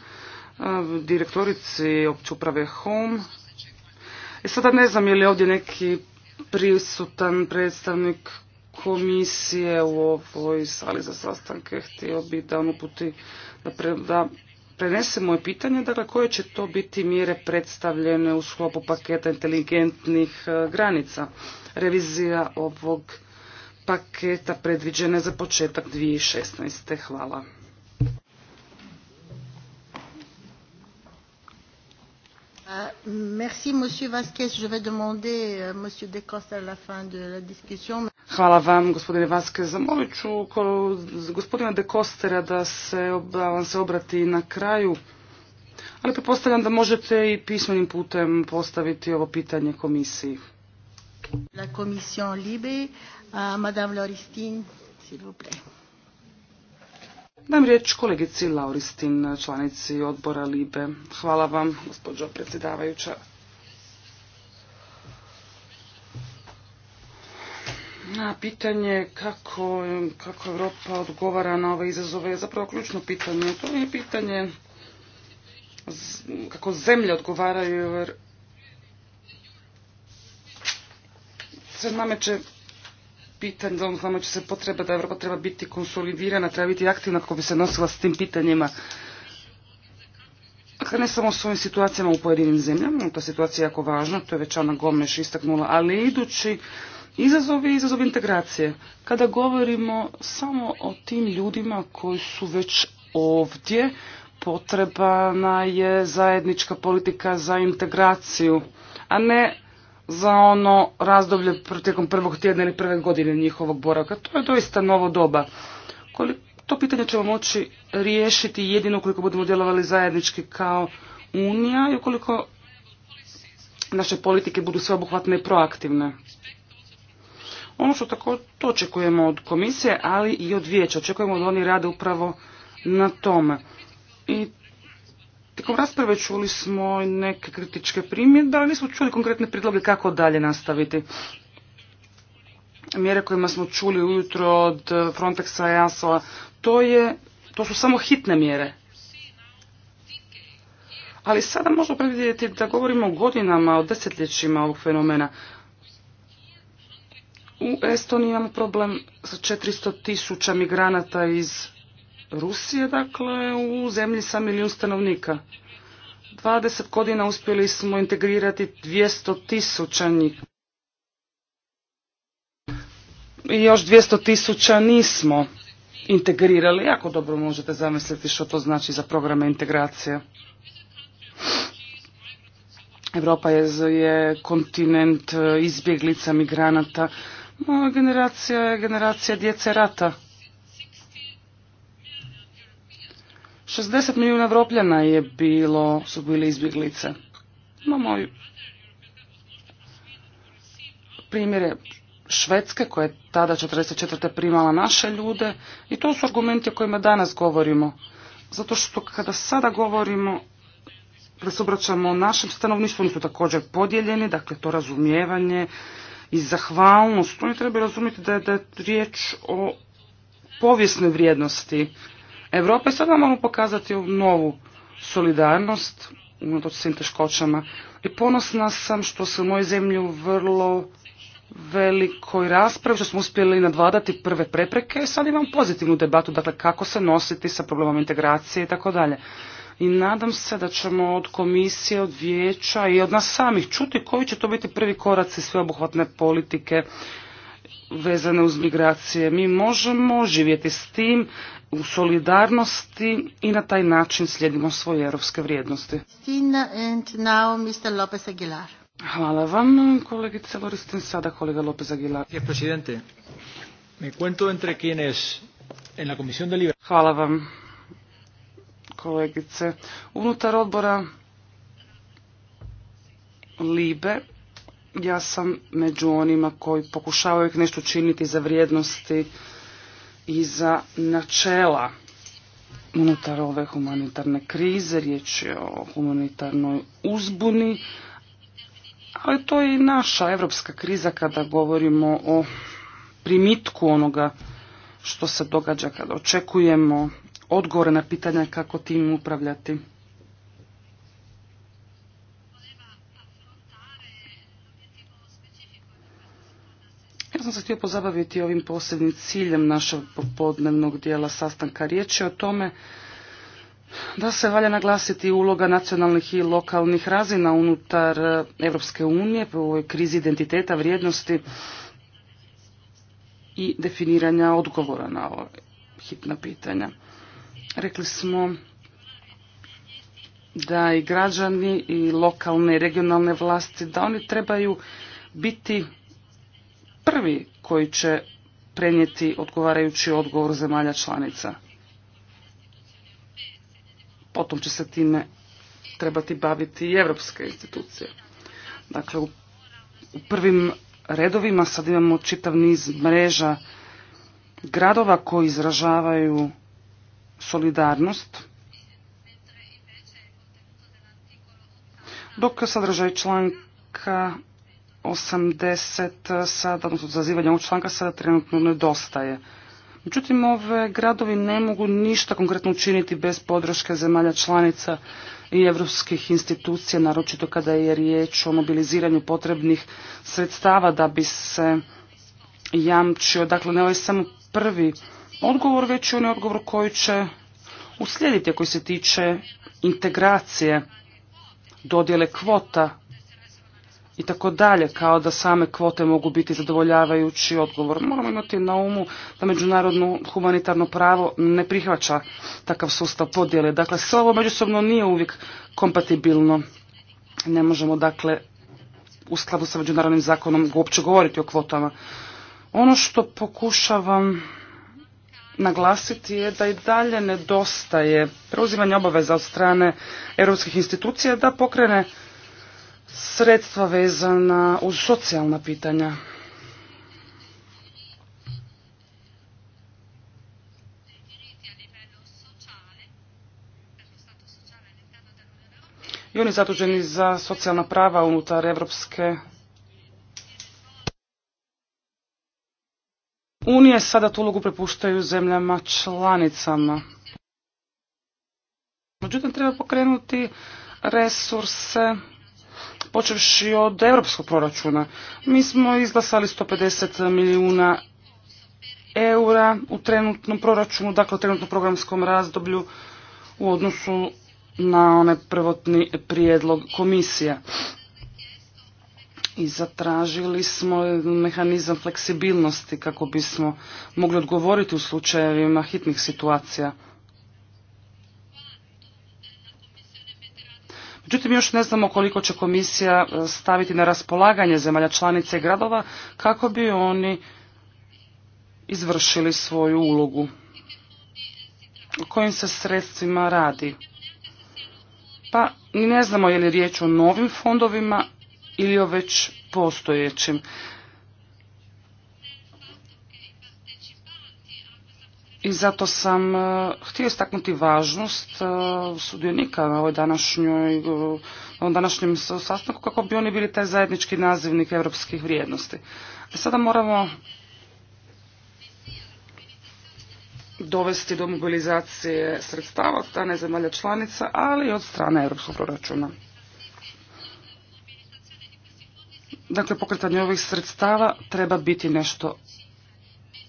direktorici opće uprave Home. I e, sada ne znam je li ovdje neki prisutan predstavnik komisije u ovoj sali za sastanke. Htio bi da uputi da, da prenese moje pitanje, dakle koje će to biti mjere predstavljene u sklopu paketa inteligentnih e, granica. Revizija ovog paketa predviđene za početak 2016. Hvala. Ah, merci, Monsieur Vasquez. Je vais demander euh, Monsieur à la fin de la discussion, Hvala vam, gospodine Vaske. Zamolit ću gospodina de Kostera da, se, vam se obrati na kraju, ali pretpostavljam da možete i pismenim putem postaviti ovo pitanje komisiji. La commission libe, uh, madame Lauristin, s'il vous plaît. Dam riječ kolegici Lauristin, članici odbora Libe. Hvala vam, gospođo predsjedavajuća. Na pitanje kako, kako Europa odgovara na ove izazove je zapravo ključno pitanje. To je pitanje kako zemlje odgovaraju jer se nameće pitanje, znamo ono, nameće se potreba da Europa treba biti konsolidirana, treba biti aktivna kako bi se nosila s tim pitanjima. Dakle, ne samo s ovim situacijama u pojedinim zemljama, ta situacija je jako važna, to je već Ana Gomeš istaknula, ali idući Izazovi i izazov integracije. Kada govorimo samo o tim ljudima koji su već ovdje, potrebana je zajednička politika za integraciju, a ne za ono razdoblje tijekom prvog tjedna ili prve godine njihovog boravka. To je doista novo doba. To pitanje ćemo moći riješiti jedino ukoliko budemo djelovali zajednički kao Unija i ukoliko naše politike budu sveobuhvatne i proaktivne. Ono što tako to očekujemo od komisije, ali i od vijeća. Očekujemo da oni rade upravo na tome. I tijekom rasprave čuli smo neke kritičke primjedbe, ali nismo čuli konkretne prijedloge kako dalje nastaviti. Mjere kojima smo čuli ujutro od Frontexa i Asola, to, je, to su samo hitne mjere. Ali sada možemo predvidjeti da govorimo o godinama, o desetljećima ovog fenomena. U Estoniji imamo problem sa 400 tisuća migranata iz Rusije, dakle u zemlji sa milijun stanovnika. 20 godina uspjeli smo integrirati 200 tisuća njih. I još 200 tisuća nismo integrirali. Jako dobro možete zamisliti što to znači za programe integracije. Europa je, je kontinent izbjeglica, migranata, moja generacija je generacija djece rata. 60 milijuna Evropljana je bilo, su bili izbjeglice. Imamo primjere Švedske koja je tada 44. primala naše ljude i to su argumenti o kojima danas govorimo. Zato što kada sada govorimo da se obraćamo našem stanovništvu, oni su također podijeljeni, dakle to razumijevanje i zahvalnost, oni treba razumjeti da je, da riječ o povijesnoj vrijednosti Europe. sada vam moramo pokazati novu solidarnost unatoč svim teškoćama. I ponosna sam što se u mojoj zemlji u vrlo velikoj raspravi, što smo uspjeli nadvladati prve prepreke, sad imam pozitivnu debatu, dakle kako se nositi sa problemom integracije i tako dalje i nadam se da ćemo od komisije, od vijeća i od nas samih čuti koji će to biti prvi koraci sveobuhvatne politike vezane uz migracije. Mi možemo živjeti s tim u solidarnosti i na taj način slijedimo svoje europske vrijednosti. Hvala vam, kolegice Loristin. Sada kolega Lopez Aguilar. Hvala vam kolegice. Unutar odbora Libe ja sam među onima koji pokušavaju nešto činiti za vrijednosti i za načela unutar ove humanitarne krize, riječ je o humanitarnoj uzbuni, ali to je i naša evropska kriza kada govorimo o primitku onoga što se događa kada očekujemo odgovore na pitanja kako tim upravljati. Ja sam se htio pozabaviti ovim posebnim ciljem našeg popodnevnog dijela sastanka. Riječ je o tome da se valja naglasiti uloga nacionalnih i lokalnih razina unutar Europske unije u ovoj krizi identiteta, vrijednosti i definiranja odgovora na ove hitna pitanja. Rekli smo da i građani i lokalne i regionalne vlasti, da oni trebaju biti prvi koji će prenijeti odgovarajući odgovor zemalja članica. Potom će se time trebati baviti i evropske institucije. Dakle, u prvim redovima sad imamo čitav niz mreža gradova koji izražavaju solidarnost, dok sadržaj članka 80 sada, odnosno zazivanja ovog članka sada trenutno nedostaje. Međutim, ove gradovi ne mogu ništa konkretno učiniti bez podrške zemalja članica i evropskih institucija, naročito kada je riječ o mobiliziranju potrebnih sredstava da bi se jamčio. Dakle, ne ovaj samo prvi odgovor, već onaj odgovor koji će uslijediti koji se tiče integracije, dodjele kvota i tako dalje, kao da same kvote mogu biti zadovoljavajući odgovor. Moramo imati na umu da međunarodno humanitarno pravo ne prihvaća takav sustav podjele. Dakle, sve ovo međusobno nije uvijek kompatibilno. Ne možemo, dakle, u skladu sa međunarodnim zakonom uopće govoriti o kvotama. Ono što pokušavam naglasiti je da i dalje nedostaje preuzimanje obaveza od strane europskih institucija da pokrene sredstva vezana uz socijalna pitanja. I oni zaduženi za socijalna prava unutar Europske unije sada tu ulogu prepuštaju zemljama članicama. Međutim, treba pokrenuti resurse počevši od europskog proračuna. Mi smo izglasali 150 milijuna eura u trenutnom proračunu, dakle u trenutnom programskom razdoblju u odnosu na onaj prvotni prijedlog komisija i zatražili smo mehanizam fleksibilnosti kako bismo mogli odgovoriti u slučajevima hitnih situacija. Međutim, još ne znamo koliko će komisija e, staviti na raspolaganje zemalja članice i gradova kako bi oni izvršili svoju ulogu. O kojim se sredstvima radi? Pa, ne znamo je li riječ o novim fondovima ili o već postojećim. I zato sam e, htio istaknuti važnost e, sudionika na ovoj današnjoj, e, na ovom današnjem sastanku kako bi oni bili taj zajednički nazivnik europskih vrijednosti. A sada moramo dovesti do mobilizacije sredstava od strane zemalja članica, ali i od strane europskog proračuna. Dakle, pokretanje ovih sredstava treba biti nešto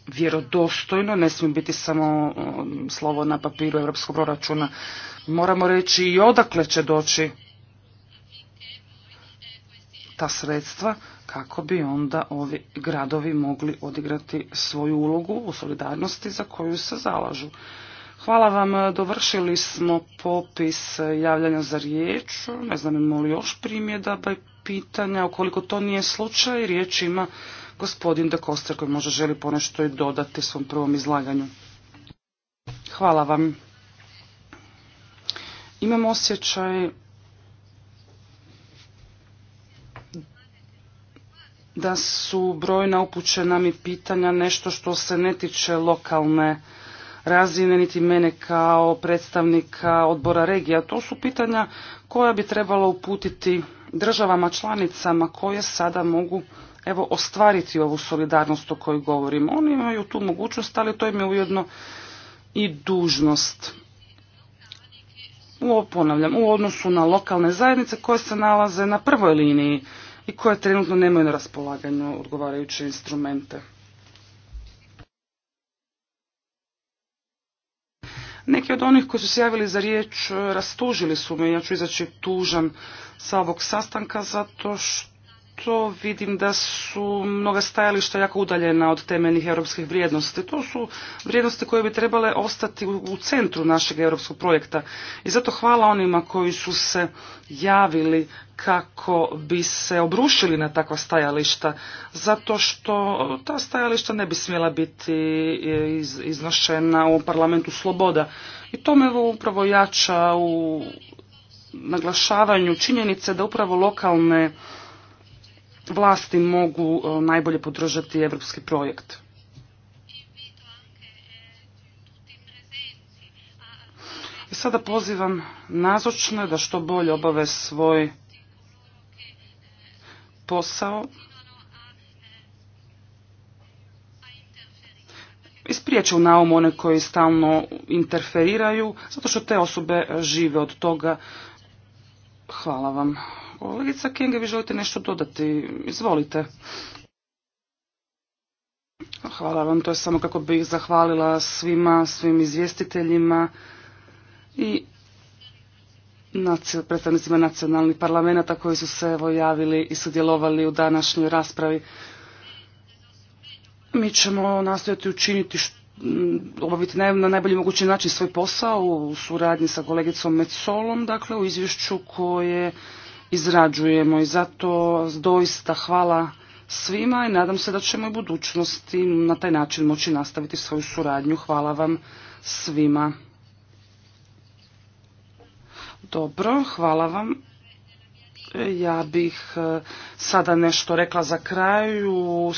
vjerodostojno, ne smije biti samo um, slovo na papiru europskog proračuna. Moramo reći i odakle će doći ta sredstva kako bi onda ovi gradovi mogli odigrati svoju ulogu u solidarnosti za koju se zalažu. Hvala vam, dovršili smo popis javljanja za riječ. Ne znam imamo li još primjedaba i pitanja. Ukoliko to nije slučaj, riječ ima gospodin De Koster koji možda želi ponešto i dodati svom prvom izlaganju. Hvala vam. Imam osjećaj da su brojna upućena mi pitanja nešto što se ne tiče lokalne razine, niti mene kao predstavnika odbora regija. To su pitanja koja bi trebalo uputiti državama članicama koje sada mogu evo ostvariti ovu solidarnost o kojoj govorimo. Oni imaju tu mogućnost, ali to im je ujedno i dužnost. U, ponavljam, u odnosu na lokalne zajednice koje se nalaze na prvoj liniji i koje trenutno nemaju na raspolaganju odgovarajuće instrumente. Neki od onih koji su se javili za riječ e, rastužili su me, ja ću izaći tužan sa ovog sastanka zato što to vidim da su mnoga stajališta jako udaljena od temeljnih europskih vrijednosti. To su vrijednosti koje bi trebale ostati u centru našeg europskog projekta. I zato hvala onima koji su se javili kako bi se obrušili na takva stajališta, zato što ta stajališta ne bi smjela biti e, iznošena u parlamentu sloboda. I to me upravo jača u naglašavanju činjenice da upravo lokalne vlasti mogu e, najbolje podržati evropski projekt. I sada pozivam nazočne da što bolje obave svoj posao. Ispriječe u naumu one koji stalno interferiraju, zato što te osobe žive od toga. Hvala vam. Kolegica Kinga, vi želite nešto dodati? Izvolite. Hvala vam, to je samo kako bih zahvalila svima, svim izvjestiteljima i predstavnicima nacionalnih parlamenta koji su se evo javili i sudjelovali u današnjoj raspravi. Mi ćemo nastojati učiniti obaviti na najbolji mogući način svoj posao u suradnji sa kolegicom Metsolom, dakle u izvješću koje izrađujemo i zato doista hvala svima i nadam se da ćemo i budućnosti na taj način moći nastaviti svoju suradnju. Hvala vam svima. Dobro, hvala vam. Ja bih e, sada nešto rekla za kraju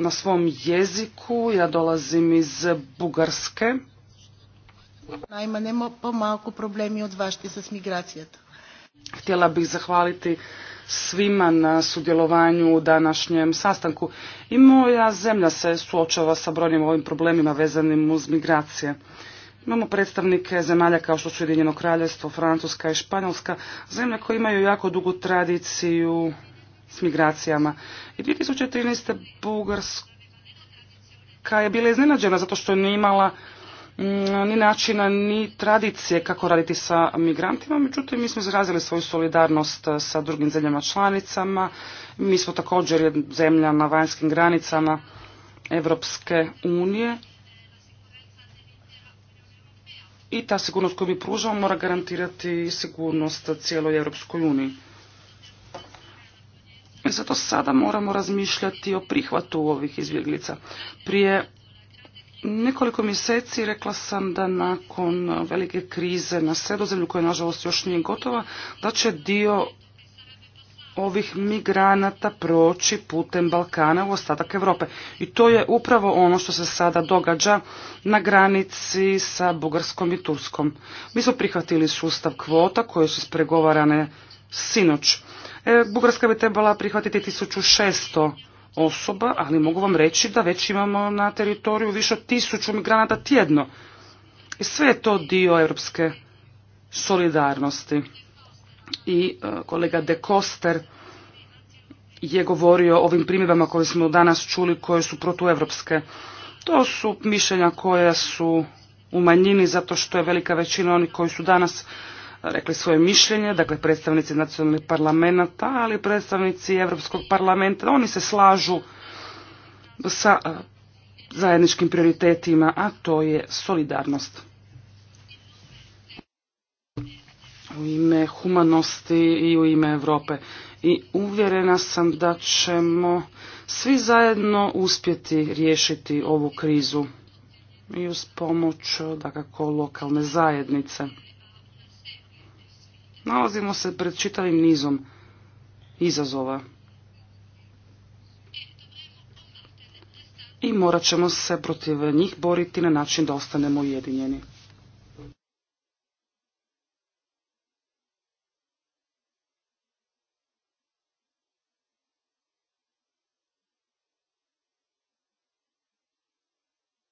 na svom jeziku. Ja dolazim iz Bugarske. Najmanemo po problemi od vašte s migracijata. Htjela bih zahvaliti svima na sudjelovanju u današnjem sastanku. I moja zemlja se suočava sa brojnim ovim problemima vezanim uz migracije. Imamo predstavnike zemalja kao što su Ujedinjeno kraljevstvo, Francuska i Španjolska, zemlje koje imaju jako dugu tradiciju s migracijama. I 2013. Bugarska je bila iznenađena zato što nije imala Mm, ni načina ni tradicije kako raditi sa migrantima, međutim mi smo izrazili svoju solidarnost eh, sa drugim zemljama članicama, mi smo također zemlja na vanjskim granicama Evropske unije i ta sigurnost koju mi pružamo mora garantirati sigurnost cijeloj Evropskoj uniji. Zato sada moramo razmišljati o prihvatu ovih izbjeglica. Prije Nekoliko mjeseci rekla sam da nakon velike krize na sredozemlju, koja nažalost još nije gotova, da će dio ovih migranata proći putem Balkana u ostatak Europe. I to je upravo ono što se sada događa na granici sa Bugarskom i Turskom. Mi smo prihvatili sustav kvota koje su spregovarane sinoć. E, Bugarska bi trebala prihvatiti 1600 osoba, ali mogu vam reći da već imamo na teritoriju više od tisuću migranata tjedno. I sve je to dio europske solidarnosti. I e, kolega De Koster je govorio o ovim primjedbama koje smo danas čuli, koje su protuevropske. To su mišljenja koja su u manjini zato što je velika većina onih koji su danas rekli svoje mišljenje, dakle predstavnici nacionalnih parlamenta, ali predstavnici Europskog parlamenta, oni se slažu sa e, zajedničkim prioritetima, a to je solidarnost. U ime humanosti i u ime Europe. I uvjerena sam da ćemo svi zajedno uspjeti riješiti ovu krizu i uz pomoć e, dakako lokalne zajednice. Nalazimo se pred čitavim nizom izazova. I morat ćemo se protiv njih boriti na način da ostanemo ujedinjeni.